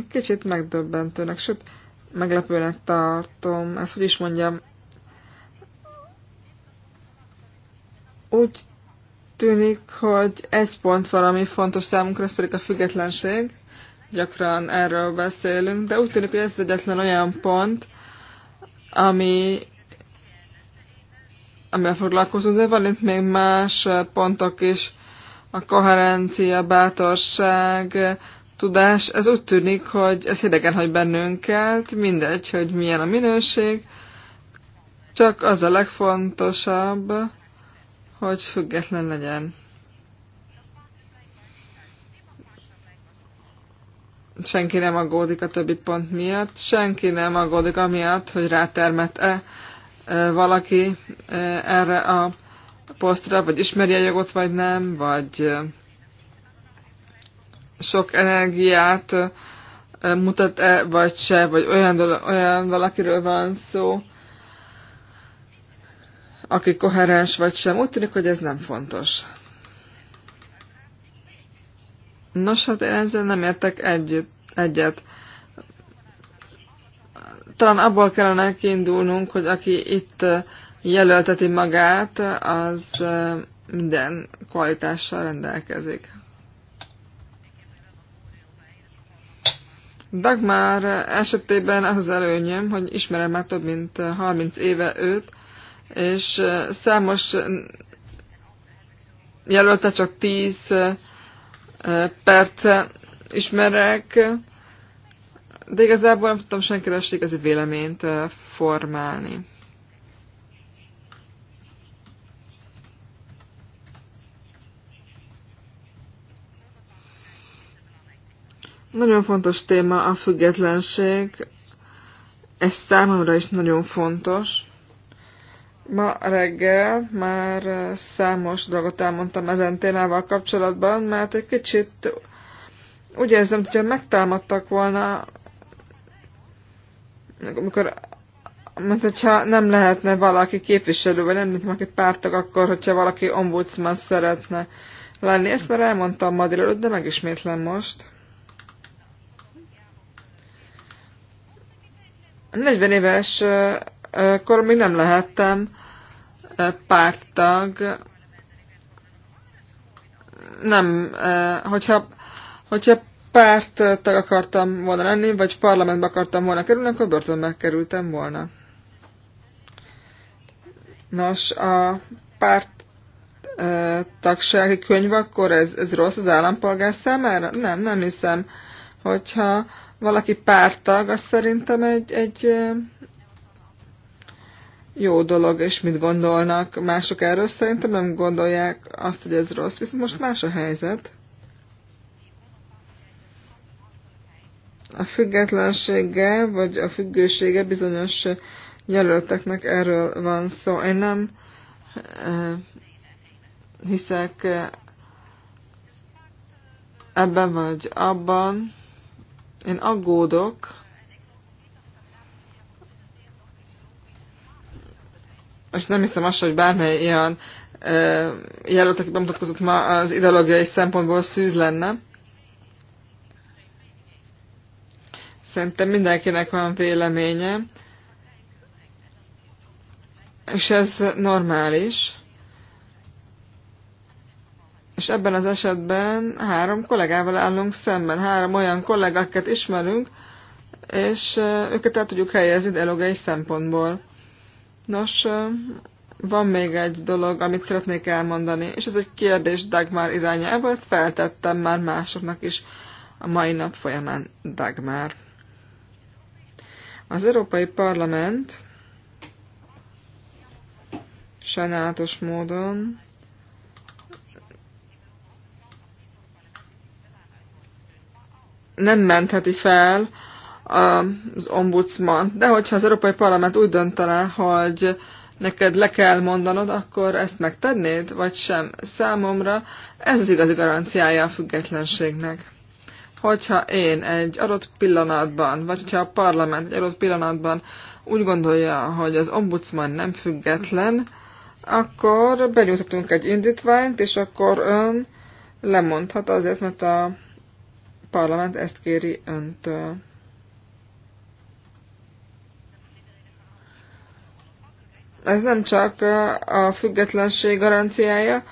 Speaker 4: Kicsit megdöbbentőnek, sőt, meglepőnek tartom. Ezt hogy is mondjam, úgy tűnik, hogy egy pont valami fontos számunkra, ez pedig a függetlenség gyakran erről beszélünk, de úgy tűnik, hogy ez egyetlen olyan pont, ami amivel foglalkozunk, de van itt még más pontok is, a koherencia, bátorság, tudás, ez úgy tűnik, hogy ez idegen hagy bennünket, mindegy, hogy milyen a minőség, csak az a legfontosabb, hogy független legyen. senki nem aggódik a többi pont miatt, senki nem aggódik amiatt, hogy rátermet e valaki erre a posztra, vagy ismeri a jogot, vagy nem, vagy sok energiát mutat-e, vagy se, vagy olyan, olyan valakiről van szó, aki koherens vagy sem. Úgy tűnik, hogy ez nem fontos. Nos, hát én ezzel nem értek együtt, egyet. Talán abból kellene kiindulnunk, hogy aki itt eh, jelölteti magát, az eh, minden kvalitással rendelkezik. Dagmar esetében az az előnyöm, hogy ismerem már több mint 30 eh, éve őt, és számos jelölte csak 10 perce ismerek, de igazából nem tudtam senkire igazi véleményt eh, formálni. Nagyon fontos téma a függetlenség. Ez számomra is nagyon fontos. Ma reggel már eh, számos dolgot elmondtam ezen témával kapcsolatban, mert egy kicsit úgy érzem, hogyha megtámadtak volna, amikor mert hogyha nem lehetne valaki képviselő, vagy nem mint valaki pártag, akkor hogyha valaki ombudsman szeretne lenni. Ezt már elmondtam ma délelőtt, de megismétlem most. 40 éves eh, akkor még nem lehettem eh, párttag. Nem, eh, hogyha, hogyha párttag akartam volna lenni, vagy parlamentbe akartam volna kerülni, akkor börtönbe megkerültem volna. Nos, a párt eh, tagsági könyv, akkor ez, ez rossz az állampolgár számára? Nem, nem hiszem. Hogyha valaki pártag, az szerintem egy, egy jó dolog, és mit gondolnak mások erről. Szerintem nem gondolják azt, hogy ez rossz, viszont most más a helyzet. A függetlensége, vagy a függősége bizonyos jelölteknek erről van szó. Én nem eh, hiszek eh, ebben vagy abban. Én aggódok, és nem hiszem azt, hogy bármely ilyen jelölt, aki bemutatkozott ma, az ideológiai szempontból szűz lenne. Szerintem mindenkinek van véleménye, és ez normális. És ebben az esetben három kollégával állunk szemben, három olyan kollégákat ismerünk, és őket el tudjuk helyezni ideológiai szempontból. Nos, van még egy dolog, amit szeretnék elmondani, és ez egy kérdés Dagmar irányába, ezt feltettem már másoknak is a mai nap folyamán Dagmar. Az Európai Parlament sajnálatos módon nem mentheti fel az ombudsman. De hogyha az Európai Parlament úgy döntene, hogy neked le kell mondanod, akkor ezt megtennéd, vagy sem. Számomra ez az igazi garanciája a függetlenségnek. Hogyha én egy adott pillanatban, vagy hogyha a parlament egy adott pillanatban úgy gondolja, hogy az ombudsman nem független, akkor benyújthatunk egy indítványt, és akkor ön lemondhat azért, mert a parlament ezt kéri öntől. ez nem csak a függetlenség garanciája,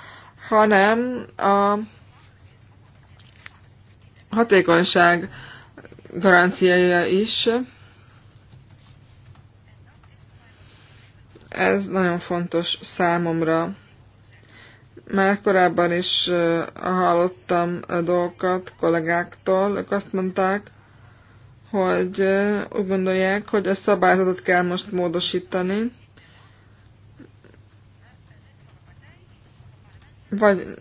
Speaker 4: hanem a hatékonyság garanciája is. Ez nagyon fontos számomra. Már korábban is hallottam dolgokat kollégáktól, ők azt mondták, hogy úgy gondolják, hogy a szabályzatot kell most módosítani, vagy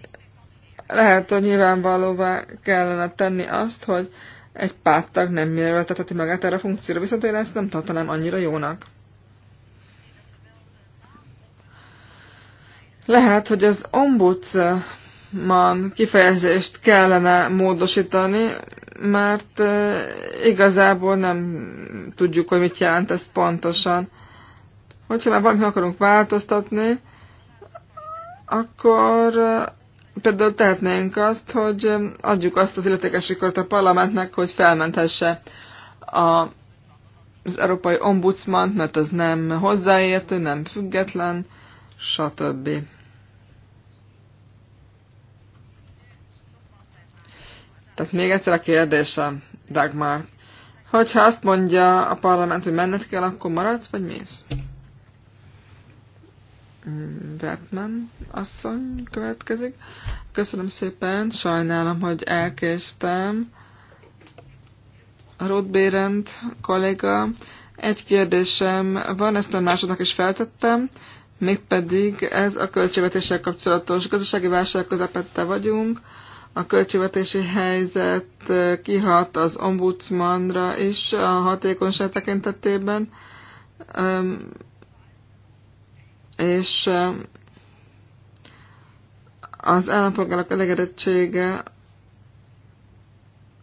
Speaker 4: lehet, hogy nyilvánvalóvá kellene tenni azt, hogy egy pártag nem mérleteteti magát erre a funkcióra, viszont én ezt nem tartanám annyira jónak. Lehet, hogy az ombudsman kifejezést kellene módosítani, mert igazából nem tudjuk, hogy mit jelent ez pontosan. Hogyha már valamit akarunk változtatni, akkor például tehetnénk azt, hogy adjuk azt az illetékesikort a parlamentnek, hogy felmenthesse a, az Európai Ombudsman, mert az nem hozzáértő, nem független, stb. Tehát még egyszer a kérdésem, Dagmar. Hogyha azt mondja a parlament, hogy menned kell, akkor maradsz, vagy mész? Bertman asszony következik. Köszönöm szépen, sajnálom, hogy elkéstem. Rod Bérend kolléga, egy kérdésem van, ezt nem másodnak is feltettem, mégpedig ez a költségvetéssel kapcsolatos gazdasági válság közepette vagyunk, a költségvetési helyzet kihat az ombudsmanra is a hatékonyság tekintetében és az állampolgárok elégedettsége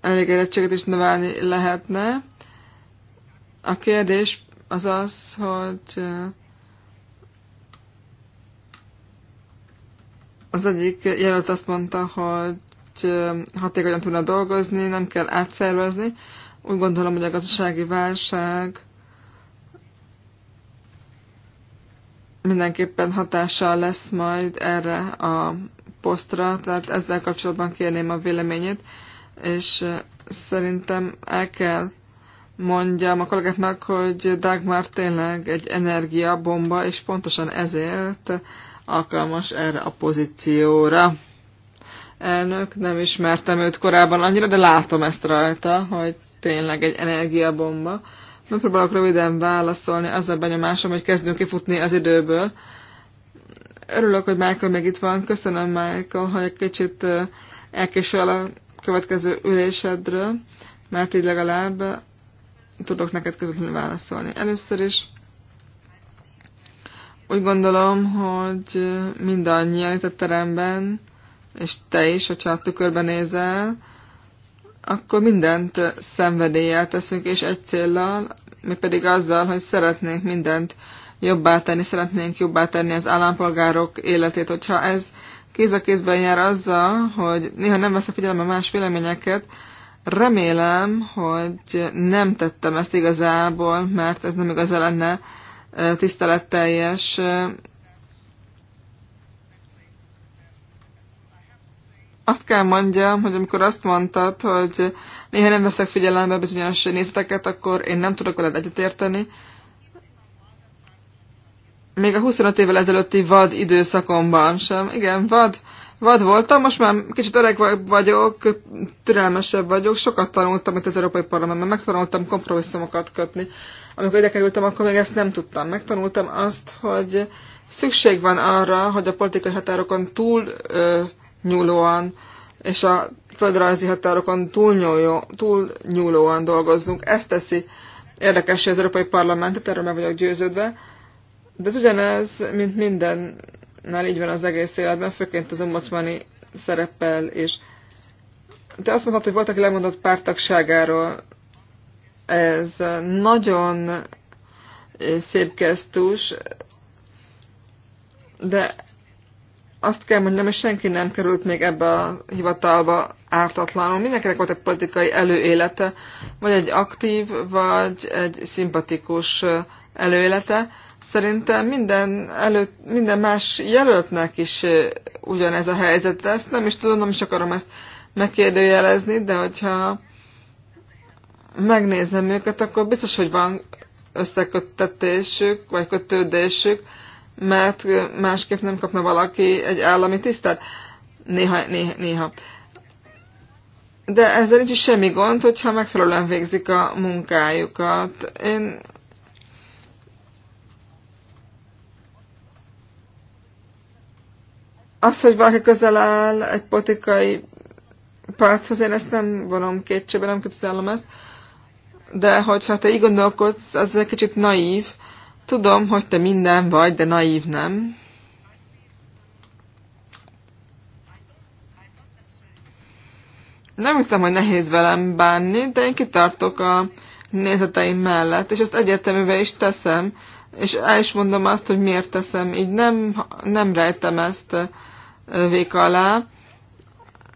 Speaker 4: elégedettséget is növelni lehetne. A kérdés az az, hogy az egyik jelölt azt mondta, hogy hatékonyan tudna dolgozni, nem kell átszervezni. Úgy gondolom, hogy a gazdasági válság mindenképpen hatással lesz majd erre a posztra, tehát ezzel kapcsolatban kérném a véleményét, és szerintem el kell mondjam a kollégáknak, hogy Dagmar tényleg egy energiabomba, és pontosan ezért alkalmas erre a pozícióra. Elnök, nem ismertem őt korábban annyira, de látom ezt rajta, hogy tényleg egy energiabomba. Megpróbálok röviden válaszolni, az a benyomásom, hogy kezdünk kifutni az időből. Örülök, hogy Michael még itt van. Köszönöm, Michael, hogy egy kicsit elkésel a következő ülésedről, mert így legalább tudok neked közvetlenül válaszolni. Először is úgy gondolom, hogy mindannyian itt a teremben, és te is, hogyha a tükörben nézel, akkor mindent szenvedéllyel teszünk, és egy céllal, mi pedig azzal, hogy szeretnénk mindent jobbá tenni, szeretnénk jobbá tenni az állampolgárok életét. Hogyha ez kéz a kézben jár azzal, hogy néha nem veszem figyelembe más véleményeket, remélem, hogy nem tettem ezt igazából, mert ez nem igazán lenne eh, tiszteletteljes eh, azt kell mondjam, hogy amikor azt mondtad, hogy néha nem veszek figyelembe bizonyos nézeteket, akkor én nem tudok veled egyetérteni. Még a 25 évvel ezelőtti vad időszakomban sem. Igen, vad, vad voltam, most már kicsit öreg vagyok, türelmesebb vagyok, sokat tanultam itt az Európai Parlamentben, megtanultam kompromisszumokat kötni. Amikor ide kerültem, akkor még ezt nem tudtam. Megtanultam azt, hogy szükség van arra, hogy a politikai határokon túl ö, nyúlóan és a földrajzi határokon túl túlnyúlóan dolgozzunk. Ezt teszi érdekes az Európai Parlamentet, erről meg vagyok győződve, de ez ugyanez, mint mindennel így van az egész életben, főként az ombudsmani szereppel és Te azt mondhatod, hogy voltak lemondott pártagságáról. Ez nagyon szép gesztus, de azt kell mondjam, hogy senki nem került még ebbe a hivatalba ártatlanul. Mindenkinek volt egy politikai előélete, vagy egy aktív, vagy egy szimpatikus előélete. Szerintem minden, előtt, minden más jelöltnek is ugyanez a helyzet Ezt Nem is tudom, nem is akarom ezt megkérdőjelezni, de hogyha megnézem őket, akkor biztos, hogy van összeköttetésük, vagy kötődésük, mert másképp nem kapna valaki egy állami tisztet. Néha, néha, néha. De ezzel nincs is semmi gond, hogyha megfelelően végzik a munkájukat. Én az, hogy valaki közel áll egy politikai párthoz, én ezt nem vonom kétségbe, nem kötözellem ezt, de hogyha te így gondolkodsz, az egy kicsit naív, Tudom, hogy te minden vagy, de naív nem. Nem hiszem, hogy nehéz velem bánni, de én kitartok a nézeteim mellett, és ezt egyeteműbe is teszem, és el is mondom azt, hogy miért teszem, így nem, nem rejtem ezt vék alá,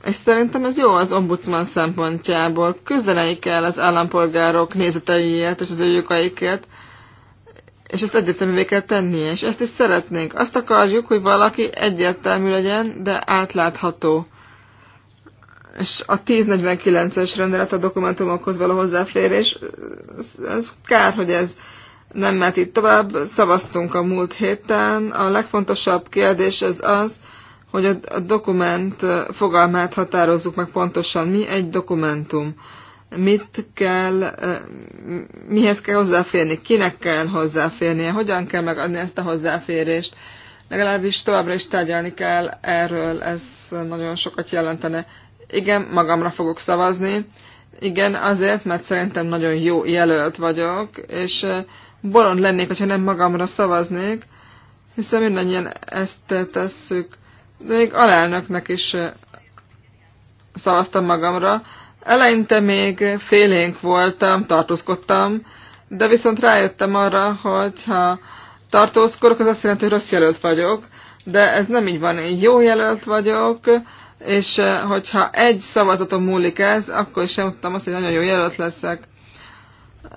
Speaker 4: és szerintem ez jó az ombudsman szempontjából. Küzdenei kell az állampolgárok nézeteiért és az ő jogaikért, és ezt egyértelművé kell tennie, és ezt is szeretnénk. Azt akarjuk, hogy valaki egyértelmű legyen, de átlátható. És a 1049-es rendelet a dokumentumokhoz való hozzáférés, ez, ez kár, hogy ez nem mehet itt tovább. Szavaztunk a múlt héten. A legfontosabb kérdés az az, hogy a dokument fogalmát határozzuk meg pontosan. Mi egy dokumentum? mit kell, mihez kell hozzáférni, kinek kell hozzáférnie, hogyan kell megadni ezt a hozzáférést. Legalábbis továbbra is tárgyalni kell erről, ez nagyon sokat jelentene. Igen, magamra fogok szavazni. Igen, azért, mert szerintem nagyon jó jelölt vagyok, és bolond lennék, ha nem magamra szavaznék, hiszen mindannyian ezt tesszük. De még alelnöknek is szavaztam magamra, Eleinte még félénk voltam, tartózkodtam, de viszont rájöttem arra, hogy ha tartózkodok, az azt jelenti, hogy rossz jelölt vagyok, de ez nem így van, én jó jelölt vagyok, és eh, hogyha egy szavazatom múlik ez, akkor sem tudtam azt, hogy nagyon jó jelölt leszek.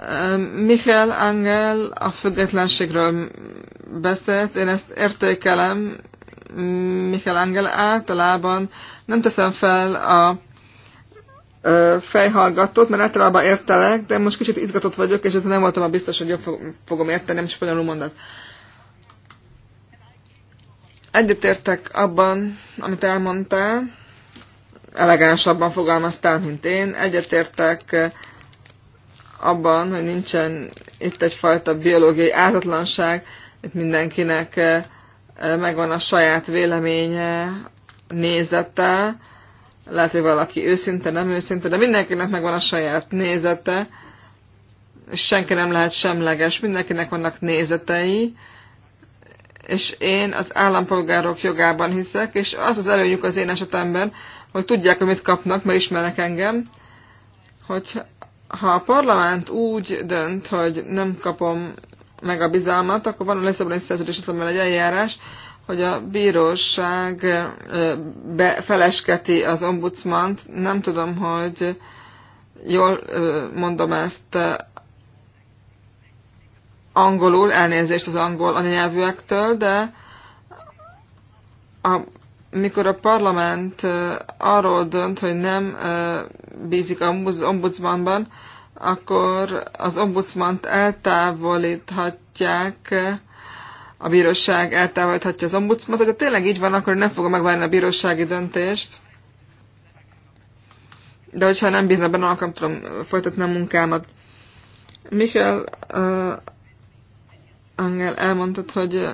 Speaker 4: Eh, Michael Angel a függetlenségről beszélt, én ezt értékelem, Michael Angel általában nem teszem fel a fejhallgatót, mert általában értelek, de most kicsit izgatott vagyok, és ez nem voltam a biztos, hogy jobb fogom érteni, nem is spanyolul mondasz. Egyetértek abban, amit elmondtál, elegánsabban fogalmaztál, mint én. Egyetértek abban, hogy nincsen itt egyfajta biológiai ártatlanság, itt mindenkinek megvan a saját véleménye, nézete, lehet, hogy valaki őszinte, nem őszinte, de mindenkinek megvan a saját nézete, és senki nem lehet semleges, mindenkinek vannak nézetei, és én az állampolgárok jogában hiszek, és az az előnyük az én esetemben, hogy tudják, hogy mit kapnak, mert ismernek engem, hogy ha a parlament úgy dönt, hogy nem kapom meg a bizalmat, akkor van a Lisszaboni szerződés egy eljárás, hogy a bíróság befelesketi az ombudsmant. Nem tudom, hogy jól mondom ezt angolul, elnézést az angol anyanyelvűektől, de amikor a parlament arról dönt, hogy nem bízik az ombudsmanban, akkor az ombudsmant eltávolíthatják a bíróság eltávolíthatja az ombudsmat. Hogyha tényleg így van, akkor nem fogom megvárni a bírósági döntést. De hogyha nem bízna benne, akkor tudom folytatni a munkámat. Michael uh, Angel elmondtad, hogy uh,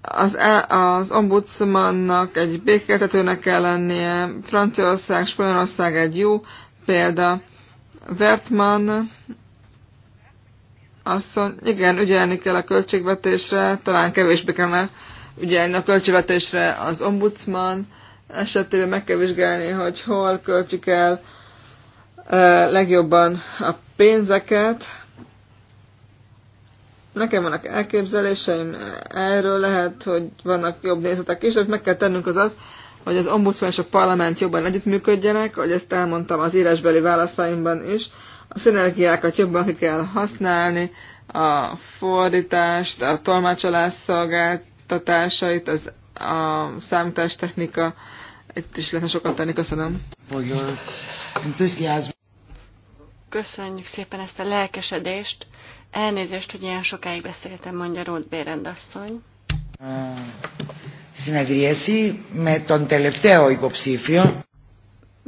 Speaker 4: az, az ombudsmannak, egy békéltetőnek kell lennie, Franciaország, Spanyolország egy jó példa, Vertman mondja, igen, ügyelni kell a költségvetésre, talán kevésbé kell kellene ügyelni a költségvetésre az ombudsman esetében meg kell vizsgálni, hogy hol költsük el legjobban a pénzeket. Nekem vannak elképzeléseim erről, lehet, hogy vannak jobb nézetek is, hogy meg kell tennünk az az, hogy az ombudsman és a parlament jobban együttműködjenek, hogy ezt elmondtam az írásbeli válaszaimban is, a szinergiákat jobban ki kell használni, a fordítást, a tolmácsolás szolgáltatásait, az, a számítástechnika, itt is lehetne sokat tenni. Köszönöm.
Speaker 2: Köszönjük szépen ezt a lelkesedést. Elnézést, hogy ilyen sokáig beszéltem, mondja Ruth Bérendasszony.
Speaker 1: Συνεδρίαση με τον τελευταίο υποψήφιο.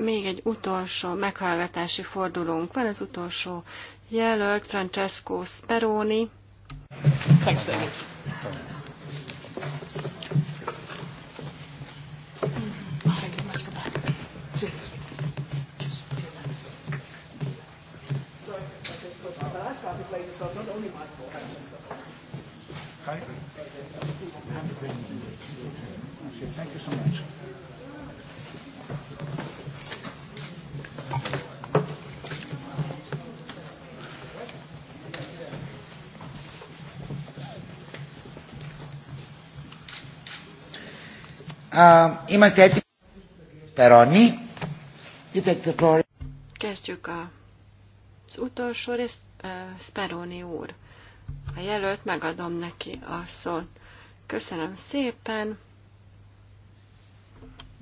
Speaker 2: Még egy utolsó meghallgatási fordulónk van, az utolsó jelölt Francesco Speroni.
Speaker 3: Thanks, David.
Speaker 1: Είμαστε έτοιμοι. Περώνει.
Speaker 2: Kezdjük a, az utolsó részt, uh, Speroni úr. A jelölt megadom neki a szót. Köszönöm szépen.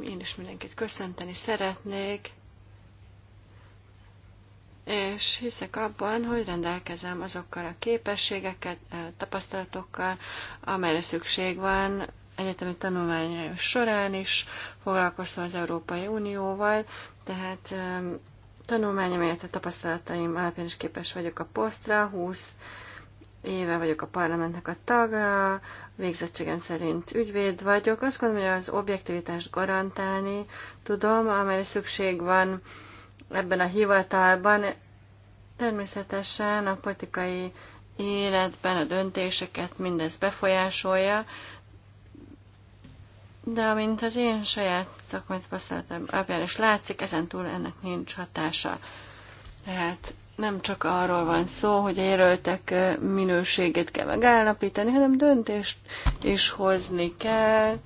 Speaker 2: Én is mindenkit köszönteni szeretnék. És hiszek abban, hogy rendelkezem azokkal a képességeket, eh, tapasztalatokkal, amelyre szükség van egyetemi tanulmányai során is foglalkoztam az Európai Unióval, tehát tanulmányom, illetve tapasztalataim alapján is képes vagyok a posztra, 20 éve vagyok a parlamentnek a taga, végzettségem szerint ügyvéd vagyok. Azt gondolom, hogy az objektivitást garantálni tudom, amely szükség van ebben a hivatalban. Természetesen a politikai életben a döntéseket mindez befolyásolja, de amint az én saját szakmát tapasztalatom alapján is látszik, ezen túl ennek nincs hatása. Tehát nem csak arról van szó, hogy a jelöltek minőségét kell megállapítani, hanem döntést is hozni kell,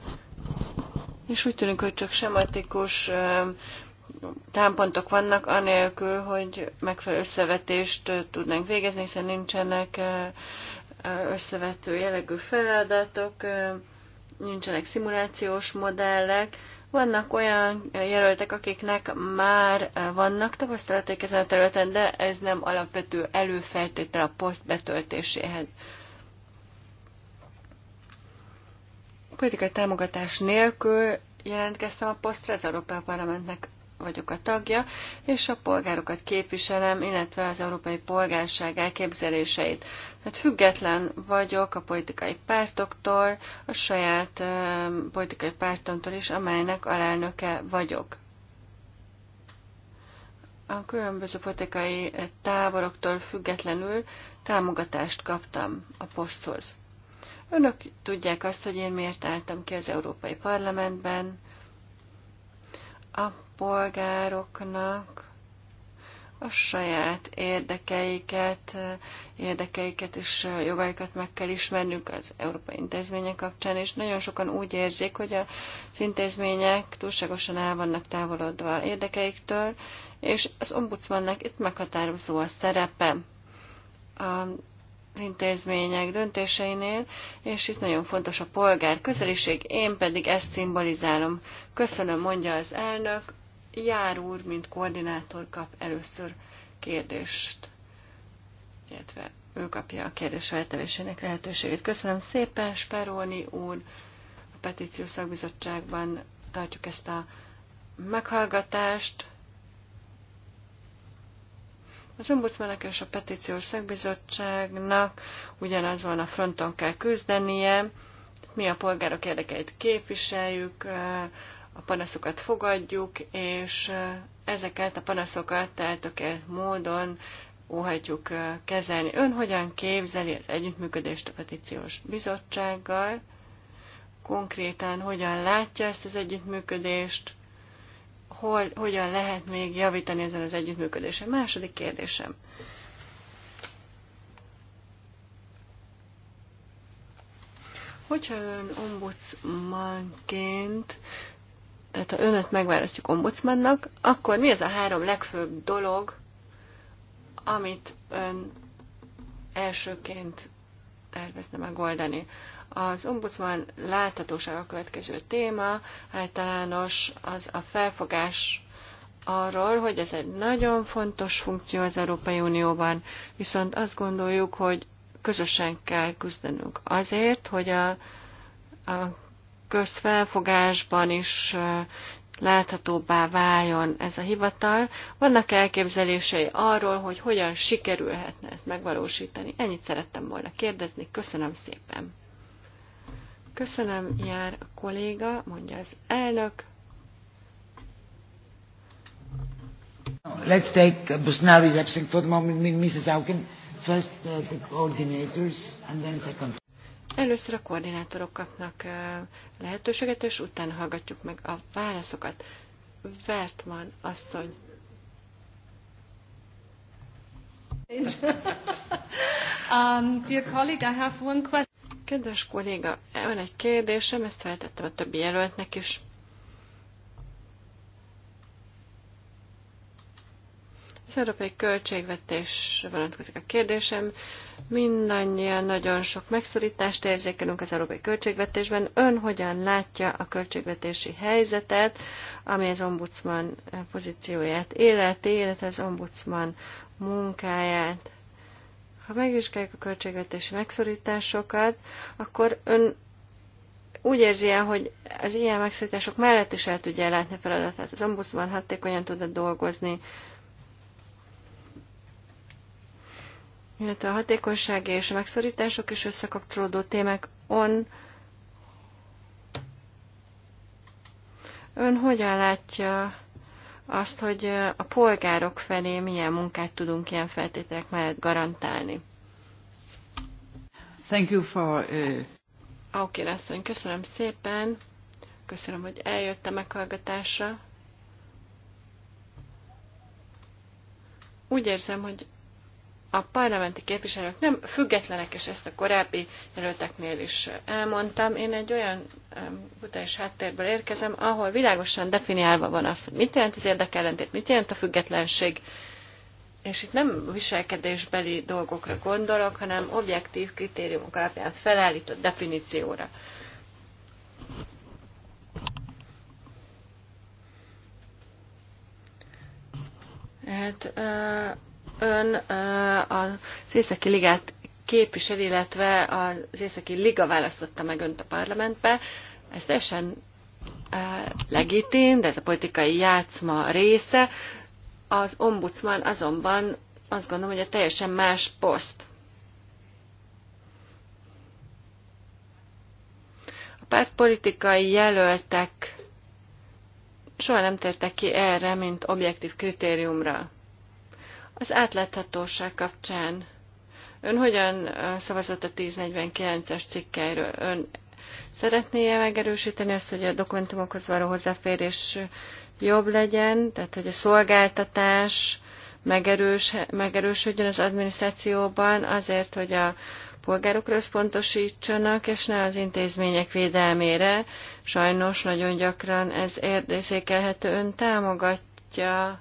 Speaker 2: és úgy tűnik, hogy csak sematikus támpontok vannak, anélkül, hogy megfelelő összevetést tudnánk végezni, hiszen nincsenek összevető jellegű feladatok, nincsenek szimulációs modellek, vannak olyan jelöltek, akiknek már vannak tapasztalaték ezen a területen, de ez nem alapvető előfeltétel a poszt betöltéséhez. Politikai támogatás nélkül jelentkeztem a posztra, az Európai Parlamentnek vagyok a tagja, és a polgárokat képviselem, illetve az európai polgárság elképzeléseit. Tehát független vagyok a politikai pártoktól, a saját politikai pártomtól is, amelynek alelnöke vagyok. A különböző politikai táboroktól függetlenül támogatást kaptam a poszthoz. Önök tudják azt, hogy én miért álltam ki az Európai Parlamentben. A polgároknak a saját érdekeiket, érdekeiket és jogaikat meg kell ismernünk az európai intézmények kapcsán, és nagyon sokan úgy érzik, hogy az intézmények túlságosan el vannak távolodva érdekeiktől, és az ombudsmannak itt meghatározó a szerepe az intézmények döntéseinél, és itt nagyon fontos a polgár közeliség, én pedig ezt szimbolizálom. Köszönöm, mondja az elnök, Jár úr, mint koordinátor kap először kérdést, illetve ő kapja a kérdés feltevésének lehetőségét. Köszönöm szépen, Speroni úr, a petíció szakbizottságban tartjuk ezt a meghallgatást. Az ombudsmanak és a petíciós szakbizottságnak ugyanazon a fronton kell küzdenie, mi a polgárok érdekeit képviseljük, a panaszokat fogadjuk, és eh, ezeket a panaszokat eltökélt módon óhatjuk eh, kezelni. Ön hogyan képzeli az együttműködést a petíciós bizottsággal? Konkrétan hogyan látja ezt az együttműködést? Hol, hogyan lehet még javítani ezen az együttműködésen? Második kérdésem. Hogyha ön ombudsmanként tehát ha önöt megválasztjuk ombudsmannak, akkor mi az a három legfőbb dolog, amit ön elsőként tervezne megoldani? Az ombudsman láthatóság a következő téma, általános az a felfogás arról, hogy ez egy nagyon fontos funkció az Európai Unióban, viszont azt gondoljuk, hogy közösen kell küzdenünk azért, hogy a, a közfelfogásban is láthatóbbá váljon ez a hivatal. Vannak elképzelései arról, hogy hogyan sikerülhetne ezt megvalósítani. Ennyit szerettem volna kérdezni. Köszönöm szépen. Köszönöm, jár a kolléga, mondja az elnök.
Speaker 1: Let's take uh, Busnari's is absent for the moment, Mrs. Auken. First uh, the coordinators and then second.
Speaker 2: Először a koordinátorok kapnak lehetőséget, és utána hallgatjuk meg a válaszokat. Vertman asszony. um, dear colleague, I have one question. Kedves kolléga, van egy kérdésem, ezt feltettem a többi jelöltnek is. Az európai költségvetés vonatkozik a kérdésem. Mindannyian nagyon sok megszorítást érzékelünk az európai költségvetésben. Ön hogyan látja a költségvetési helyzetet, ami az ombudsman pozícióját életi, illetve az ombudsman munkáját? Ha megvizsgáljuk a költségvetési megszorításokat, akkor ön úgy érzi el, hogy az ilyen megszorítások mellett is el tudja ellátni feladatát. Az ombudsman hatékonyan tud dolgozni, illetve a hatékonyság és a megszorítások is összekapcsolódó témák on. Ön hogyan látja azt, hogy a polgárok felé milyen munkát tudunk ilyen feltételek mellett garantálni? Thank you for... Uh... Oké, okay, asszony, köszönöm szépen. Köszönöm, hogy eljött a meghallgatásra. Úgy érzem, hogy a parlamenti képviselők nem függetlenek, és ezt a korábbi jelölteknél is elmondtam. Én egy olyan kutatás háttérből érkezem, ahol világosan definiálva van az, hogy mit jelent az érdekellentét, mit jelent a függetlenség, és itt nem viselkedésbeli dolgokra gondolok, hanem objektív kritériumok alapján felállított definícióra. Hát Ön az Északi Ligát képvisel, illetve az Északi Liga választotta meg önt a parlamentbe. Ez teljesen legitim, de ez a politikai játszma része. Az ombudsman azonban azt gondolom, hogy a teljesen más poszt. A pártpolitikai jelöltek soha nem tértek ki erre, mint objektív kritériumra. Az átláthatóság kapcsán ön hogyan szavazott a 1049-es cikkeiről? Ön szeretné -e megerősíteni ezt, hogy a dokumentumokhoz való hozzáférés jobb legyen, tehát hogy a szolgáltatás megerős, megerősödjön az adminisztrációban azért, hogy a polgárokra összpontosítsanak, és ne az intézmények védelmére. Sajnos nagyon gyakran ez érdészékelhető. Ön támogatja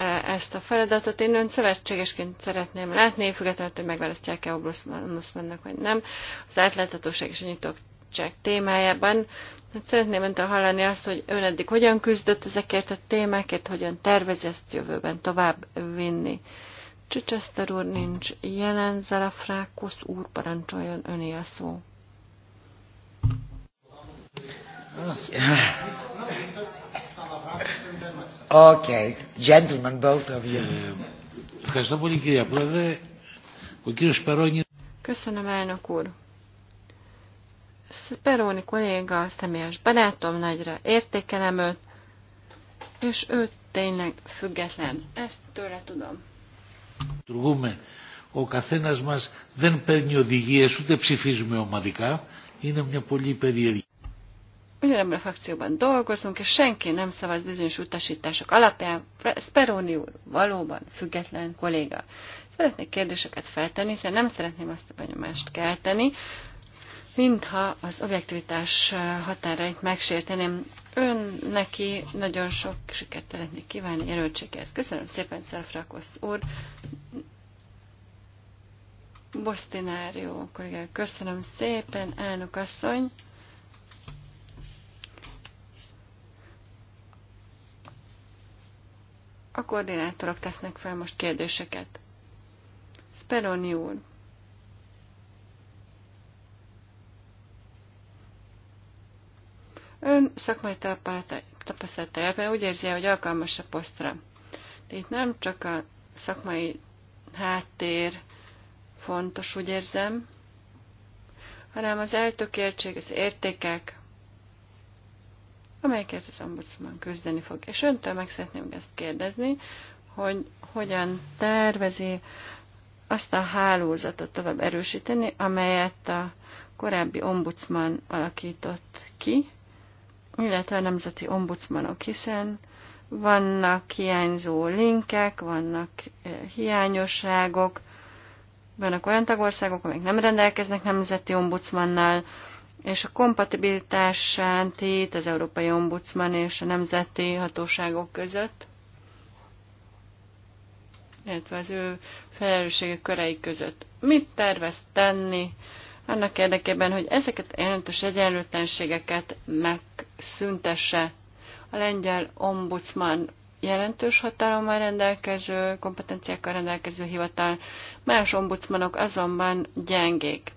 Speaker 2: E, ezt a feladatot. Én ön szövetségesként szeretném látni, függetlenül, hogy megválasztják-e Obluszmannak, vagy nem. Az átláthatóság és a nyitottság témájában. Hát szeretném öntől hallani azt, hogy ön eddig hogyan küzdött ezekért a témákért, hogyan tervezi ezt jövőben tovább vinni. Csicseszter úr nincs jelen, Zelafrákusz úr parancsoljon öné a szó.
Speaker 1: Ah. Okay. Gentlemen, both of you. Ευχαριστώ πολύ κύριε Πρόεδρε. Ο κύριος Περόνι...
Speaker 2: Köszönöm, elnök úr. Peróni kolléga személyes barátom, nagyra értékelem őt, és ő tényleg független. Ezt tőle tudom.
Speaker 1: Λειτουργούμε. Ο καθένας μας δεν παίρνει οδηγίες, ούτε ψηφίζουμε ομαδικά. Είναι μια πολύ περίεργη
Speaker 2: ugyanebben a frakcióban dolgozunk, és senki nem szavaz bizonyos utasítások alapján. Speroni úr valóban független kolléga. Szeretnék kérdéseket feltenni, hiszen nem szeretném azt a benyomást kelteni, mintha az objektivitás határait megsérteném. Ön neki nagyon sok sikert szeretnék kívánni jelöltséghez. Köszönöm szépen, Szerfrakosz úr. Bosztinárió kollégák, köszönöm szépen, elnök asszony. A koordinátorok tesznek fel most kérdéseket. Speroni úr. Ön szakmai tapasztalata elben úgy érzi, hogy alkalmas a posztra. De itt nem csak a szakmai háttér fontos, úgy érzem, hanem az eltökértség, az értékek, amelyeket az ombudsman küzdeni fog. És öntől meg szeretném ezt kérdezni, hogy hogyan tervezi azt a hálózatot tovább erősíteni, amelyet a korábbi ombudsman alakított ki, illetve a nemzeti ombudsmanok, hiszen vannak hiányzó linkek, vannak eh, hiányosságok, vannak olyan tagországok, amelyek nem rendelkeznek nemzeti ombudsmannal, és a kompatibilitásán tét az Európai Ombudsman és a nemzeti hatóságok között, illetve az ő felelőssége körei között. Mit tervez tenni annak érdekében, hogy ezeket a jelentős egyenlőtlenségeket megszüntesse a lengyel ombudsman jelentős hatalommal rendelkező, kompetenciákkal rendelkező hivatal, más ombudsmanok azonban gyengék.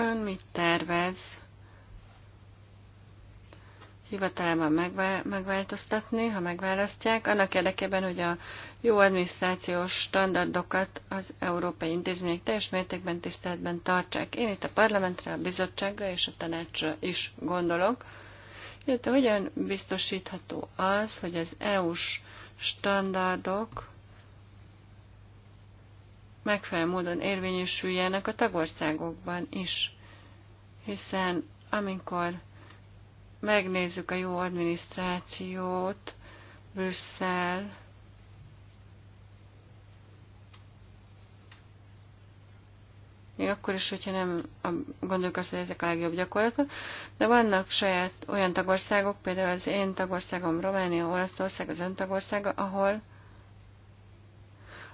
Speaker 2: Ön mit tervez hivatalában megváltoztatni, ha megválasztják, annak érdekében, hogy a jó adminisztrációs standardokat az európai intézmények teljes mértékben tiszteletben tartsák. Én itt a parlamentre, a bizottságra és a tanácsra is gondolok, illetve hogyan biztosítható az, hogy az EU-s standardok megfelelő módon érvényesüljenek a tagországokban is. Hiszen amikor megnézzük a jó adminisztrációt, Brüsszel, még akkor is, hogyha nem gondoljuk azt, hogy ezek a legjobb gyakorlatok, de vannak saját olyan tagországok, például az én tagországom Románia, Olaszország, az ön tagországa, ahol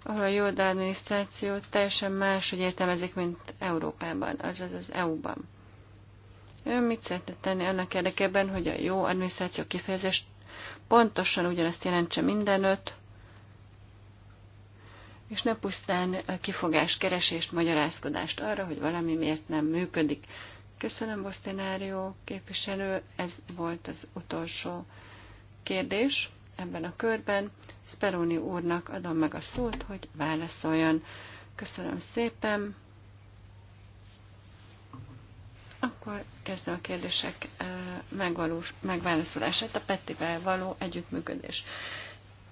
Speaker 2: ahol a jó adminisztráció teljesen más, hogy értelmezik, mint Európában, azaz az EU-ban. Ön mit szeretne tenni annak érdekében, hogy a jó adminisztráció kifejezés pontosan ugyanazt jelentse mindenöt, és ne pusztán kifogás, keresést, magyarázkodást arra, hogy valami miért nem működik. Köszönöm, Bosztinárió képviselő, ez volt az utolsó kérdés ebben a körben. Speroni úrnak adom meg a szót, hogy válaszoljon. Köszönöm szépen. Akkor kezdem a kérdések eh, megvalós, megválaszolását, a Pettivel való együttműködés.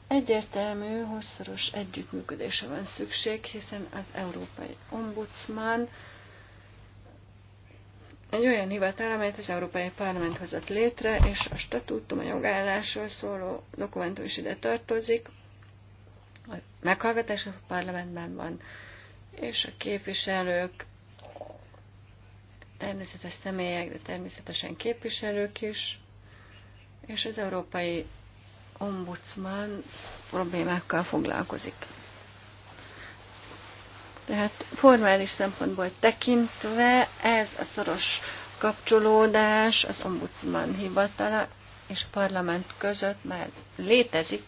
Speaker 2: Egyértelmű, hosszoros együttműködése van szükség, hiszen az Európai Ombudsman egy olyan hivatal, amelyet az Európai Parlament hozott létre, és a statútum, a jogállásról szóló dokumentum is ide tartozik. A meghallgatás a parlamentben van, és a képviselők, természetes személyek, de természetesen képviselők is, és az Európai Ombudsman problémákkal foglalkozik. Tehát formális szempontból tekintve ez a szoros kapcsolódás az ombudsman hivatala és parlament között már létezik,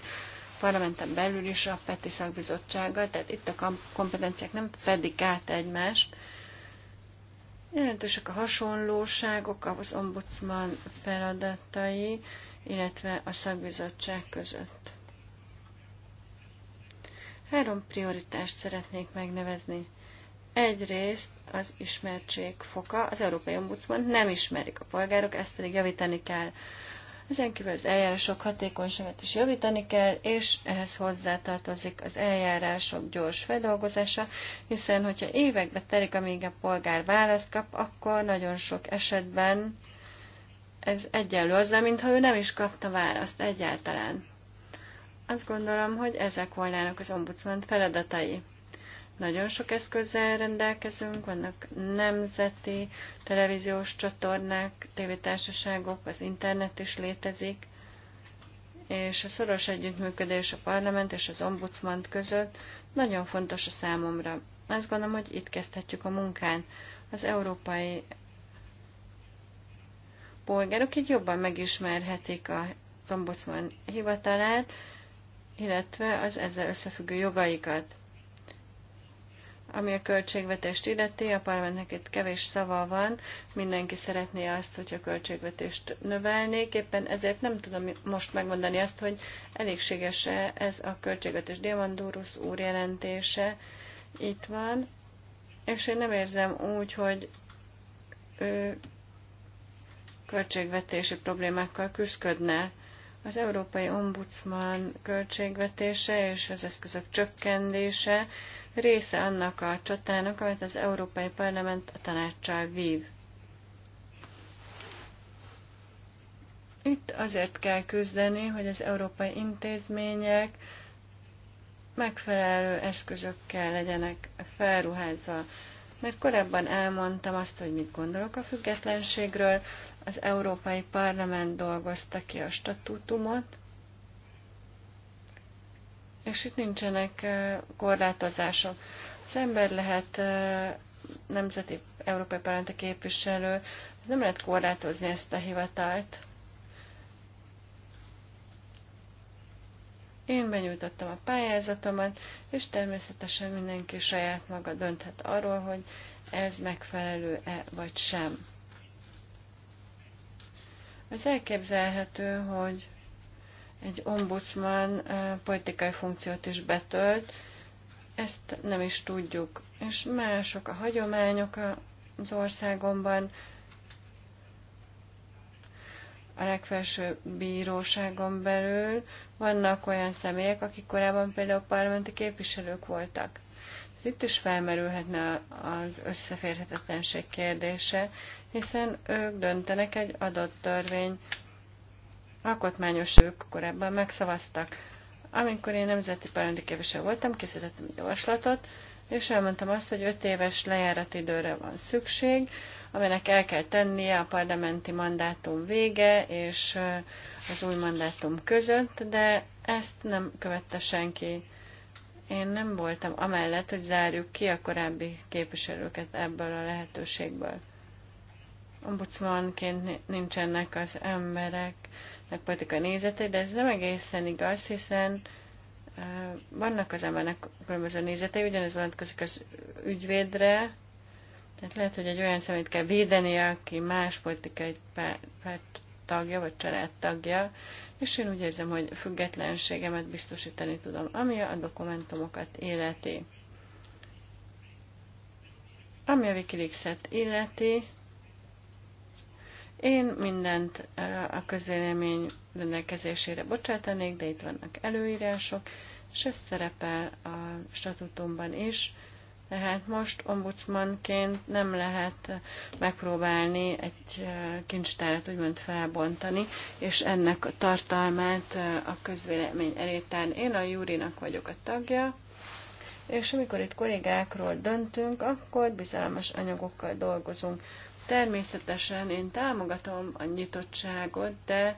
Speaker 2: parlamenten belül is a PETI szakbizottsága, tehát itt a kompetenciák nem fedik át egymást. Jelentősek a hasonlóságok az ombudsman feladatai, illetve a szakbizottság között. Három prioritást szeretnék megnevezni. Egyrészt az ismertség foka, az Európai Ombudsman nem ismerik a polgárok, ezt pedig javítani kell. Ezen kívül az eljárások hatékonyságát is javítani kell, és ehhez hozzátartozik az eljárások gyors feldolgozása, hiszen hogyha évekbe telik, amíg a polgár választ kap, akkor nagyon sok esetben ez egyenlő azzal, mintha ő nem is kapta választ egyáltalán. Azt gondolom, hogy ezek volnának az ombudsman feladatai. Nagyon sok eszközzel rendelkezünk, vannak nemzeti televíziós csatornák, tévétársaságok, az internet is létezik, és a szoros együttműködés a parlament és az ombudsman között nagyon fontos a számomra. Azt gondolom, hogy itt kezdhetjük a munkán. Az európai polgárok így jobban megismerhetik a ombudsman hivatalát, illetve az ezzel összefüggő jogaikat. Ami a költségvetést illeti, a parlamentnek itt kevés szava van, mindenki szeretné azt, hogy a költségvetést növelnék, éppen ezért nem tudom most megmondani azt, hogy elégséges-e ez a költségvetés Diamandurus úr jelentése itt van, és én nem érzem úgy, hogy ő költségvetési problémákkal küzdködne. Az Európai Ombudsman költségvetése és az eszközök csökkentése része annak a csatának, amit az Európai Parlament a tanácssal vív. Itt azért kell küzdeni, hogy az európai intézmények megfelelő eszközökkel legyenek felruházva. Mert korábban elmondtam azt, hogy mit gondolok a függetlenségről, az Európai Parlament dolgozta ki a statútumot, és itt nincsenek korlátozások. Az ember lehet nemzeti európai parlament képviselő, nem lehet korlátozni ezt a hivatalt. Én benyújtottam a pályázatomat, és természetesen mindenki saját maga dönthet arról, hogy ez megfelelő-e vagy sem. Az elképzelhető, hogy egy ombudsman eh, politikai funkciót is betölt, ezt nem is tudjuk. És mások a hagyományok az országomban, a legfelső bíróságon belül vannak olyan személyek, akik korábban például parlamenti képviselők voltak. Itt is felmerülhetne az összeférhetetlenség kérdése, hiszen ők döntenek egy adott törvény, alkotmányos ők korábban megszavaztak. Amikor én nemzeti parlamenti képviselő voltam, készítettem egy javaslatot, és elmondtam azt, hogy öt éves lejárati időre van szükség, aminek el kell tennie a parlamenti mandátum vége és az új mandátum között, de ezt nem követte senki. Én nem voltam amellett, hogy zárjuk ki a korábbi képviselőket ebből a lehetőségből. Ombudsmanként nincsenek az embereknek politikai nézetei, de ez nem egészen igaz, hiszen vannak az embernek különböző nézetei, ugyanez vonatkozik az ügyvédre, tehát lehet, hogy egy olyan szemét kell védeni, aki más politikai párt tagja, vagy család tagja, és én úgy érzem, hogy függetlenségemet biztosítani tudom, ami a dokumentumokat életi. Ami a Wikileaks-et illeti, én mindent a közélemény rendelkezésére bocsátanék, de itt vannak előírások, és ez szerepel a statutumban is. Tehát most ombudsmanként nem lehet megpróbálni egy kincstárat úgymond felbontani, és ennek a tartalmát a közvélemény elé tárni. Én a Júrinak vagyok a tagja, és amikor itt kollégákról döntünk, akkor bizalmas anyagokkal dolgozunk. Természetesen én támogatom a nyitottságot, de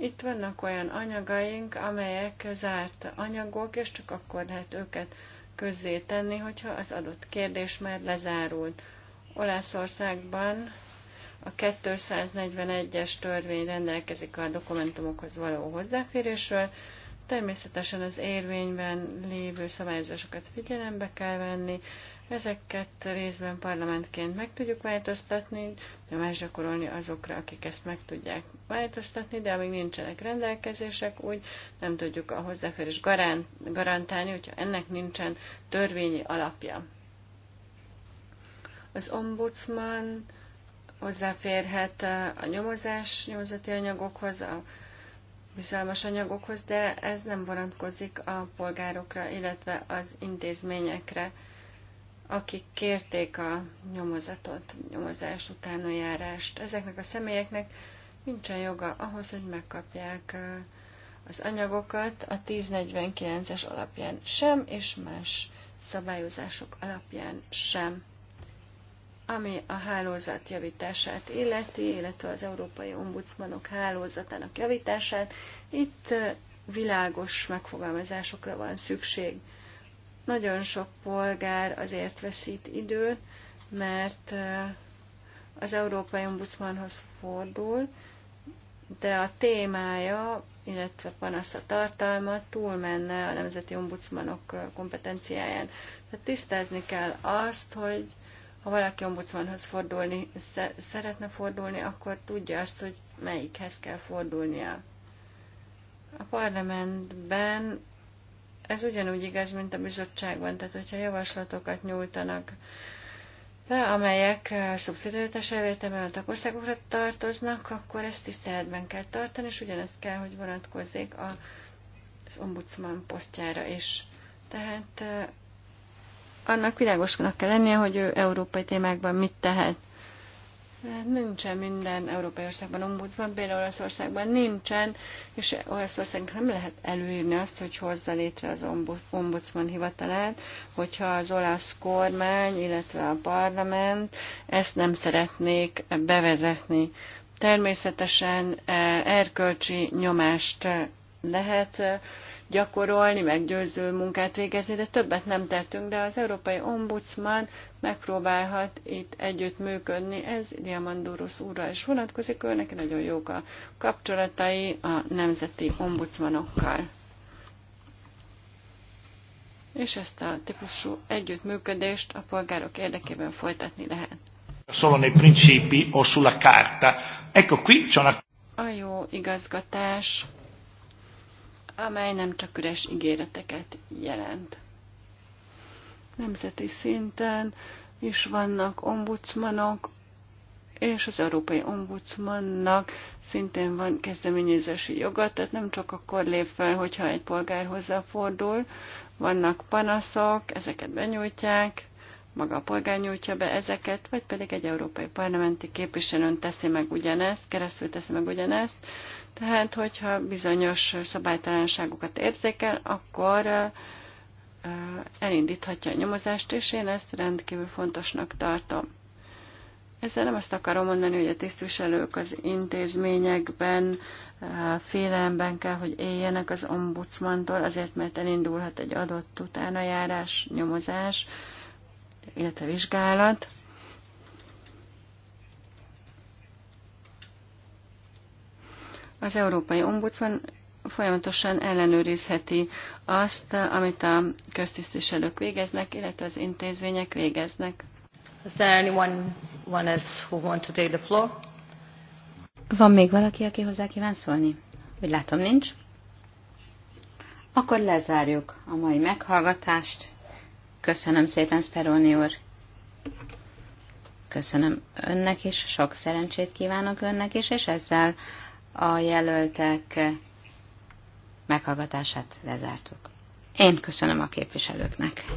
Speaker 2: itt vannak olyan anyagaink, amelyek zárt anyagok, és csak akkor lehet őket közzétenni, hogyha az adott kérdés már lezárult. Olaszországban a 241-es törvény rendelkezik a dokumentumokhoz való hozzáférésről, természetesen az érvényben lévő szabályozásokat figyelembe kell venni, Ezeket részben parlamentként meg tudjuk változtatni, nyomást gyakorolni azokra, akik ezt meg tudják változtatni, de amíg nincsenek rendelkezések, úgy nem tudjuk a hozzáférés garantálni, hogyha ennek nincsen törvényi alapja. Az ombudsman hozzáférhet a nyomozás nyomozati anyagokhoz, a bizalmas anyagokhoz, de ez nem vonatkozik a polgárokra, illetve az intézményekre akik kérték a nyomozatot, nyomozás utána járást. Ezeknek a személyeknek nincsen joga ahhoz, hogy megkapják az anyagokat a 1049-es alapján sem, és más szabályozások alapján sem. Ami a hálózat javítását illeti, illetve az Európai Ombudsmanok hálózatának javítását, itt világos megfogalmazásokra van szükség. Nagyon sok polgár azért veszít időt, mert az Európai Ombudsmanhoz fordul, de a témája, illetve panasza tartalma túlmenne a nemzeti ombudsmanok kompetenciáján. Tehát tisztázni kell azt, hogy ha valaki ombudsmanhoz fordulni, szeretne fordulni, akkor tudja azt, hogy melyikhez kell fordulnia. A parlamentben ez ugyanúgy igaz, mint a bizottságban, tehát hogyha javaslatokat nyújtanak be, amelyek szubszidiaritás elvételmelőtök országokra tartoznak, akkor ezt tiszteletben kell tartani, és ugyanez kell, hogy vonatkozzék a, az ombudsman posztjára is. Tehát eh, annak világosnak kell lennie, hogy ő európai témákban mit tehet. Nincsen minden európai országban ombudsman, például Olaszországban nincsen, és Olaszországban nem lehet előírni azt, hogy hozza létre az ombudsman hivatalát, hogyha az olasz kormány, illetve a parlament ezt nem szeretnék bevezetni. Természetesen eh, erkölcsi nyomást lehet eh, gyakorolni, meggyőző munkát végezni, de többet nem tettünk, de az Európai Ombudsman megpróbálhat itt együtt működni. Ez Diamandúrusz úrra is vonatkozik, ő neki nagyon jók a kapcsolatai a nemzeti ombudsmanokkal. És ezt a típusú együttműködést a polgárok érdekében folytatni lehet.
Speaker 1: Solo nei principi o sulla carta. Ecco qui c'è una...
Speaker 2: A jó igazgatás amely nem csak üres ígéreteket jelent. Nemzeti szinten is vannak ombudsmanok, és az Európai Ombudsmannak szintén van kezdeményezési joga, tehát nem csak akkor lép fel, hogyha egy polgár hozzáfordul, vannak panaszok, ezeket benyújtják, maga a polgár nyújtja be ezeket, vagy pedig egy európai parlamenti képviselőn teszi meg ugyanezt, keresztül teszi meg ugyanezt, tehát, hogyha bizonyos szabálytalanságokat érzékel, akkor elindíthatja a nyomozást, és én ezt rendkívül fontosnak tartom. Ezzel nem azt akarom mondani, hogy a tisztviselők az intézményekben félelemben kell, hogy éljenek az ombudsmantól, azért mert elindulhat egy adott utánajárás, nyomozás, illetve vizsgálat. Az Európai Ombudsman folyamatosan ellenőrizheti azt, amit a
Speaker 3: köztisztviselők
Speaker 2: végeznek, illetve az intézmények végeznek. Is there anyone one
Speaker 3: else who want to take the floor? Van még valaki, aki hozzá kíván szólni? Úgy látom, nincs. Akkor lezárjuk a mai meghallgatást. Köszönöm szépen, Speroni úr. Köszönöm önnek is, sok szerencsét kívánok önnek is, és ezzel a jelöltek meghallgatását lezártuk. Én köszönöm a képviselőknek.